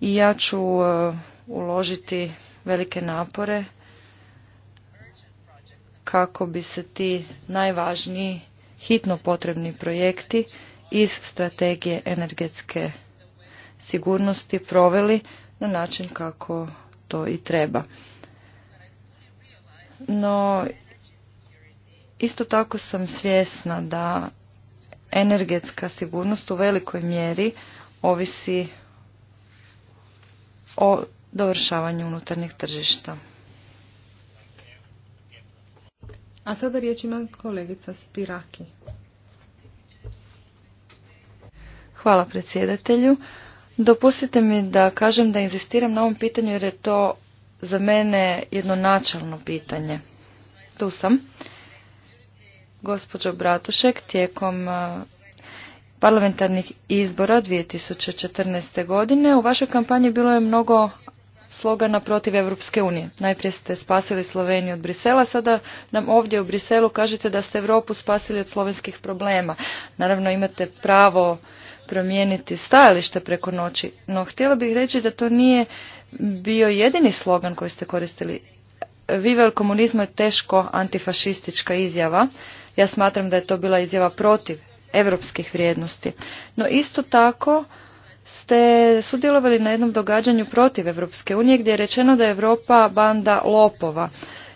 i ja ću e, uložiti velike napore kako bi se ti najvažniji hitno potrebni projekti iz strategije energetske sigurnosti proveli na način kako to i treba. No, isto tako sam svjesna da energetska sigurnost u velikoj mjeri ovisi o dovršavanju unutarnjeg tržišta. A sada riječ ima kolegica Spiraki. Hvala predsjedatelju. Dopustite mi da kažem da inzistiram na ovom pitanju jer je to za mene jedno načalno pitanje. Tu sam. Gospođo Bratušek, tijekom parlamentarnih izbora 2014. godine u vašoj kampanji bilo je mnogo slogana protiv Europske unije. Najprije ste spasili Sloveniju od Brisela, sada nam ovdje u Briselu kažete da ste Europu spasili od slovenskih problema. Naravno imate pravo promijeniti stajalište preko noći, no htjela bih reći da to nije bio jedini slogan koji ste koristili. Vivel komunizmu je teško antifašistička izjava. Ja smatram da je to bila izjava protiv europskih vrijednosti. No isto tako ste sudjelovali na jednom događanju protiv Evropske unije gdje je rečeno da je Europa banda lopova.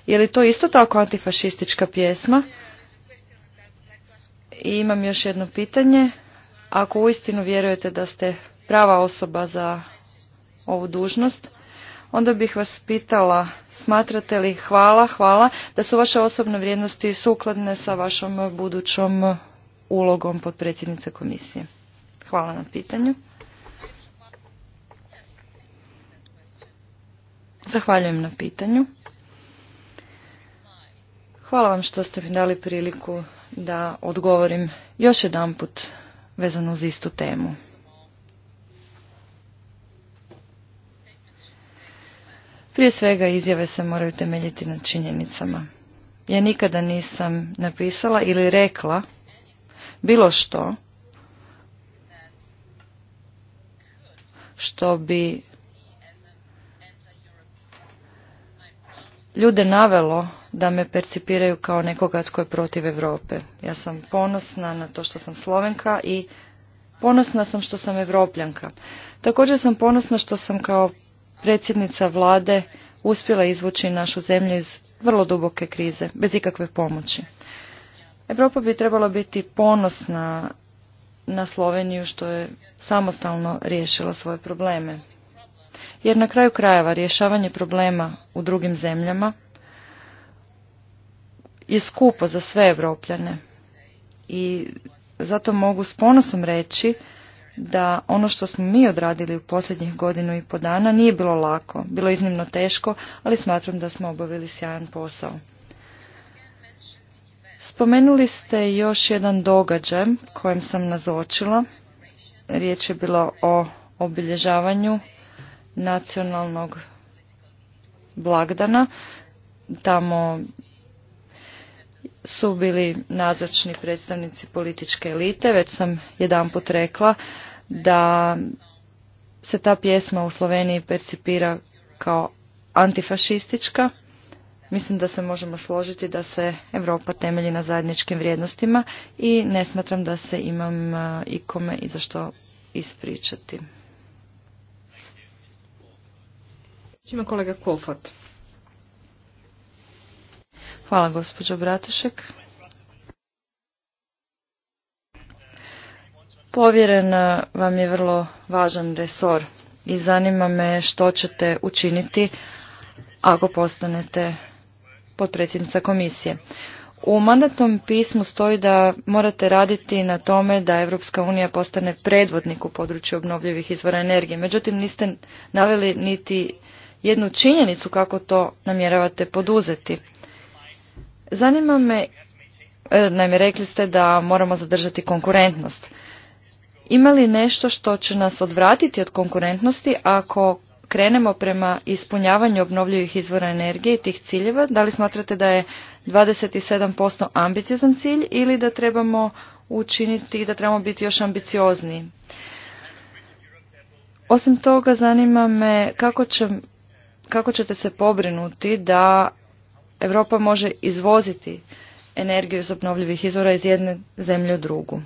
Je li to isto tako antifašistička pjesma? I imam još jedno pitanje ako uistinu vjerujete da ste prava osoba za ovu dužnost, onda bih vas pitala, smatrate li hvala, hvala, da su vaše osobne vrijednosti sukladne sa vašom budućom ulogom potpredsjednice komisije? Hvala na pitanju. Zahvaljujem na pitanju. Hvala vam što ste mi dali priliku da odgovorim još jedan put vezano uz istu temu. Prije svega izjave se moraju temeljiti na činjenicama. Ja nikada nisam napisala ili rekla bilo što što bi ljude navelo da me percipiraju kao nekoga tko je protiv Europe. Ja sam ponosna na to što sam Slovenka i ponosna sam što sam Evropljanka. Također sam ponosna što sam kao predsjednica vlade uspjela izvući našu zemlju iz vrlo duboke krize, bez ikakve pomoći. Europa bi trebala biti ponosna na Sloveniju što je samostalno riješila svoje probleme jer na kraju krajeva rješavanje problema u drugim zemljama je skupo za sve Evropljane. I zato mogu s ponosom reći da ono što smo mi odradili u posljednjih godinu i po dana nije bilo lako, bilo iznimno teško, ali smatram da smo obavili sjajan posao. Spomenuli ste još jedan događaj kojem sam nazočila. Riječ je bilo o obilježavanju nacionalnog blagdana. Tamo su bili nazočni predstavnici političke elite. Već sam jedanput rekla da se ta pjesma u Sloveniji percipira kao antifašistička. Mislim da se možemo složiti da se Europa temelji na zajedničkim vrijednostima i ne smatram da se imam ikome i za što ispričati. Ima kolega Kofot. Hvala gospođo Bratešek. Povjeren eh, vam je vrlo važan resor i zanima me što ćete učiniti ako postanete potpredsjednica komisije. U mandatnom pismu stoji da morate raditi na tome da Europska unija postane predvodnik u području obnovljivih izvora energije. Međutim, niste naveli niti jednu činjenicu kako to namjeravate poduzeti. Zanima me, e, naime rekli ste da moramo zadržati konkurentnost. Ima li nešto što će nas odvratiti od konkurentnosti ako krenemo prema ispunjavanju obnovljivih izvora energije i tih ciljeva? Da li smatrate da je 27% ambiciozan cilj ili da trebamo učiniti i da trebamo biti još ambiciozniji? Osim toga, zanima me kako će kako ćete se pobrinuti da Europa može izvoziti energiju iz obnovljivih izvora iz jedne zemlje u drugu?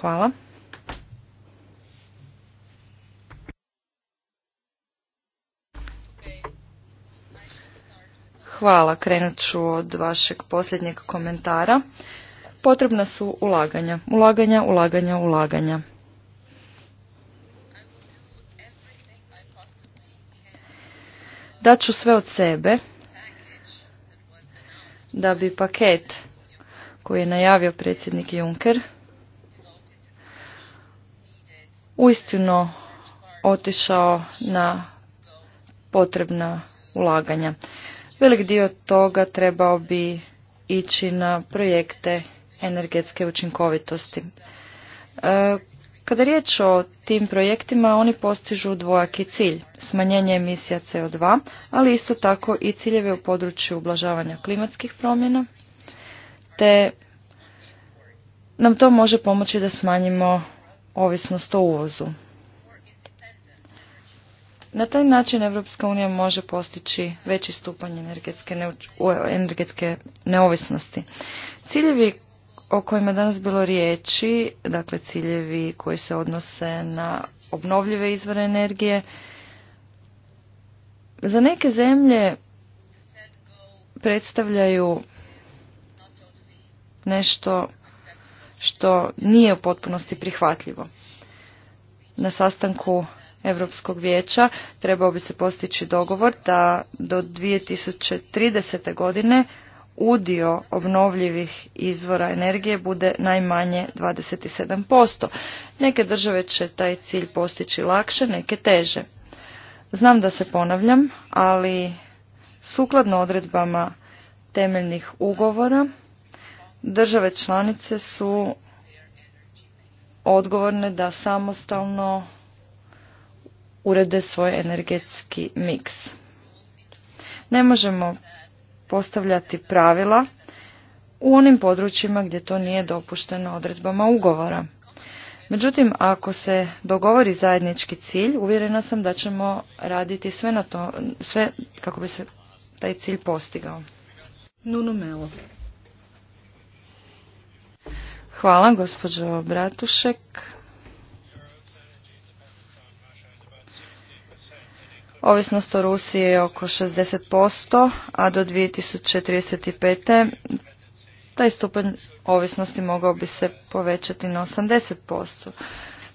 Hvala. Hvala, krenut ću od vašeg posljednjeg komentara. Potrebna su ulaganja, ulaganja, ulaganja, ulaganja. ću sve od sebe da bi paket koji je najavio predsjednik Juncker uistinu otišao na potrebna ulaganja. Velik dio toga trebao bi ići na projekte energetske učinkovitosti. E, kada je riječ o tim projektima, oni postižu dvojaki cilj, smanjenje emisija CO2, ali isto tako i ciljeve u području ublažavanja klimatskih promjena, te nam to može pomoći da smanjimo ovisnost o uvozu. Na taj način Europska unija može postići veći stupanj energetske neovisnosti. Ciljevi o kojima je danas bilo riječi, dakle ciljevi koji se odnose na obnovljive izvore energije. Za neke zemlje predstavljaju nešto što nije u potpunosti prihvatljivo. Na sastanku Europskog vijeća trebao bi se postići dogovor da do 2030. godine udio obnovljivih izvora energije bude najmanje 27%. Neke države će taj cilj postići lakše, neke teže. Znam da se ponavljam, ali sukladno odredbama temeljnih ugovora države članice su odgovorne da samostalno urede svoj energetski miks. Ne možemo postavljati pravila u onim područjima gdje to nije dopušteno odredbama ugovora. Međutim, ako se dogovori zajednički cilj, uvjerena sam da ćemo raditi sve, na to, sve kako bi se taj cilj postigao. Nuno Melo. Hvala, gospođo Bratušek. Ovisnost o Rusiji je oko 60%, a do 2035. taj stupanj ovisnosti mogao bi se povećati na 80%.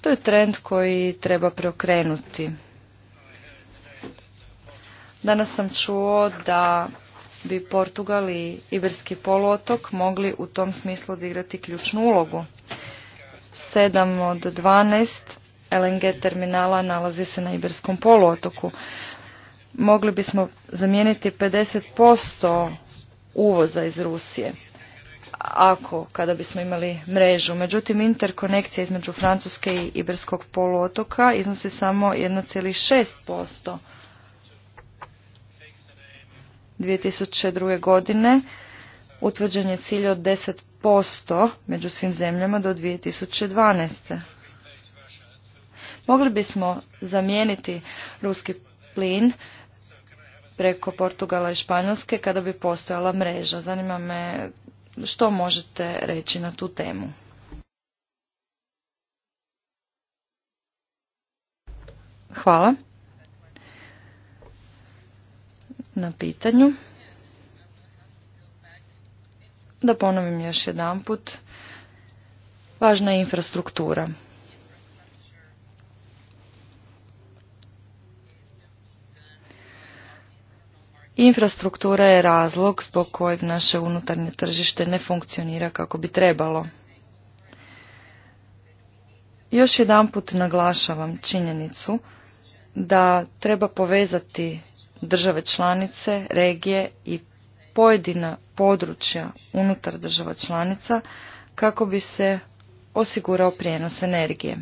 To je trend koji treba preokrenuti. Danas sam čuo da bi Portugal i Iberski poluotok mogli u tom smislu odigrati ključnu ulogu. 7 od 12 LNG terminala nalazi se na Iberskom poluotoku. Mogli bismo zamijeniti 50% uvoza iz Rusije ako kada bismo imali mrežu. Međutim, interkonekcija između Francuske i Iberskog poluotoka iznosi samo 1,6%. 2002. godine utvrđen je cilj od 10% među svim zemljama do 2012. Mogli bismo zamijeniti ruski plin preko Portugala i Španjolske kada bi postojala mreža. Zanima me što možete reći na tu temu. Hvala na pitanju. Da ponovim još jedan put. Važna je infrastruktura. Infrastruktura je razlog zbog kojeg naše unutarnje tržište ne funkcionira kako bi trebalo. Još jedanput naglašavam činjenicu da treba povezati države članice, regije i pojedina područja unutar država članica kako bi se osigurao prijenos energije.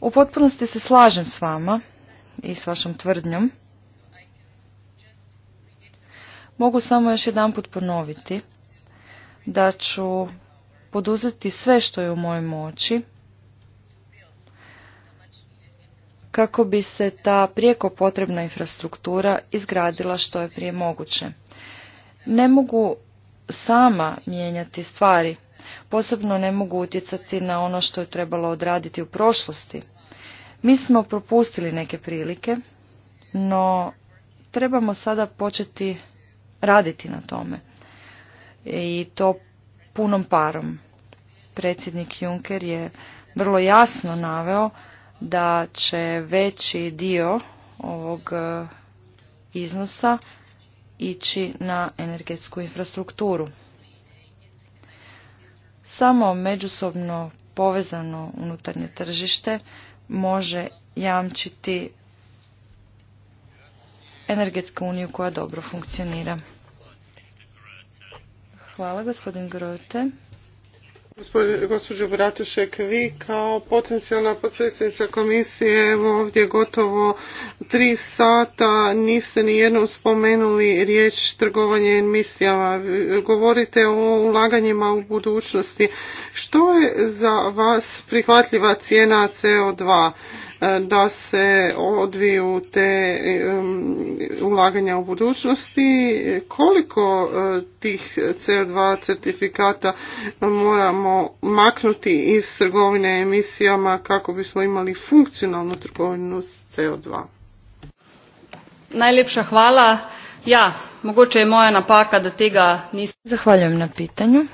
U potpunosti se slažem s vama i s vašom tvrdnjom Mogu samo još jedanput ponoviti da ću poduzeti sve što je u mojoj moći kako bi se ta prijeko potrebna infrastruktura izgradila što je prije moguće. Ne mogu sama mijenjati stvari, posebno ne mogu utjecati na ono što je trebalo odraditi u prošlosti. Mi smo propustili neke prilike, no trebamo sada početi raditi na tome. I to punom parom. Predsjednik Juncker je vrlo jasno naveo da će veći dio ovog e, iznosa ići na energetsku infrastrukturu. Samo međusobno povezano unutarnje tržište može jamčiti energetsku uniju koja dobro funkcionira. Hvala, gospodin Grote. Gospođo Bratušek, vi kao potencijalna potpredsjednica komisije, evo ovdje gotovo tri sata niste ni jednom spomenuli riječ trgovanje emisijama. Govorite o ulaganjima u budućnosti. Što je za vas prihvatljiva cijena CO2? E, da se odviju te e, um, ulaganja u budućnosti. Koliko e, tih CO2 certifikata moramo maknuti iz trgovine emisijama kako bismo imali funkcionalnu trgovinu s CO2? Najlepša hvala. Ja, mogoče je moja napaka da tega nisam... Zahvaljujem na pitanju.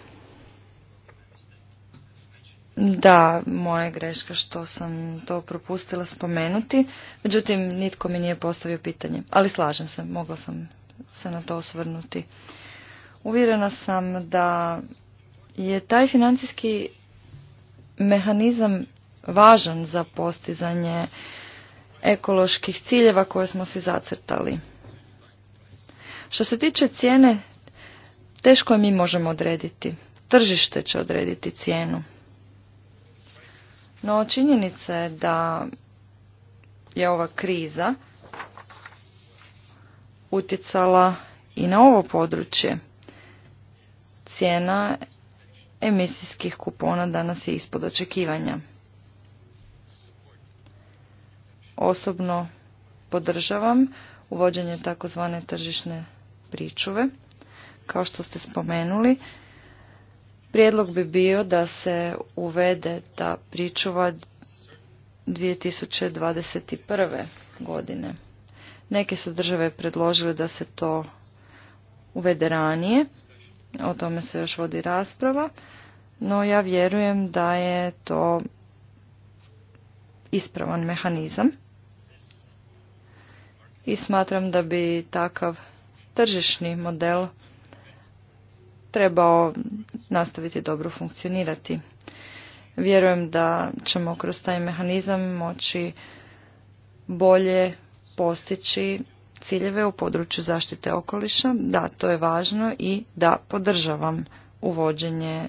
Da, moja greška što sam to propustila spomenuti. Međutim, nitko mi nije postavio pitanje. Ali slažem se, mogla sam se na to osvrnuti. Uvjerena sam da je taj financijski mehanizam važan za postizanje ekoloških ciljeva koje smo si zacrtali. Što se tiče cijene, teško je mi možemo odrediti. Tržište će odrediti cijenu. No činjenica je da je ova kriza utjecala i na ovo područje. Cijena emisijskih kupona danas je ispod očekivanja. Osobno podržavam uvođenje takozvane tržišne pričuve. Kao što ste spomenuli, Prijedlog bi bio da se uvede ta pričuva 2021. godine. Neke su države predložile da se to uvede ranije, o tome se još vodi rasprava, no ja vjerujem da je to ispravan mehanizam i smatram da bi takav tržišni model trebao nastaviti dobro funkcionirati. Vjerujem da ćemo kroz taj mehanizam moći bolje postići ciljeve u području zaštite okoliša. Da, to je važno i da podržavam uvođenje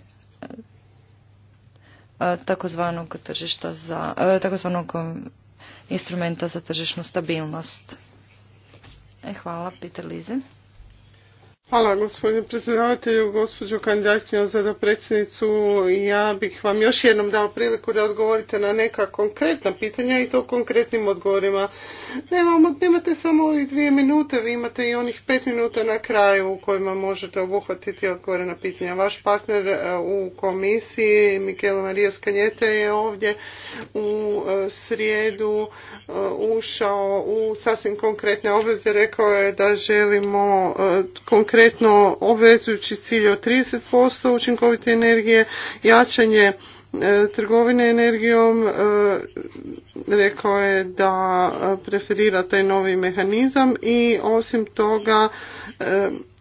e, takozvanog tržišta za e, takozvanog instrumenta za tržišnu stabilnost. E, hvala, Peter Lize. Hvala gospodine predsjedavatelju, gospođo kandidatkinjo za dopredsjednicu. Ja bih vam još jednom dao priliku da odgovorite na neka konkretna pitanja i to konkretnim odgovorima. nemate samo ovih dvije minute, vi imate i onih pet minuta na kraju u kojima možete obuhvatiti odgovore na pitanja. Vaš partner e, u komisiji, Mikela Marija scagnete je ovdje u e, srijedu e, ušao u sasvim konkretne obveze. Rekao je da želimo konkretne konkretno obvezujući cilj od 30% učinkovite energije, jačanje e, trgovine energijom e, rekao je da e, preferira taj novi mehanizam i osim toga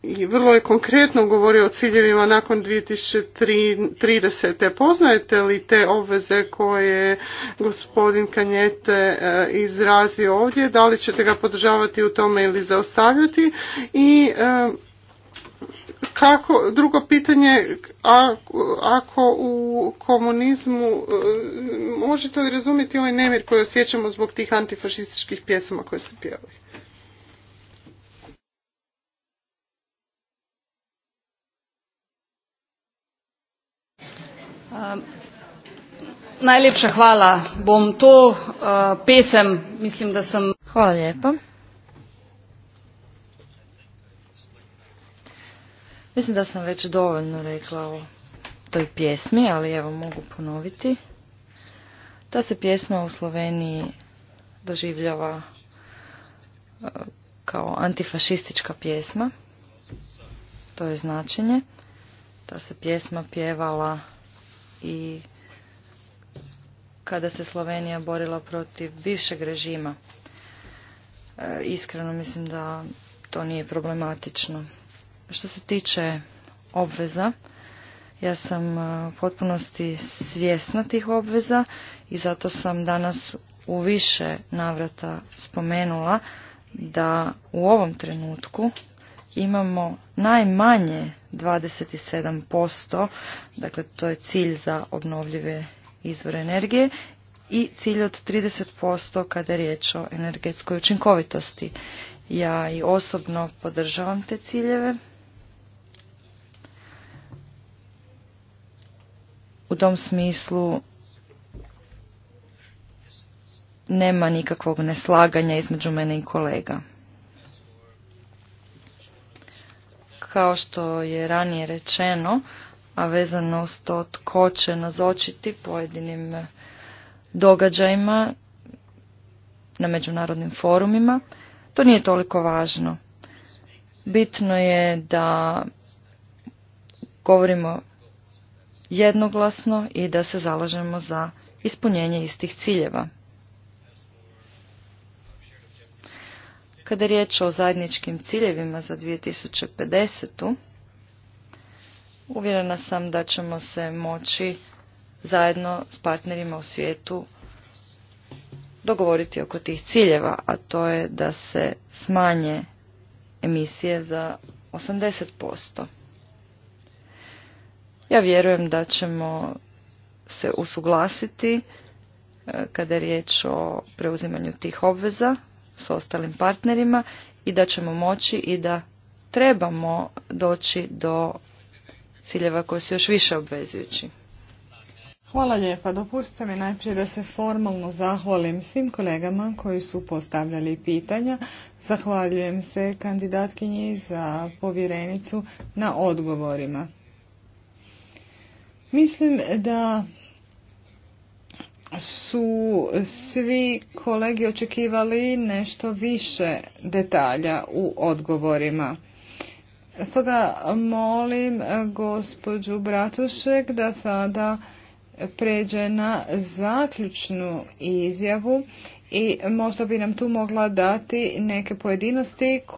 i vrlo je konkretno govorio o ciljevima nakon 2030. Poznajete li te obveze koje je gospodin Kanjete izrazio ovdje? Da li ćete ga podržavati u tome ili zaostavljati? I kako, drugo pitanje, ako u komunizmu, e, možete li razumjeti ovaj nemir koji osjećamo zbog tih antifašističkih pjesama koje ste pjevali? Um, najljepša hvala. Bom to uh, pesem, mislim da sam... Hvala lijepa. Mislim da sam već dovoljno rekla o toj pjesmi, ali evo mogu ponoviti. Ta se pjesma u Sloveniji doživljava e, kao antifašistička pjesma. To je značenje. Ta se pjesma pjevala i kada se Slovenija borila protiv bivšeg režima. E, iskreno mislim da to nije problematično. Što se tiče obveza, ja sam e, u potpunosti svjesna tih obveza i zato sam danas u više navrata spomenula da u ovom trenutku imamo najmanje 27%, dakle to je cilj za obnovljive izvore energije i cilj od 30% kada je riječ o energetskoj učinkovitosti. Ja i osobno podržavam te ciljeve U tom smislu nema nikakvog neslaganja između mene i kolega. Kao što je ranije rečeno, a vezano od to tko će nazočiti pojedinim događajima na međunarodnim forumima, to nije toliko važno. Bitno je da govorimo jednoglasno i da se zalažemo za ispunjenje istih ciljeva. Kada je riječ o zajedničkim ciljevima za 2050. Uvjerena sam da ćemo se moći zajedno s partnerima u svijetu dogovoriti oko tih ciljeva, a to je da se smanje emisije za 80%. Ja vjerujem da ćemo se usuglasiti e, kada je riječ o preuzimanju tih obveza s ostalim partnerima i da ćemo moći i da trebamo doći do ciljeva koji su još više obvezujući. Hvala lijepa. Dopustite mi najprije da se formalno zahvalim svim kolegama koji su postavljali pitanja. Zahvaljujem se kandidatkinji za povjerenicu na odgovorima. Mislim da su svi kolegi očekivali nešto više detalja u odgovorima. Stoga molim gospođu Bratušek da sada pređe na zaključnu izjavu i možda bi nam tu mogla dati neke pojedinosti